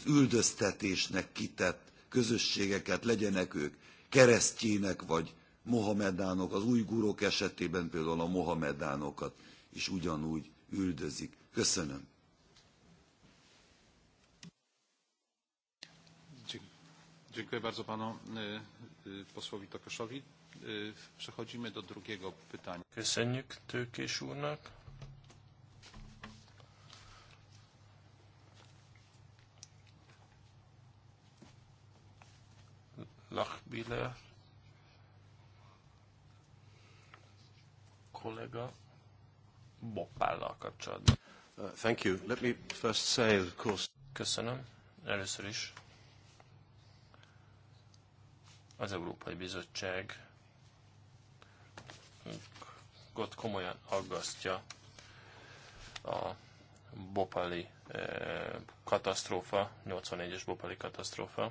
üldöztetésnek kitett közösségeket, legyenek ők keresztjének vagy mohamedánok, az új gurok esetében például a mohamedánokat is ugyanúgy üldözik. Köszönöm. Dziękuję bardzo panu e, e, posłowi Tokoszowi. E, przechodzimy do drugiego pytania. Köszönjük Tőkés úrnak. Lachbiller kollega Boppállal kapcsolatban. Uh, thank you. Let me first say, of course... Köszönöm. Először is az Európai Bizottság ott komolyan aggasztja a Bopali eh, katasztrófa, 84-es Bopali katasztrófa,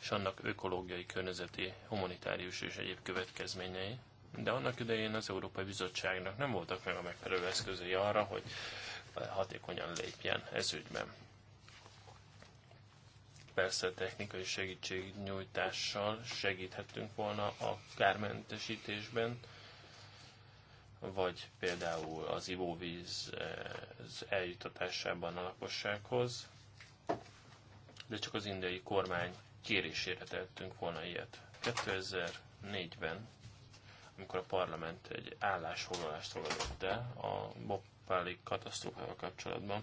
és annak ökológiai, környezeti, humanitárius és egyéb következményei de annak idején az Európai Bizottságnak nem voltak meg a megfelelő eszközei arra, hogy hatékonyan lépjen ez ügyben. Persze technikai segítségnyújtással segíthetünk volna a kármentesítésben, vagy például az ivóvíz eh, eljutatásában a lakossághoz, de csak az indiai kormány kérésére tettünk volna ilyet. 2004-ben amikor a parlament egy állásfoglalást fogadott el a Bopáli katasztrófával kapcsolatban,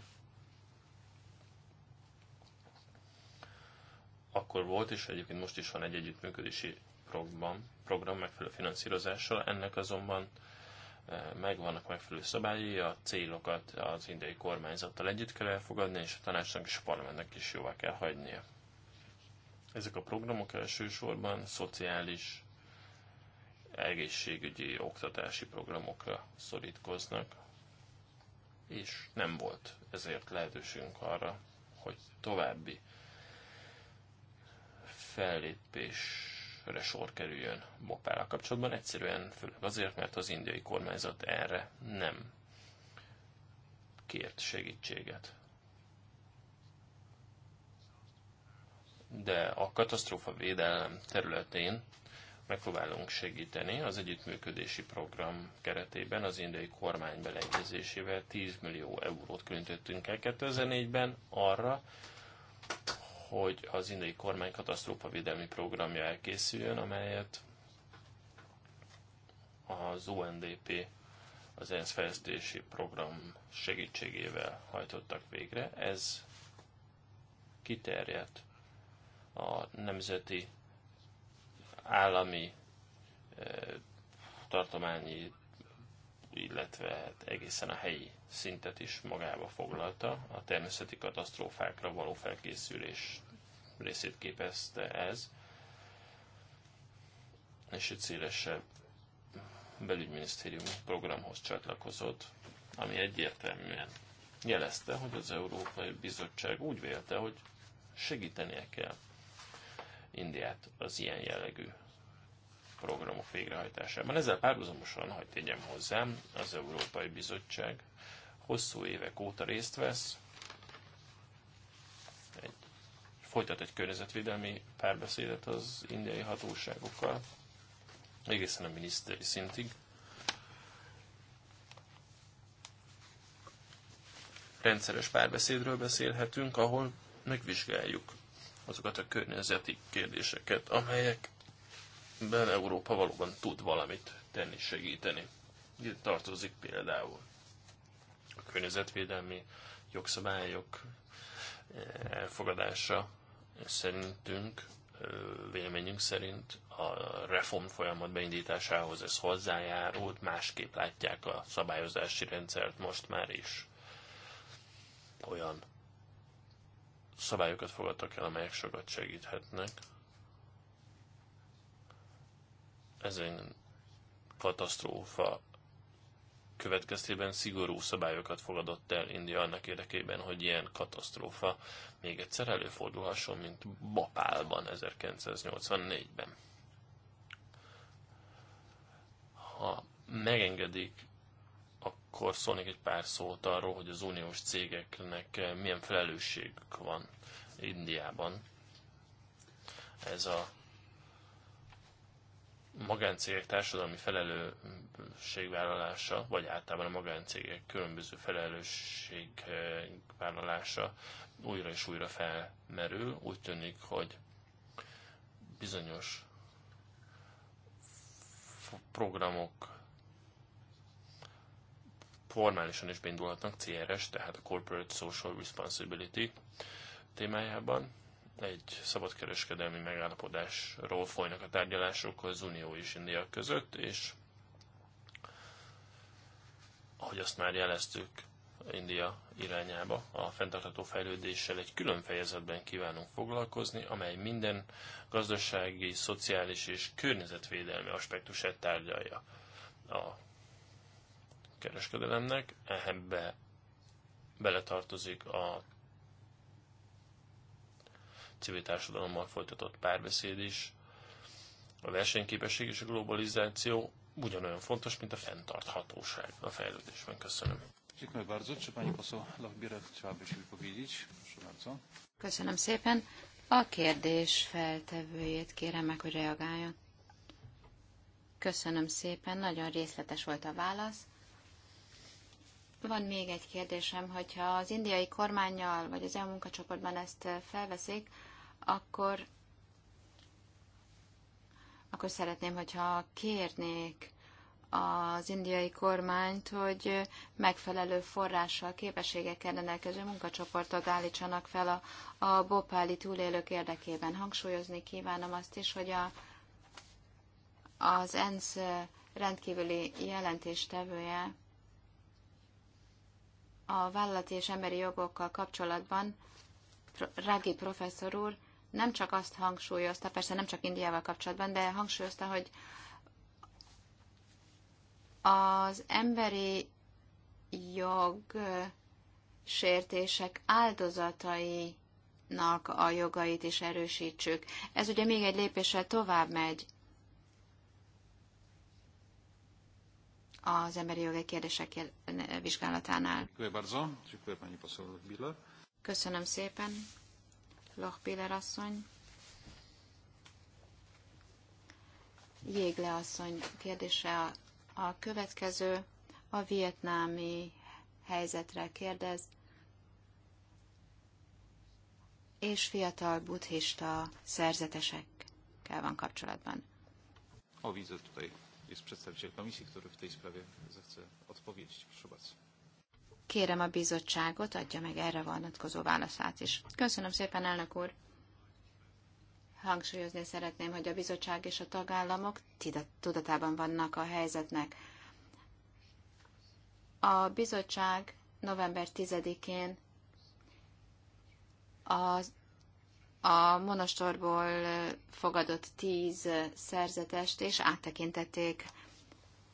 akkor volt, és egyébként most is van egy együttműködési program, program megfelelő finanszírozással, ennek azonban eh, megvannak megfelelő szabályai, a célokat az indiai kormányzattal együtt kell elfogadni, és a tanácsnak és a parlamentnek is jóvá kell hagynia. Ezek a programok elsősorban szociális egészségügyi oktatási programokra szorítkoznak, és nem volt ezért lehetőségünk arra, hogy további fellépésre sor kerüljön Bopára kapcsolatban, egyszerűen főleg azért, mert az indiai kormányzat erre nem kért segítséget. De a katasztrófa védelem területén megpróbálunk segíteni az együttműködési program keretében az indiai kormány beleegyezésével 10 millió eurót különítettünk el 2004-ben arra, hogy az indiai kormány védelmi programja elkészüljön, amelyet az UNDP, az ENSZ fejlesztési program segítségével hajtottak végre. Ez kiterjedt a nemzeti állami, eh, tartományi, illetve hát egészen a helyi szintet is magába foglalta. A természeti katasztrófákra való felkészülés részét képezte ez, és egy szélesebb belügyminisztérium programhoz csatlakozott, ami egyértelműen jelezte, hogy az Európai Bizottság úgy vélte, hogy segítenie kell Indiát az ilyen jellegű programok végrehajtásában. Ezzel párhuzamosan, hagy tegyem hozzám, az Európai Bizottság hosszú évek óta részt vesz, egy, folytat egy környezetvédelmi párbeszédet az indiai hatóságokkal, egészen a miniszteri szintig. Rendszeres párbeszédről beszélhetünk, ahol megvizsgáljuk azokat a környezeti kérdéseket, amelyekben Európa valóban tud valamit tenni, segíteni. Itt tartozik például a környezetvédelmi jogszabályok eh, elfogadása szerintünk, véleményünk szerint a reform folyamat beindításához ez hozzájárult, másképp látják a szabályozási rendszert most már is. Olyan szabályokat fogadtak el, amelyek sokat segíthetnek. Ez egy katasztrófa következtében szigorú szabályokat fogadott el India annak érdekében, hogy ilyen katasztrófa még egyszer előfordulhasson, mint Bapálban 1984-ben. Ha megengedik akkor szólnék egy pár szót arról, hogy az uniós cégeknek milyen felelősségük van Indiában. Ez a magáncégek társadalmi felelősségvállalása, vagy általában a magáncégek különböző felelősségvállalása újra és újra felmerül. Úgy tűnik, hogy bizonyos programok formálisan is beindulhatnak CRS, tehát a Corporate Social Responsibility témájában. Egy szabadkereskedelmi megállapodásról folynak a tárgyalások az Unió és India között, és ahogy azt már jeleztük, India irányába a fenntartható fejlődéssel egy külön fejezetben kívánunk foglalkozni, amely minden gazdasági, szociális és környezetvédelmi aspektusát tárgyalja a kereskedelemnek, ebbe beletartozik a civil társadalommal folytatott párbeszéd is, a versenyképesség és a globalizáció ugyanolyan fontos, mint a fenntarthatóság a fejlődésben. Köszönöm. Köszönöm szépen. A kérdés feltevőjét kérem meg, hogy reagáljon. Köszönöm szépen, nagyon részletes volt a válasz. Van még egy kérdésem, hogyha az indiai kormányjal vagy az EU munkacsoportban ezt eh, felveszik, akkor, akkor szeretném, hogyha kérnék az indiai kormányt, hogy eh, megfelelő forrással, képességekkel rendelkező munkacsoportot állítsanak fel a, a bopáli túlélők érdekében. Hangsúlyozni kívánom azt is, hogy a, az ENSZ eh, rendkívüli jelentéstevője a vállalati és emberi jogokkal kapcsolatban Rági professzor úr nem csak azt hangsúlyozta, persze nem csak Indiával kapcsolatban, de hangsúlyozta, hogy az emberi jog sértések áldozatainak a jogait is erősítsük. Ez ugye még egy lépéssel tovább megy. az emberi jogi kérdések vizsgálatánál. Köszönöm szépen, Lochbiller asszony. Jégle asszony kérdése a, a következő. A vietnámi helyzetre kérdez, és fiatal buddhista szerzetesekkel van kapcsolatban. A vízet jest przedstawiciel komisji, który w tej sprawie zechce odpowiedzieć. Proszę bardzo. Kérem a bizottságot, adja meg erre vonatkozó válaszát is. Köszönöm szépen, elnök úr! Hangsúlyozni szeretném, hogy a bizottság és a tagállamok tudatában vannak a helyzetnek. A bizottság november 10-én az a monostorból fogadott tíz szerzetest, és áttekintették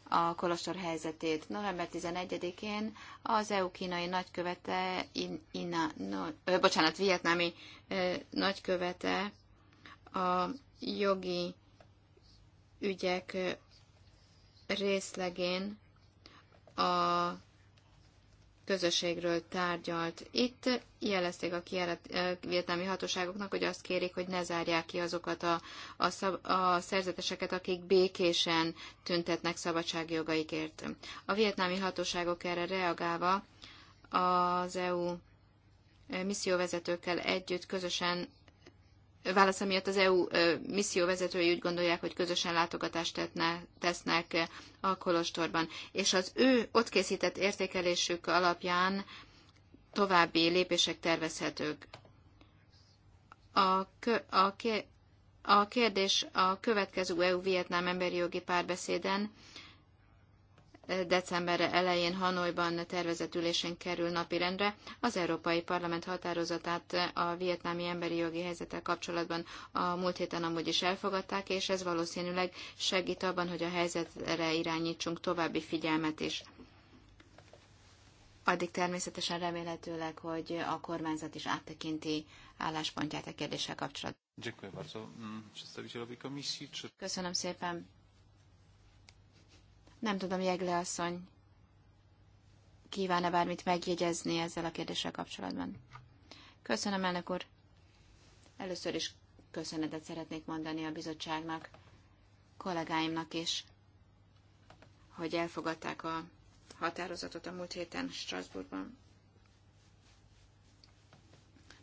a kolostor helyzetét. November 11-én az EU-kínai nagykövete, in, inna, no, ö, bocsánat, vietnámi ö, nagykövete a jogi ügyek részlegén a közösségről tárgyalt. Itt jelezték a eh, vietnámi hatóságoknak, hogy azt kérik, hogy ne zárják ki azokat a, a, szab, a szerzeteseket, akik békésen tüntetnek szabadságjogaikért. A vietnámi hatóságok erre reagálva az EU misszióvezetőkkel együtt közösen válasza miatt az EU misszió vezetői úgy gondolják, hogy közösen látogatást tesznek a Kolostorban. És az ő ott készített értékelésük alapján további lépések tervezhetők. A, kö, a, ké a kérdés a következő EU-Vietnám emberi jogi párbeszéden december elején Hanoiban tervezett ülésén kerül napirendre az Európai Parlament határozatát a vietnámi emberi jogi helyzettel kapcsolatban a múlt héten amúgy is elfogadták, és ez valószínűleg segít abban, hogy a helyzetre irányítsunk további figyelmet is. Addig természetesen remélhetőleg, hogy a kormányzat is áttekinti álláspontját a kérdéssel kapcsolatban. Mm, Köszönöm szépen. Nem tudom, Jegle asszony kíván-e bármit megjegyezni ezzel a kérdéssel kapcsolatban. Köszönöm, elnök úr. Először is köszönetet szeretnék mondani a bizottságnak, kollégáimnak is, hogy elfogadták a határozatot a múlt héten Strasbourgban.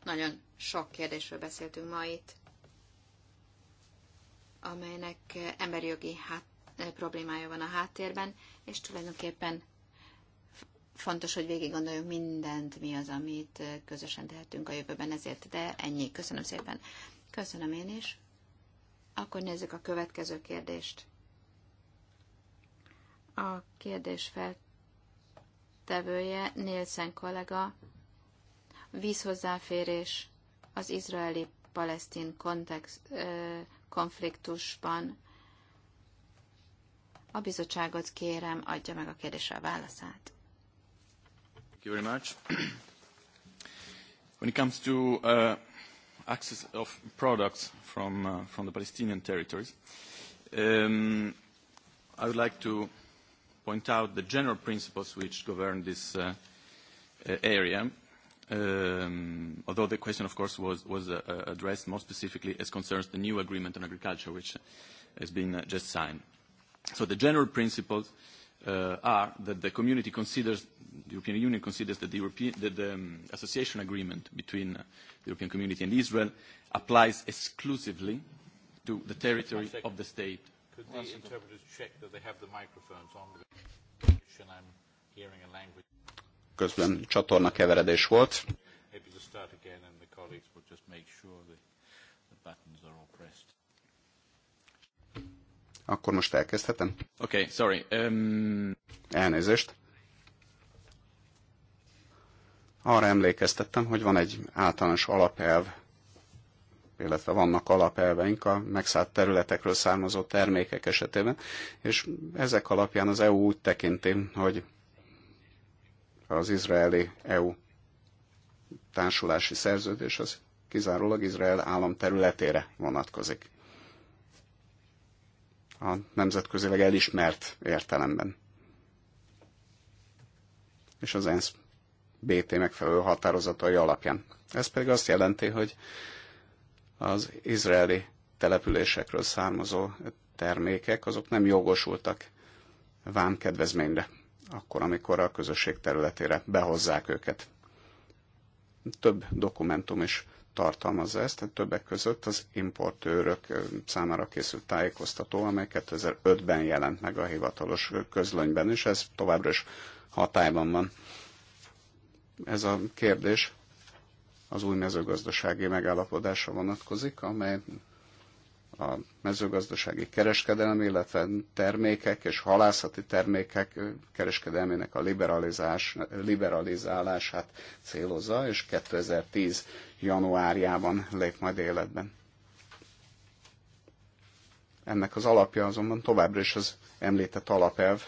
Nagyon sok kérdésről beszéltünk ma itt, amelynek emberi jogi hát Eh, problémája van a háttérben, és tulajdonképpen fontos, hogy végig gondoljunk mindent, mi az, amit eh, közösen tehetünk a jövőben ezért, de ennyi. Köszönöm szépen. Köszönöm én is. Akkor nézzük a következő kérdést. A kérdés feltevője Nielsen kollega. Vízhozzáférés az izraeli-palesztin eh, konfliktusban a bizottságot kérem, adja meg a kérdésre a válaszát. Thank you very much. When it comes to uh, access of products from, uh, from the Palestinian territories, um, I would like to point out the general principles which govern this uh, uh area. Um, although the question, of course, was, was uh, addressed more specifically as concerns the new agreement on agriculture, which has been uh, just signed. So the general principles uh, are that the community considers, the European Union considers that the, European, that the um, association agreement between uh, the European community and Israel applies exclusively to the territory of the state. Could the interpreters check that they have the microphones on? I'm hearing a language. Közben csatorna keveredés volt. Maybe to start again and the colleagues will just make sure the, the buttons are all pressed. Akkor most elkezdhetem? Oké, okay, sorry. Um... Elnézést. Arra emlékeztettem, hogy van egy általános alapelv, illetve vannak alapelveink a megszállt területekről származó termékek esetében, és ezek alapján az EU úgy tekinti, hogy az izraeli EU társulási szerződés az kizárólag Izrael állam területére vonatkozik a nemzetközileg elismert értelemben. És az ENSZ BT megfelelő határozatai alapján. Ez pedig azt jelenti, hogy az izraeli településekről származó termékek, azok nem jogosultak vámkedvezményre, akkor, amikor a közösség területére behozzák őket. Több dokumentum is tartalmazza ezt, tehát többek között az importőrök számára készült tájékoztató, amely 2005-ben jelent meg a hivatalos közlönyben, és ez továbbra is hatályban van. Ez a kérdés az új mezőgazdasági megállapodásra vonatkozik, amely a mezőgazdasági kereskedelem, illetve termékek és halászati termékek kereskedelmének a liberalizálását célozza, és 2010 januárjában lép majd életben. Ennek az alapja azonban továbbra is az említett alapelv,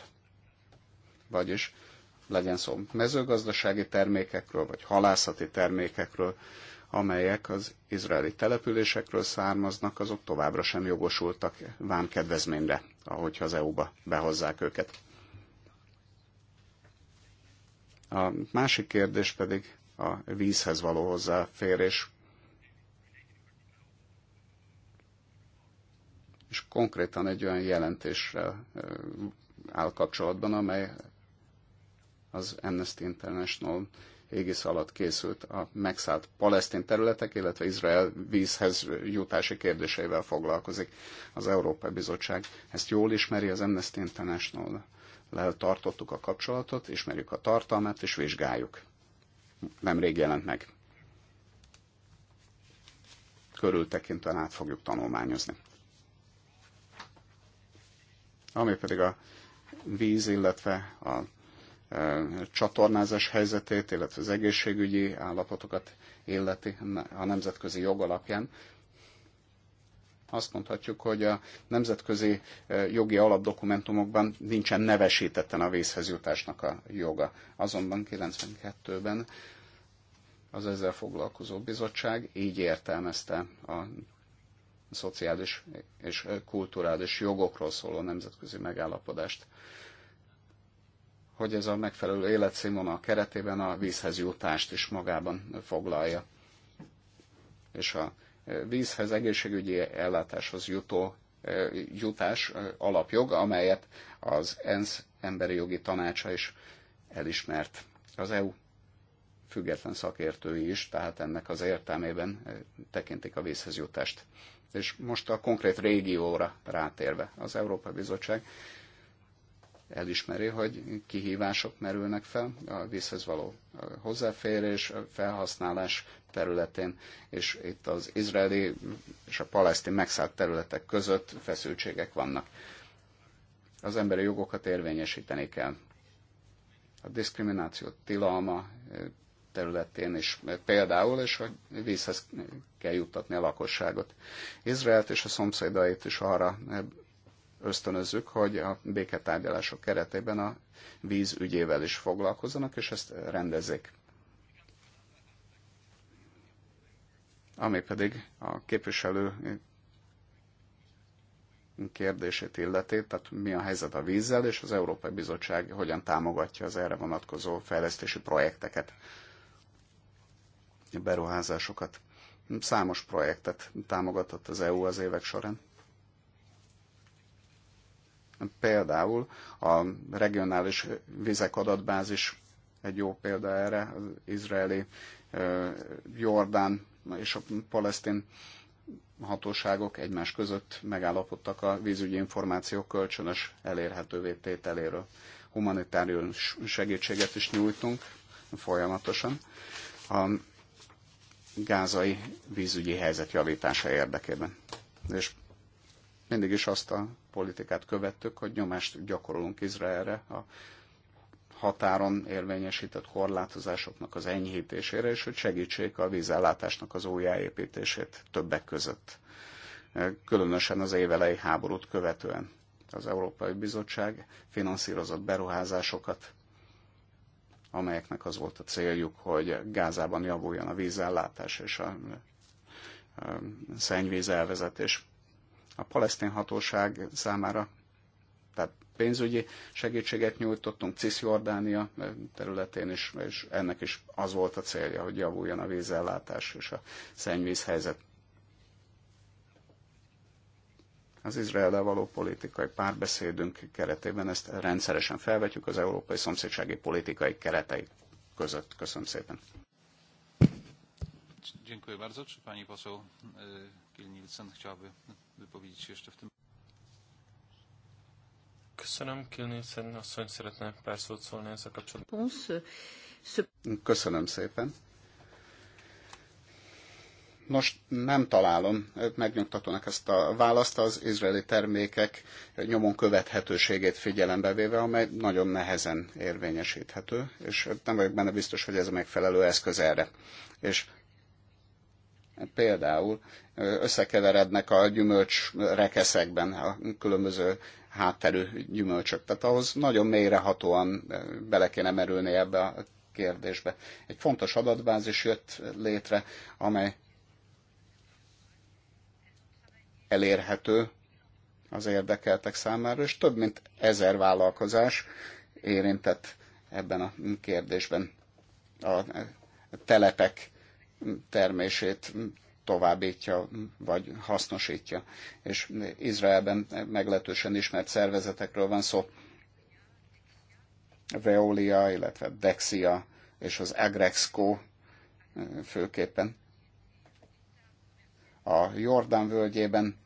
vagyis legyen szó mezőgazdasági termékekről, vagy halászati termékekről, amelyek az izraeli településekről származnak, azok továbbra sem jogosultak vámkedvezményre, ahogyha az EU-ba behozzák őket. A másik kérdés pedig a vízhez való hozzáférés. És konkrétan egy olyan jelentésre áll kapcsolatban, amely az Amnesty International égisz alatt készült a megszállt palesztin területek, illetve Izrael vízhez jutási kérdéseivel foglalkozik. Az Európai Bizottság ezt jól ismeri, az Amnesty International Lehet tartottuk a kapcsolatot, ismerjük a tartalmát és vizsgáljuk. Nemrég jelent meg. Körültekintően át fogjuk tanulmányozni. Ami pedig a víz, illetve a csatornázás helyzetét, illetve az egészségügyi állapotokat illeti a nemzetközi jog alapján. Azt mondhatjuk, hogy a nemzetközi jogi alapdokumentumokban nincsen nevesítetten a vészhez jutásnak a joga. Azonban 92-ben az ezzel foglalkozó bizottság így értelmezte a szociális és kulturális jogokról szóló nemzetközi megállapodást hogy ez a megfelelő életszínvonal keretében a vízhez jutást is magában foglalja. És a e, vízhez egészségügyi ellátáshoz jutó e, jutás e, alapjog, amelyet az ENSZ emberi jogi tanácsa is elismert. Az EU független szakértői is, tehát ennek az értelmében tekintik a vízhez jutást. És most a konkrét régióra rátérve, az Európa Bizottság elismeri, hogy kihívások merülnek fel a vízhez való hozzáférés, felhasználás területén, és itt az izraeli és a palesztin megszállt területek között feszültségek vannak. Az emberi jogokat érvényesíteni kell. A diszkrimináció tilalma eh, területén is eh, például, és a vízhez kell juttatni a lakosságot. Izraelt és a szomszédait is arra eh, ösztönözzük, hogy a béketárgyalások keretében a víz ügyével is foglalkozzanak, és ezt rendezik. Ami pedig a képviselő kérdését illeti, tehát mi a helyzet a vízzel, és az Európai Bizottság hogyan támogatja az erre vonatkozó fejlesztési projekteket, beruházásokat. Számos projektet támogatott az EU az évek során. Például a regionális vizek adatbázis egy jó példa erre, az izraeli, jordán és a palesztin hatóságok egymás között megállapodtak a vízügyi információk kölcsönös elérhetővé tételéről. Humanitárius segítséget is nyújtunk folyamatosan a gázai vízügyi helyzet javítása érdekében. És mindig is azt a politikát követtük, hogy nyomást gyakorolunk Izraelre a határon érvényesített korlátozásoknak az enyhítésére, és hogy segítsék a vízellátásnak az újjáépítését többek között. Különösen az évelei háborút követően az Európai Bizottság finanszírozott beruházásokat, amelyeknek az volt a céljuk, hogy Gázában javuljon a vízellátás és a szennyvíz elvezetés a palesztin hatóság számára. Tehát pénzügyi segítséget nyújtottunk Cisjordánia területén is, és ennek is az volt a célja, hogy javuljon a vízellátás és a szennyvíz helyzet. az Izrael való politikai párbeszédünk keretében ezt rendszeresen felvetjük az európai szomszédsági politikai keretei között. Köszönöm szépen. Dziękuję bardzo. Czy pani poseł e, Nielsen wypowiedzieć się jeszcze w tym. Köszönöm, Kill Nielsen asszony szeretne pár szót szólni ezzel kapcsolatban. Köszönöm szépen. Nos, nem találom megnyugtatónak ezt a választ az izraeli termékek nyomon követhetőségét figyelembe véve, amely nagyon nehezen érvényesíthető, és nem vagyok benne biztos, hogy ez a megfelelő eszköz erre. És például összekeverednek a gyümölcs rekeszekben a különböző hátterű gyümölcsök. Tehát ahhoz nagyon mélyrehatóan bele kéne merülni ebbe a kérdésbe. Egy fontos adatbázis jött létre, amely elérhető az érdekeltek számára, és több mint ezer vállalkozás érintett ebben a kérdésben. A telepek termését továbbítja vagy hasznosítja. És Izraelben meglehetősen ismert szervezetekről van szó. Veolia, illetve Dexia és az Agrexco főképpen. A Jordán völgyében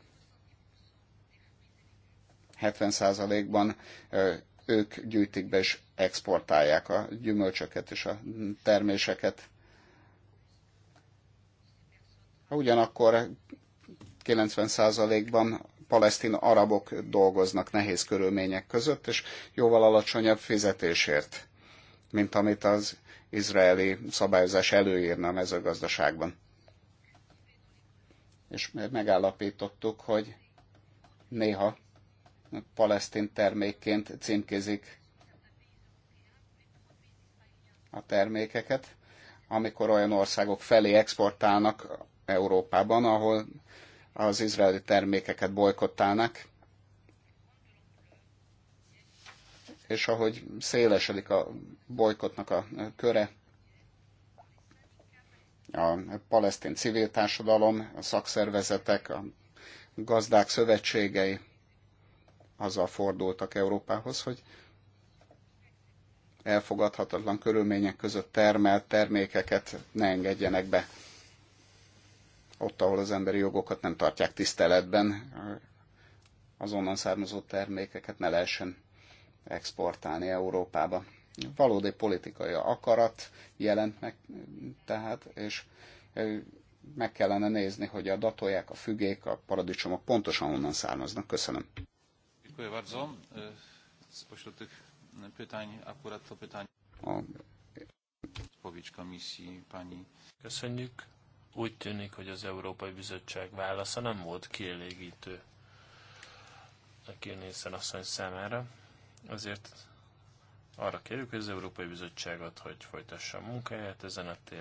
70%-ban ők gyűjtik be és exportálják a gyümölcsöket és a terméseket Ugyanakkor 90%-ban palesztin arabok dolgoznak nehéz körülmények között, és jóval alacsonyabb fizetésért, mint amit az izraeli szabályozás előírna a mezőgazdaságban. És megállapítottuk, hogy néha palesztin termékként címkézik a termékeket, amikor olyan országok felé exportálnak, Európában, ahol az izraeli termékeket bolykottálnak, és ahogy szélesedik a bolykotnak a köre, a palesztin civil társadalom, a szakszervezetek, a gazdák szövetségei azzal fordultak Európához, hogy elfogadhatatlan körülmények között termelt termékeket ne engedjenek be ott, ahol az emberi jogokat nem tartják tiszteletben, azonnan származó termékeket ne lehessen exportálni Európába. Valódi politikai akarat jelent meg, tehát, és meg kellene nézni, hogy a datolják, a fügék, a paradicsomok pontosan onnan származnak. Köszönöm. E, Köszönjük. Úgy tűnik, hogy az Európai Bizottság válasza nem volt kielégítő a Kirnészen asszony számára, azért arra kérjük, hogy az Európai Bizottságot, hogy folytassa a munkáját ezen a téren.